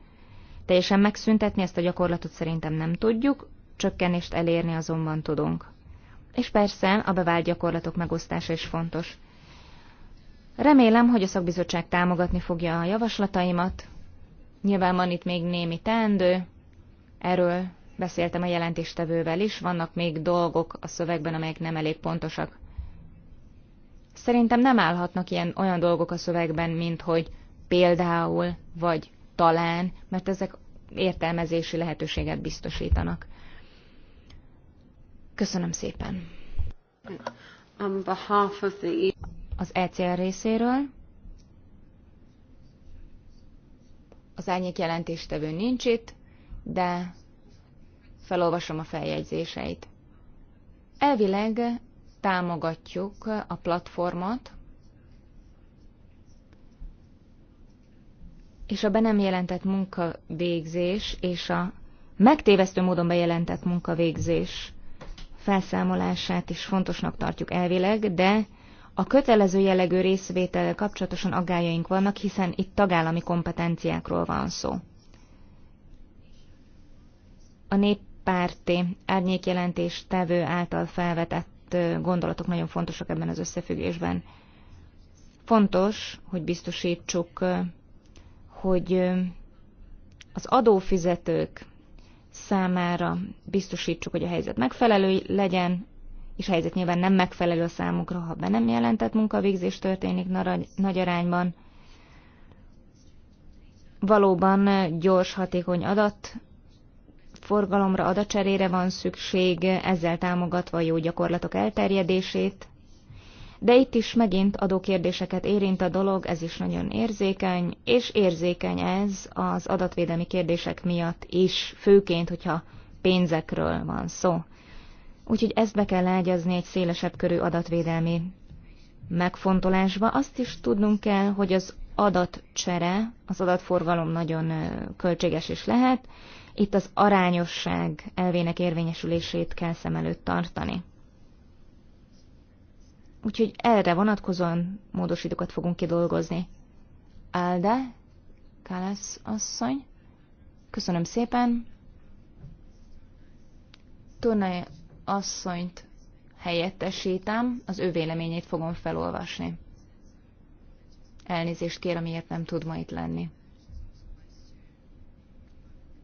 Teljesen megszüntetni ezt a gyakorlatot szerintem nem tudjuk, csökkenést elérni azonban tudunk. És persze a bevált gyakorlatok megosztása is fontos. Remélem, hogy a szakbizottság támogatni fogja a javaslataimat. Nyilván van itt még némi teendő, erről beszéltem a jelentéstevővel is, vannak még dolgok a szövegben, amelyek nem elég pontosak. Szerintem nem állhatnak ilyen olyan dolgok a szövegben, mint hogy például, vagy talán, mert ezek értelmezési lehetőséget biztosítanak. Köszönöm szépen. On behalf of the... E- az ECR részéről az árnyék jelentéstevő nincs itt, de felolvasom a feljegyzéseit. Elvileg támogatjuk a platformot, és a be nem jelentett munkavégzés és a megtévesztő módon bejelentett munkavégzés felszámolását is fontosnak tartjuk elvileg, de a kötelező jellegű részvétel kapcsolatosan aggájaink vannak, hiszen itt tagállami kompetenciákról van szó. A néppárti árnyékjelentés tevő által felvetett említett gondolatok nagyon fontosak ebben az összefüggésben. Fontos, hogy biztosítsuk, hogy az adófizetők számára biztosítsuk, hogy a helyzet megfelelő legyen, és a helyzet nyilván nem megfelelő a számukra, ha be nem jelentett munkavégzés történik nagy arányban. Valóban gyors, hatékony adat forgalomra, adacserére van szükség, ezzel támogatva a jó gyakorlatok elterjedését. De itt is megint adókérdéseket érint a dolog, ez is nagyon érzékeny, és érzékeny ez az adatvédelmi kérdések miatt is, főként, hogyha pénzekről van szó. Úgyhogy ezt be kell ágyazni egy szélesebb körű adatvédelmi megfontolásba. Azt is tudnunk kell, hogy az adatcsere, az adatforgalom nagyon költséges is lehet, itt az arányosság elvének érvényesülését kell szem előtt tartani. Úgyhogy erre vonatkozóan módosítókat fogunk kidolgozni. Alde, Kálesz asszony, köszönöm szépen. Tornai asszonyt helyettesítem, az ő véleményét fogom felolvasni. Elnézést kér, amiért nem tud ma itt lenni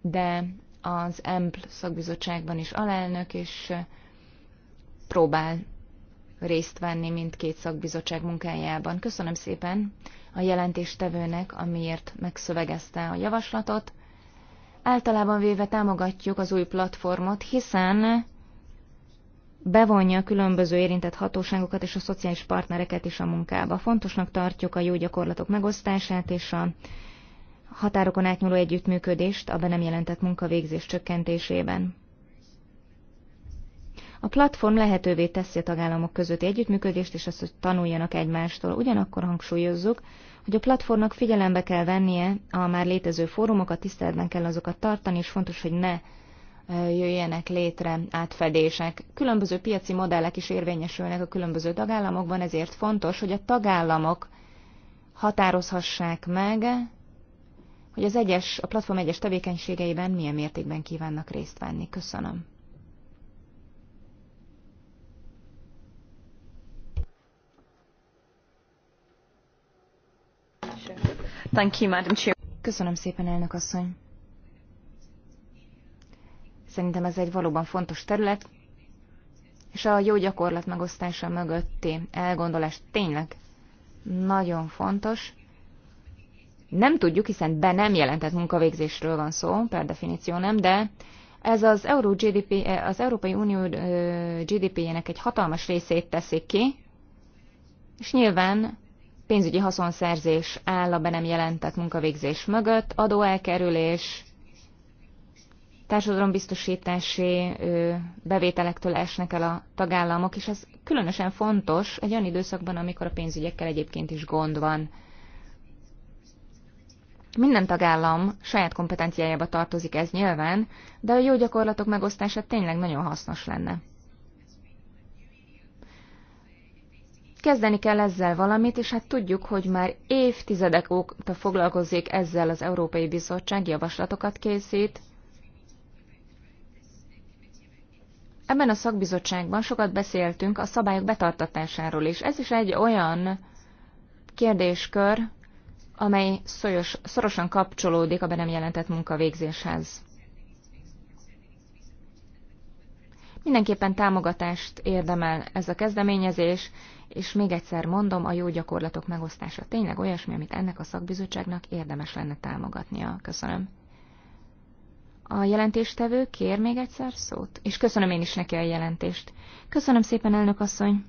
de az EMPL szakbizottságban is alelnök, és próbál részt venni mindkét szakbizottság munkájában. Köszönöm szépen a jelentéstevőnek, amiért megszövegezte a javaslatot. Általában véve támogatjuk az új platformot, hiszen bevonja a különböző érintett hatóságokat és a szociális partnereket is a munkába. Fontosnak tartjuk a jó gyakorlatok megosztását és a határokon átnyúló együttműködést a be nem jelentett munkavégzés csökkentésében. A platform lehetővé teszi a tagállamok közötti együttműködést és azt, hogy tanuljanak egymástól. Ugyanakkor hangsúlyozzuk, hogy a platformnak figyelembe kell vennie a már létező fórumokat, tiszteletben kell azokat tartani, és fontos, hogy ne jöjjenek létre átfedések. Különböző piaci modellek is érvényesülnek a különböző tagállamokban, ezért fontos, hogy a tagállamok határozhassák meg hogy az egyes, a platform egyes tevékenységeiben milyen mértékben kívánnak részt venni. Köszönöm. Thank you, Madam Chair. Köszönöm szépen, elnök asszony. Szerintem ez egy valóban fontos terület, és a jó gyakorlat megosztása mögötti elgondolás tényleg nagyon fontos. Nem tudjuk, hiszen be nem jelentett munkavégzésről van szó, per definíció nem, de ez az, Euró GDP, az Európai Unió GDP-jének egy hatalmas részét teszik ki, és nyilván pénzügyi haszonszerzés áll a be nem jelentett munkavégzés mögött, adóelkerülés, társadalombiztosítási bevételektől esnek el a tagállamok, és ez különösen fontos egy olyan időszakban, amikor a pénzügyekkel egyébként is gond van. Minden tagállam saját kompetenciájába tartozik ez nyilván, de a jó gyakorlatok megosztása tényleg nagyon hasznos lenne. Kezdeni kell ezzel valamit, és hát tudjuk, hogy már évtizedek óta foglalkozik ezzel az Európai Bizottság, javaslatokat készít. Ebben a szakbizottságban sokat beszéltünk a szabályok betartatásáról is. Ez is egy olyan kérdéskör, amely szoros, szorosan kapcsolódik a be nem jelentett munkavégzéshez. Mindenképpen támogatást érdemel ez a kezdeményezés, és még egyszer mondom, a jó gyakorlatok megosztása tényleg olyasmi, amit ennek a szakbizottságnak érdemes lenne támogatnia. Köszönöm. A jelentéstevő kér még egyszer szót, és köszönöm én is neki a jelentést. Köszönöm szépen, elnök asszony.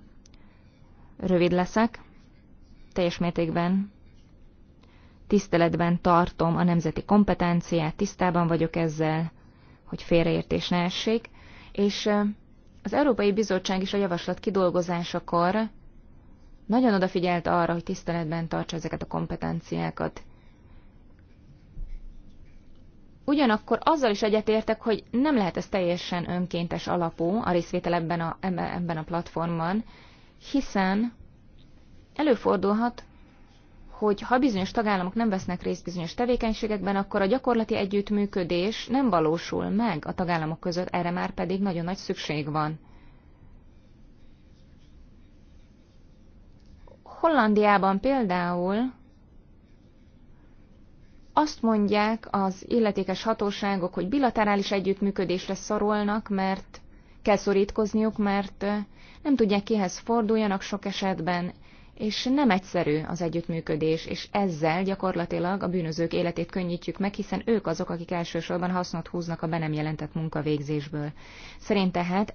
Rövid leszek. Teljes mértékben tiszteletben tartom a nemzeti kompetenciát, tisztában vagyok ezzel, hogy félreértés ne essék, és az Európai Bizottság is a javaslat kidolgozásakor nagyon odafigyelt arra, hogy tiszteletben tartsa ezeket a kompetenciákat. Ugyanakkor azzal is egyetértek, hogy nem lehet ez teljesen önkéntes alapú a részvétel ebben a, ebben a platformban, hiszen előfordulhat, hogy ha bizonyos tagállamok nem vesznek részt bizonyos tevékenységekben, akkor a gyakorlati együttműködés nem valósul meg a tagállamok között, erre már pedig nagyon nagy szükség van. Hollandiában például azt mondják az illetékes hatóságok, hogy bilaterális együttműködésre szorulnak, mert kell szorítkozniuk, mert nem tudják kihez forduljanak sok esetben, és nem egyszerű az együttműködés, és ezzel gyakorlatilag a bűnözők életét könnyítjük meg, hiszen ők azok, akik elsősorban hasznot húznak a be nem jelentett munkavégzésből. Szerint tehát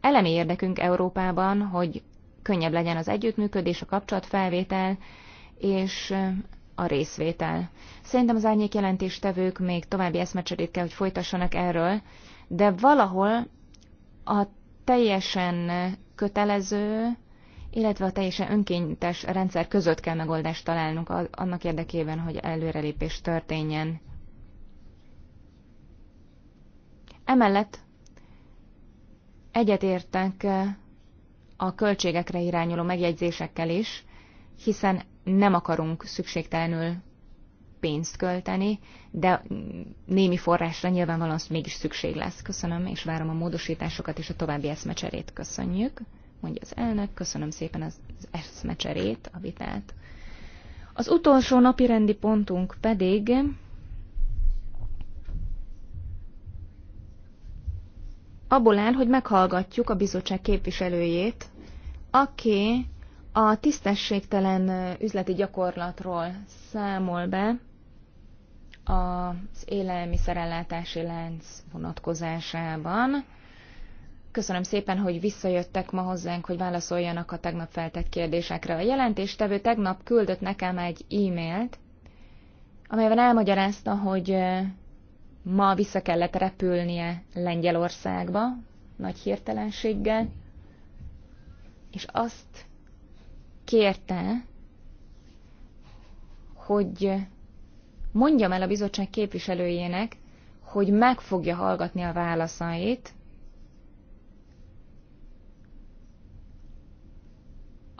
elemi érdekünk Európában, hogy könnyebb legyen az együttműködés, a kapcsolatfelvétel és a részvétel. Szerintem az árnyék jelentéstevők még további eszmecserét kell, hogy folytassanak erről, de valahol a teljesen kötelező, illetve a teljesen önkéntes rendszer között kell megoldást találnunk annak érdekében, hogy előrelépés történjen. Emellett egyetértek a költségekre irányuló megjegyzésekkel is, hiszen nem akarunk szükségtelenül pénzt költeni, de némi forrásra nyilvánvalóan mégis szükség lesz. Köszönöm, és várom a módosításokat és a további eszmecserét. Köszönjük mondja az elnök, köszönöm szépen az eszmecserét, a vitát. Az utolsó napi rendi pontunk pedig abból áll, hogy meghallgatjuk a bizottság képviselőjét, aki a tisztességtelen üzleti gyakorlatról számol be az élelmiszerellátási lánc vonatkozásában. Köszönöm szépen, hogy visszajöttek ma hozzánk, hogy válaszoljanak a tegnap feltett kérdésekre. A jelentéstevő tegnap küldött nekem egy e-mailt, amelyben elmagyarázta, hogy ma vissza kellett repülnie Lengyelországba, nagy hirtelenséggel, és azt kérte, hogy mondjam el a bizottság képviselőjének, hogy meg fogja hallgatni a válaszait,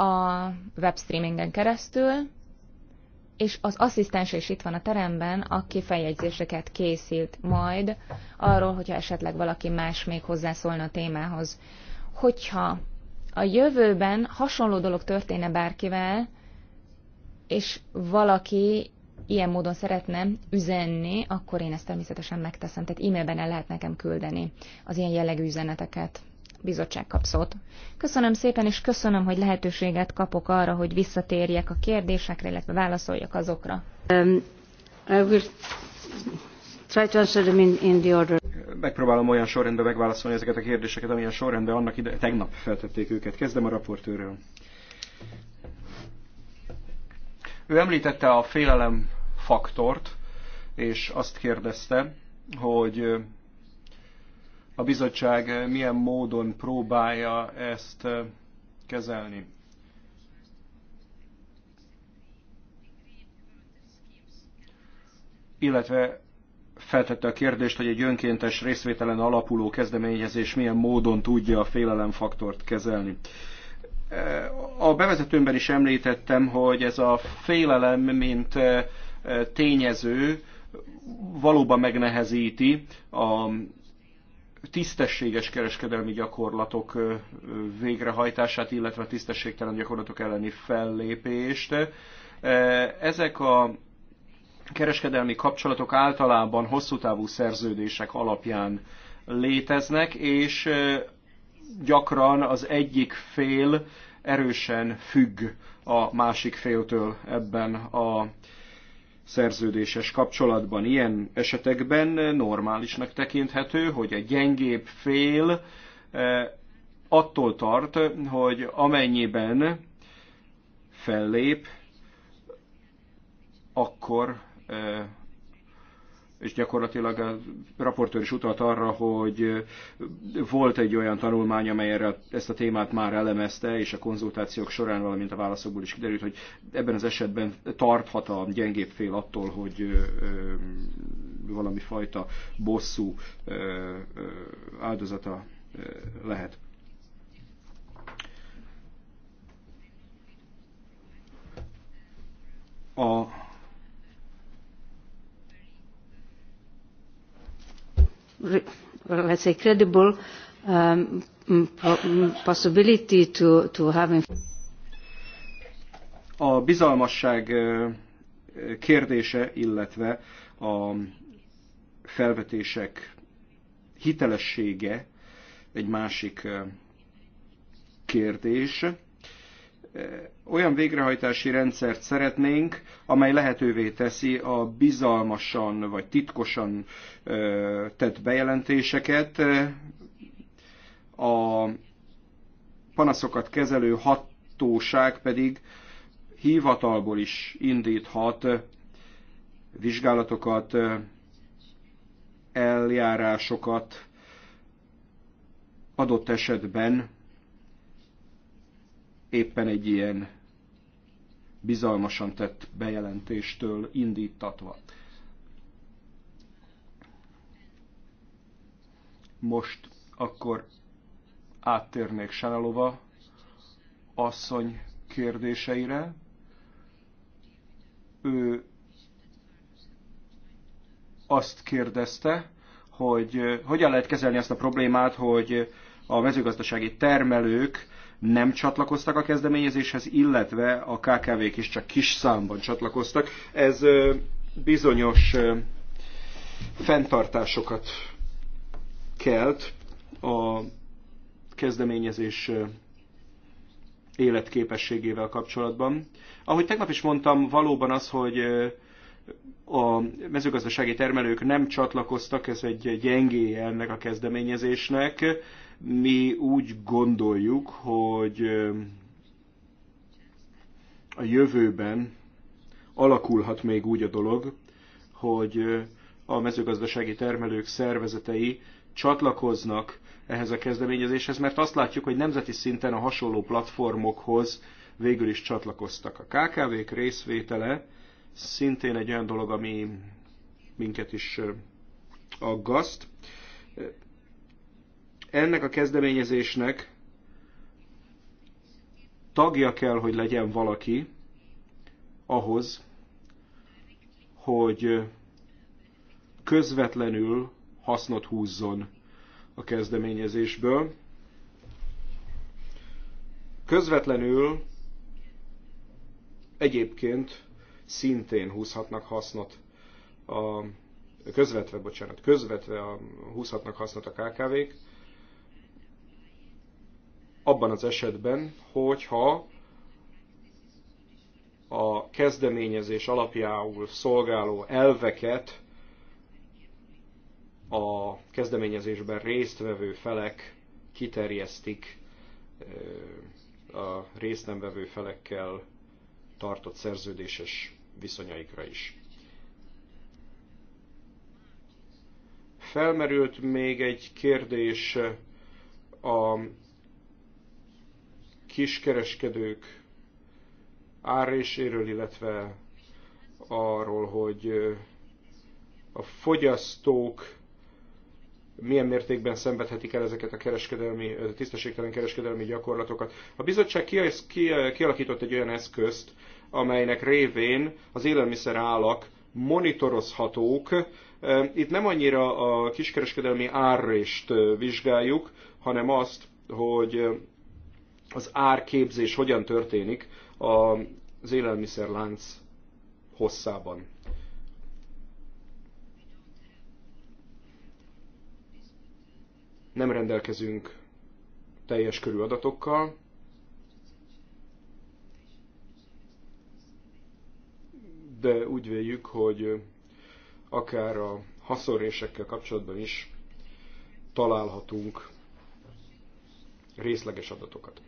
a webstreamingen keresztül, és az asszisztense is itt van a teremben, aki feljegyzéseket készít majd arról, hogyha esetleg valaki más még hozzászólna a témához. Hogyha a jövőben hasonló dolog történne bárkivel, és valaki ilyen módon szeretne üzenni, akkor én ezt természetesen megteszem. Tehát e-mailben el lehet nekem küldeni az ilyen jellegű üzeneteket bizottság kap szót. Köszönöm szépen, és köszönöm, hogy lehetőséget kapok arra, hogy visszatérjek a kérdésekre, illetve válaszoljak azokra. Um, in, in the order. Megpróbálom olyan sorrendben megválaszolni ezeket a kérdéseket, amilyen sorrendben annak ide, tegnap feltették őket. Kezdem a raportőről. Ő említette a félelem faktort, és azt kérdezte, hogy a bizottság milyen módon próbálja ezt kezelni. Illetve feltette a kérdést, hogy egy önkéntes részvételen alapuló kezdeményezés milyen módon tudja a félelemfaktort kezelni. A bevezetőmben is említettem, hogy ez a félelem, mint tényező, valóban megnehezíti a tisztességes kereskedelmi gyakorlatok végrehajtását, illetve a tisztességtelen gyakorlatok elleni fellépést. Ezek a kereskedelmi kapcsolatok általában hosszú távú szerződések alapján léteznek, és gyakran az egyik fél erősen függ a másik féltől ebben a szerződéses kapcsolatban. Ilyen esetekben normálisnak tekinthető, hogy a gyengébb fél eh, attól tart, hogy amennyiben fellép, akkor eh, és gyakorlatilag a raportőr is utalt arra, hogy volt egy olyan tanulmány, amely erre, ezt a témát már elemezte, és a konzultációk során, valamint a válaszokból is kiderült, hogy ebben az esetben tarthat a gyengébb fél attól, hogy valami fajta bosszú áldozata lehet. A let's say, credible um, possibility to, to have... A bizalmasság kérdése, illetve a felvetések hitelessége egy másik kérdés olyan végrehajtási rendszert szeretnénk, amely lehetővé teszi a bizalmasan vagy titkosan tett bejelentéseket, a panaszokat kezelő hatóság pedig hivatalból is indíthat vizsgálatokat, eljárásokat adott esetben éppen egy ilyen bizalmasan tett bejelentéstől indítatva. Most akkor áttérnék Sánalova asszony kérdéseire. Ő azt kérdezte, hogy hogyan lehet kezelni azt a problémát, hogy a mezőgazdasági termelők nem csatlakoztak a kezdeményezéshez, illetve a KKV-k is csak kis számban csatlakoztak. Ez bizonyos fenntartásokat kelt a kezdeményezés életképességével kapcsolatban. Ahogy tegnap is mondtam, valóban az, hogy a mezőgazdasági termelők nem csatlakoztak, ez egy gyengéje ennek a kezdeményezésnek. Mi úgy gondoljuk, hogy a jövőben alakulhat még úgy a dolog, hogy a mezőgazdasági termelők szervezetei csatlakoznak ehhez a kezdeményezéshez, mert azt látjuk, hogy nemzeti szinten a hasonló platformokhoz végül is csatlakoztak. A KKV-k részvétele szintén egy olyan dolog, ami minket is aggaszt. Ennek a kezdeményezésnek tagja kell, hogy legyen valaki ahhoz, hogy közvetlenül hasznot húzzon a kezdeményezésből. Közvetlenül egyébként szintén húzhatnak hasznot a közvetve, bocsánat, közvetve a, húzhatnak hasznot a KKV-k, abban az esetben, hogyha a kezdeményezés alapjául szolgáló elveket a kezdeményezésben résztvevő felek kiterjesztik a részt nem vevő felekkel tartott szerződéses viszonyaikra is. Felmerült még egy kérdés a kiskereskedők áréséről, illetve arról, hogy a fogyasztók milyen mértékben szenvedhetik el ezeket a kereskedelmi, tisztességtelen kereskedelmi gyakorlatokat. A bizottság kialakított egy olyan eszközt, amelynek révén az élelmiszer állak monitorozhatók. Itt nem annyira a kiskereskedelmi árrést vizsgáljuk, hanem azt, hogy az árképzés hogyan történik az élelmiszerlánc hosszában. Nem rendelkezünk teljes körű adatokkal, de úgy véljük, hogy akár a haszonrésekkel kapcsolatban is találhatunk részleges adatokat.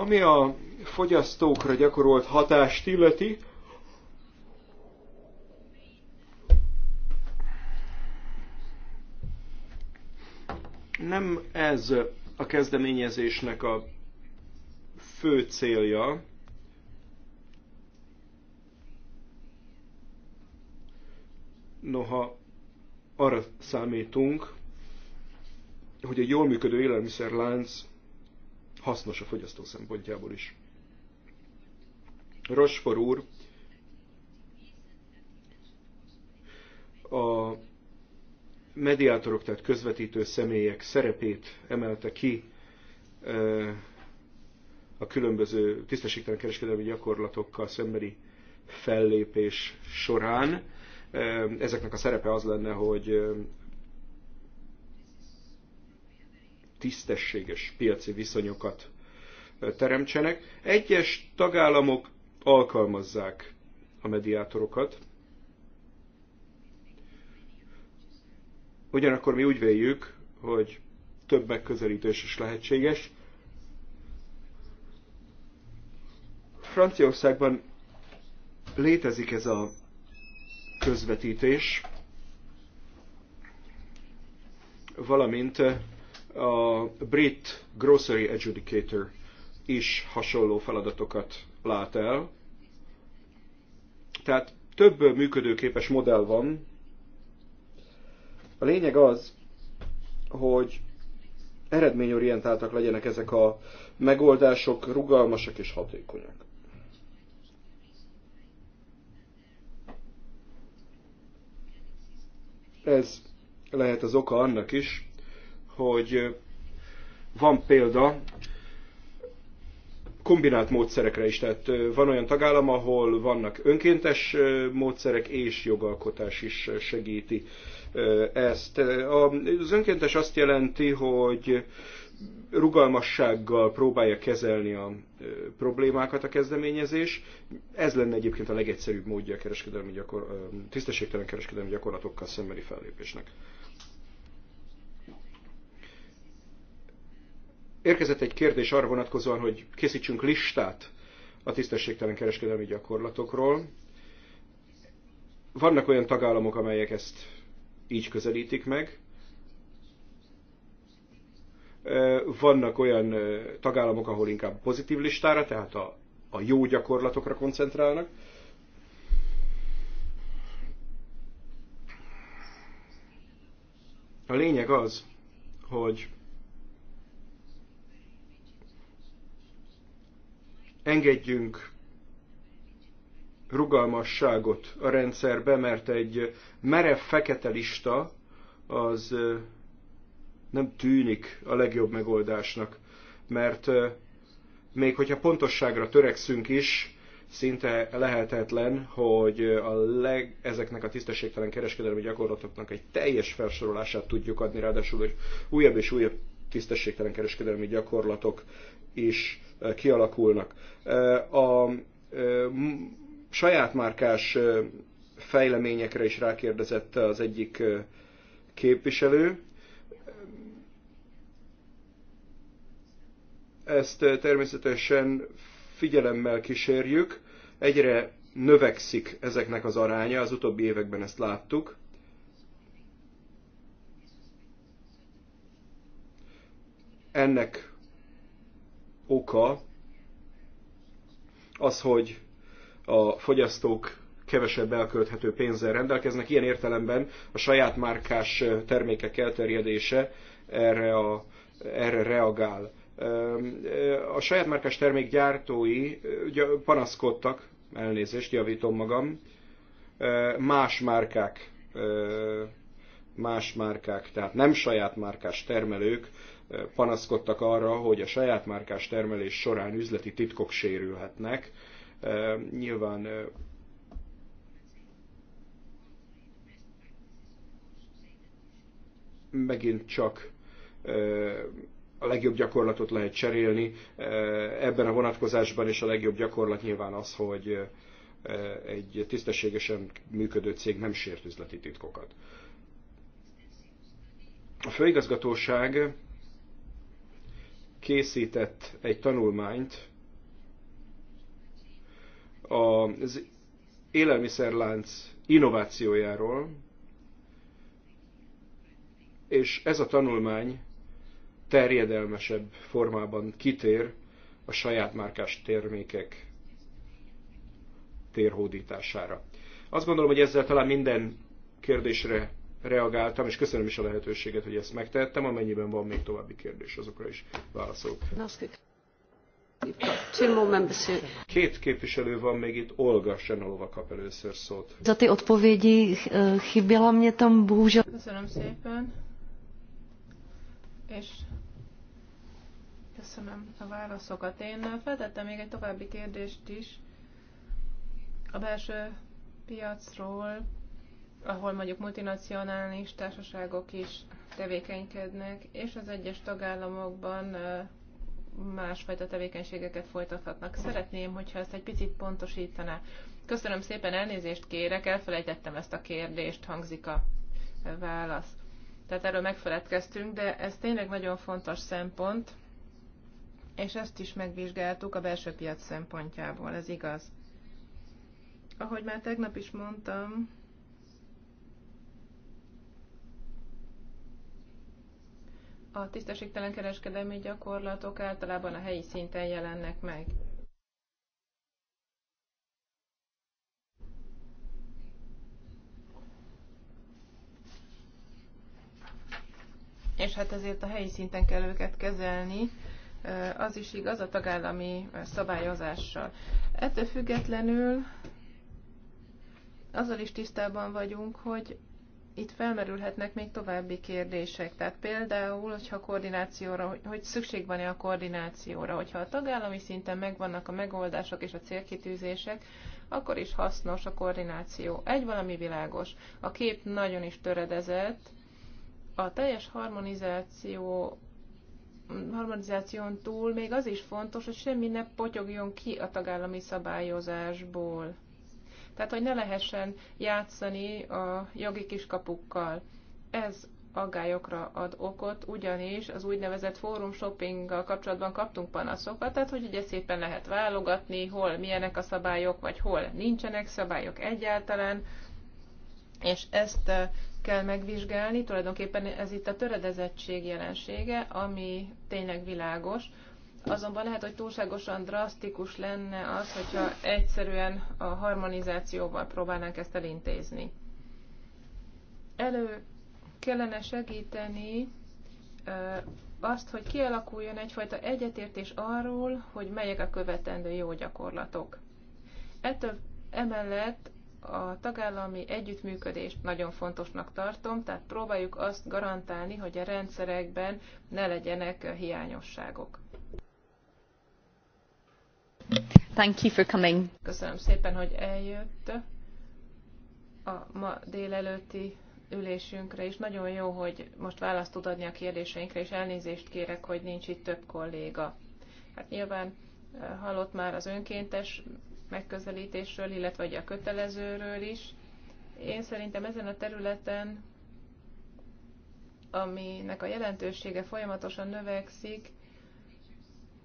Ami a fogyasztókra gyakorolt hatást illeti, nem ez a kezdeményezésnek a fő célja, noha arra számítunk, hogy egy jól működő élelmiszerlánc hasznos a fogyasztó szempontjából is. Rosfor úr a mediátorok, tehát közvetítő személyek szerepét emelte ki e, a különböző tisztességtelen kereskedelmi gyakorlatokkal szembeni fellépés során. E, ezeknek a szerepe az lenne, hogy tisztességes piaci viszonyokat teremtsenek. Egyes tagállamok alkalmazzák a mediátorokat. Ugyanakkor mi úgy véljük, hogy több megközelítés is lehetséges. Franciaországban létezik ez a közvetítés, valamint a brit grocery adjudicator is hasonló feladatokat lát el. Tehát több működőképes modell van. A lényeg az, hogy eredményorientáltak legyenek ezek a megoldások, rugalmasak és hatékonyak. Ez lehet az oka annak is, hogy van példa kombinált módszerekre is, tehát van olyan tagállam, ahol vannak önkéntes módszerek és jogalkotás is segíti ezt. Az önkéntes azt jelenti, hogy rugalmassággal próbálja kezelni a problémákat a kezdeményezés. Ez lenne egyébként a legegyszerűbb módja a kereskedelmi gyakor- tisztességtelen kereskedelmi gyakorlatokkal szembeni fellépésnek. Érkezett egy kérdés arra vonatkozóan, hogy készítsünk listát a tisztességtelen kereskedelmi gyakorlatokról. Vannak olyan tagállamok, amelyek ezt így közelítik meg. Vannak olyan tagállamok, ahol inkább pozitív listára, tehát a, a jó gyakorlatokra koncentrálnak. A lényeg az, hogy engedjünk rugalmasságot a rendszerbe, mert egy merev fekete lista az nem tűnik a legjobb megoldásnak, mert még hogyha pontosságra törekszünk is, szinte lehetetlen, hogy a leg, ezeknek a tisztességtelen kereskedelmi gyakorlatoknak egy teljes felsorolását tudjuk adni, ráadásul hogy újabb és újabb tisztességtelen kereskedelmi gyakorlatok is kialakulnak. A saját márkás fejleményekre is rákérdezett az egyik képviselő. Ezt természetesen figyelemmel kísérjük. Egyre növekszik ezeknek az aránya, az utóbbi években ezt láttuk. Ennek oka az, hogy a fogyasztók kevesebb elkölthető pénzzel rendelkeznek. Ilyen értelemben a saját márkás termékek elterjedése erre, a, erre reagál. A saját márkás termék gyártói panaszkodtak, elnézést, javítom magam, más márkák, más márkák, tehát nem saját márkás termelők panaszkodtak arra, hogy a saját márkás termelés során üzleti titkok sérülhetnek. Nyilván megint csak a legjobb gyakorlatot lehet cserélni. Ebben a vonatkozásban is a legjobb gyakorlat nyilván az, hogy egy tisztességesen működő cég nem sért üzleti titkokat. A főigazgatóság készített egy tanulmányt az élelmiszerlánc innovációjáról, és ez a tanulmány terjedelmesebb formában kitér a saját márkás termékek térhódítására. Azt gondolom, hogy ezzel talán minden kérdésre reagáltam, és köszönöm is a lehetőséget, hogy ezt megtehettem, amennyiben van még további kérdés, azokra is válaszolok. Két képviselő van még itt, Olga Senalova kap először szót. Za ty odpovědi eh, chyběla mě tam bohužel. Köszönöm szépen. És köszönöm a válaszokat. Én feltettem még egy további kérdést is a belső piacról, ahol mondjuk multinacionális társaságok is tevékenykednek, és az egyes tagállamokban másfajta tevékenységeket folytathatnak. Szeretném, hogyha ezt egy picit pontosítaná. Köszönöm szépen, elnézést kérek, elfelejtettem ezt a kérdést, hangzik a válasz. Tehát erről megfeledkeztünk, de ez tényleg nagyon fontos szempont, és ezt is megvizsgáltuk a belső piac szempontjából, ez igaz. Ahogy már tegnap is mondtam, a tisztességtelen kereskedelmi gyakorlatok általában a helyi szinten jelennek meg. És hát ezért a helyi szinten kell őket kezelni, az is igaz a tagállami szabályozással. Ettől függetlenül azzal is tisztában vagyunk, hogy itt felmerülhetnek még további kérdések. Tehát például, hogyha koordinációra, hogy szükség van-e a koordinációra, hogyha a tagállami szinten megvannak a megoldások és a célkitűzések, akkor is hasznos a koordináció. Egy valami világos. A kép nagyon is töredezett. A teljes harmonizáció harmonizáción túl még az is fontos, hogy semmi ne potyogjon ki a tagállami szabályozásból tehát, hogy ne lehessen játszani a jogi kiskapukkal. Ez aggályokra ad okot, ugyanis az úgynevezett fórum shoppinggal kapcsolatban kaptunk panaszokat, tehát hogy ugye szépen lehet válogatni, hol milyenek a szabályok, vagy hol nincsenek szabályok egyáltalán, és ezt eh, kell megvizsgálni, tulajdonképpen ez itt a töredezettség jelensége, ami tényleg világos, Azonban lehet, hogy túlságosan drasztikus lenne az, hogyha egyszerűen a harmonizációval próbálnánk ezt elintézni. Elő kellene segíteni azt, hogy kialakuljon egyfajta egyetértés arról, hogy melyek a követendő jó gyakorlatok. Ettől emellett a tagállami együttműködést nagyon fontosnak tartom, tehát próbáljuk azt garantálni, hogy a rendszerekben ne legyenek hiányosságok. Thank you for coming. Köszönöm szépen, hogy eljött a ma délelőtti ülésünkre is. Nagyon jó, hogy most választ tud adni a kérdéseinkre, és elnézést kérek, hogy nincs itt több kolléga. Hát nyilván eh, hallott már az önkéntes megközelítésről, illetve a kötelezőről is. Én szerintem ezen a területen, aminek a jelentősége folyamatosan növekszik,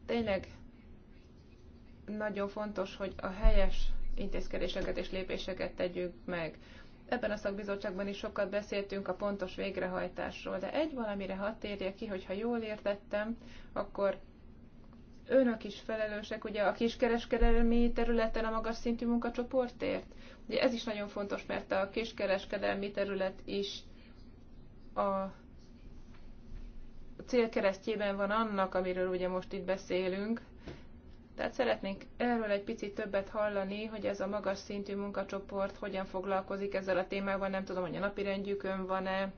tényleg nagyon fontos, hogy a helyes intézkedéseket és lépéseket tegyünk meg. Ebben a szakbizottságban is sokat beszéltünk a pontos végrehajtásról, de egy valamire hat érje ki, hogyha jól értettem, akkor önök is felelősek ugye a kiskereskedelmi területen a magas szintű munkacsoportért. Ugye ez is nagyon fontos, mert a kiskereskedelmi terület is a célkeresztjében van annak, amiről ugye most itt beszélünk, tehát szeretnénk erről egy picit többet hallani, hogy ez a magas szintű munkacsoport hogyan foglalkozik ezzel a témával, nem tudom, hogy a napirendjükön van-e,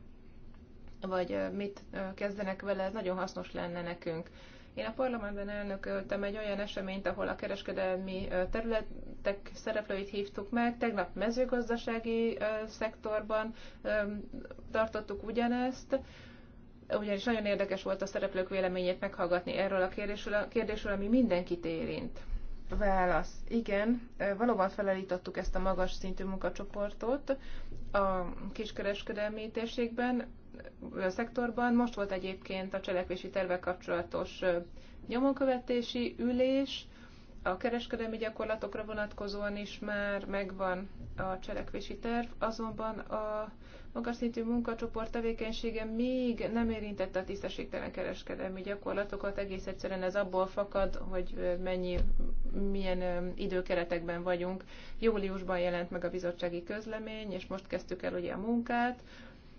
vagy mit kezdenek vele, ez nagyon hasznos lenne nekünk. Én a parlamentben elnököltem egy olyan eseményt, ahol a kereskedelmi területek szereplőit hívtuk meg. Tegnap mezőgazdasági szektorban tartottuk ugyanezt ugyanis nagyon érdekes volt a szereplők véleményét meghallgatni erről a kérdésről, a kérdésről ami mindenkit érint. Válasz. Igen, valóban felelítottuk ezt a magas szintű munkacsoportot a kiskereskedelmi térségben, a szektorban. Most volt egyébként a cselekvési tervek kapcsolatos nyomonkövetési ülés, a kereskedelmi gyakorlatokra vonatkozóan is már megvan a cselekvési terv, azonban a magas szintű munkacsoport tevékenysége még nem érintette a tisztességtelen kereskedelmi gyakorlatokat, egész egyszerűen ez abból fakad, hogy mennyi, milyen időkeretekben vagyunk. Júliusban jelent meg a bizottsági közlemény, és most kezdtük el ugye a munkát,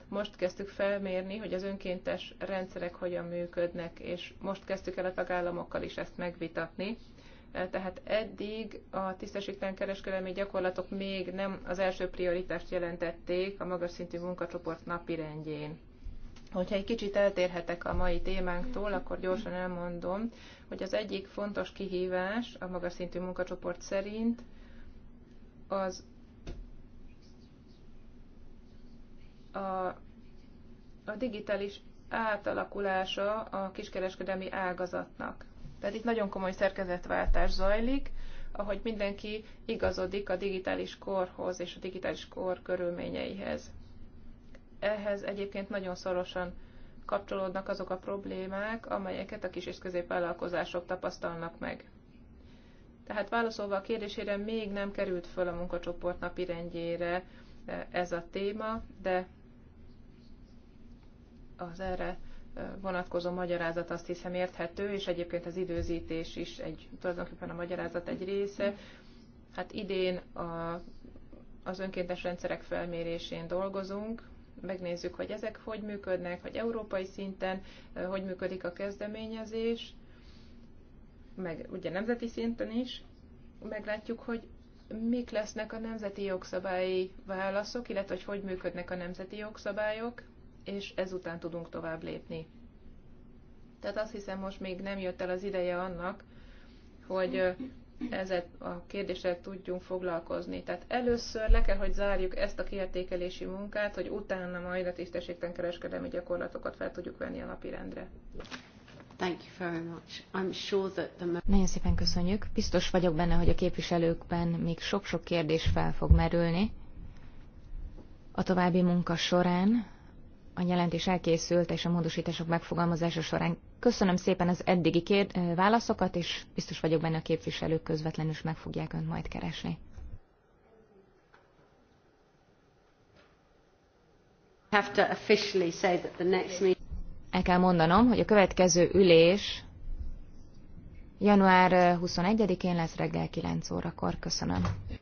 most kezdtük felmérni, hogy az önkéntes rendszerek hogyan működnek, és most kezdtük el a tagállamokkal is ezt megvitatni tehát eddig a tisztességtelen kereskedelmi gyakorlatok még nem az első prioritást jelentették a magas szintű munkacsoport napirendjén. Hogyha egy kicsit eltérhetek a mai témánktól, akkor gyorsan elmondom, hogy az egyik fontos kihívás a magas szintű munkacsoport szerint az a, a digitális átalakulása a kiskereskedelmi ágazatnak. Tehát itt nagyon komoly szerkezetváltás zajlik, ahogy mindenki igazodik a digitális korhoz és a digitális kor körülményeihez. Ehhez egyébként nagyon szorosan kapcsolódnak azok a problémák, amelyeket a kis és középvállalkozások tapasztalnak meg. Tehát válaszolva a kérdésére, még nem került föl a munkacsoport napirendjére eh, ez a téma, de az erre vonatkozó magyarázat azt hiszem érthető, és egyébként az időzítés is egy, tulajdonképpen a magyarázat egy része. Hát idén a, az önkéntes rendszerek felmérésén dolgozunk, megnézzük, hogy ezek hogy működnek, hogy európai szinten hogy működik a kezdeményezés, meg ugye nemzeti szinten is, meglátjuk, hogy mik lesznek a nemzeti jogszabályi válaszok, illetve hogy hogy működnek a nemzeti jogszabályok, és ezután tudunk tovább lépni. Tehát azt hiszem, most még nem jött el az ideje annak, hogy ezzel a kérdéssel tudjunk foglalkozni. Tehát először le kell, hogy zárjuk ezt a kiértékelési munkát, hogy utána majd a tisztességtelen kereskedelmi gyakorlatokat fel tudjuk venni a napirendre. Thank you very much. I'm sure that the... Nagyon szépen köszönjük. Biztos vagyok benne, hogy a képviselőkben még sok-sok kérdés fel fog merülni a további munka során a jelentés elkészült és a módosítások megfogalmazása során. Köszönöm szépen az eddigi két válaszokat, és biztos vagyok benne a képviselők közvetlenül is meg fogják önt majd keresni. El kell mondanom, hogy a következő ülés január 21-én lesz reggel 9 órakor. Köszönöm.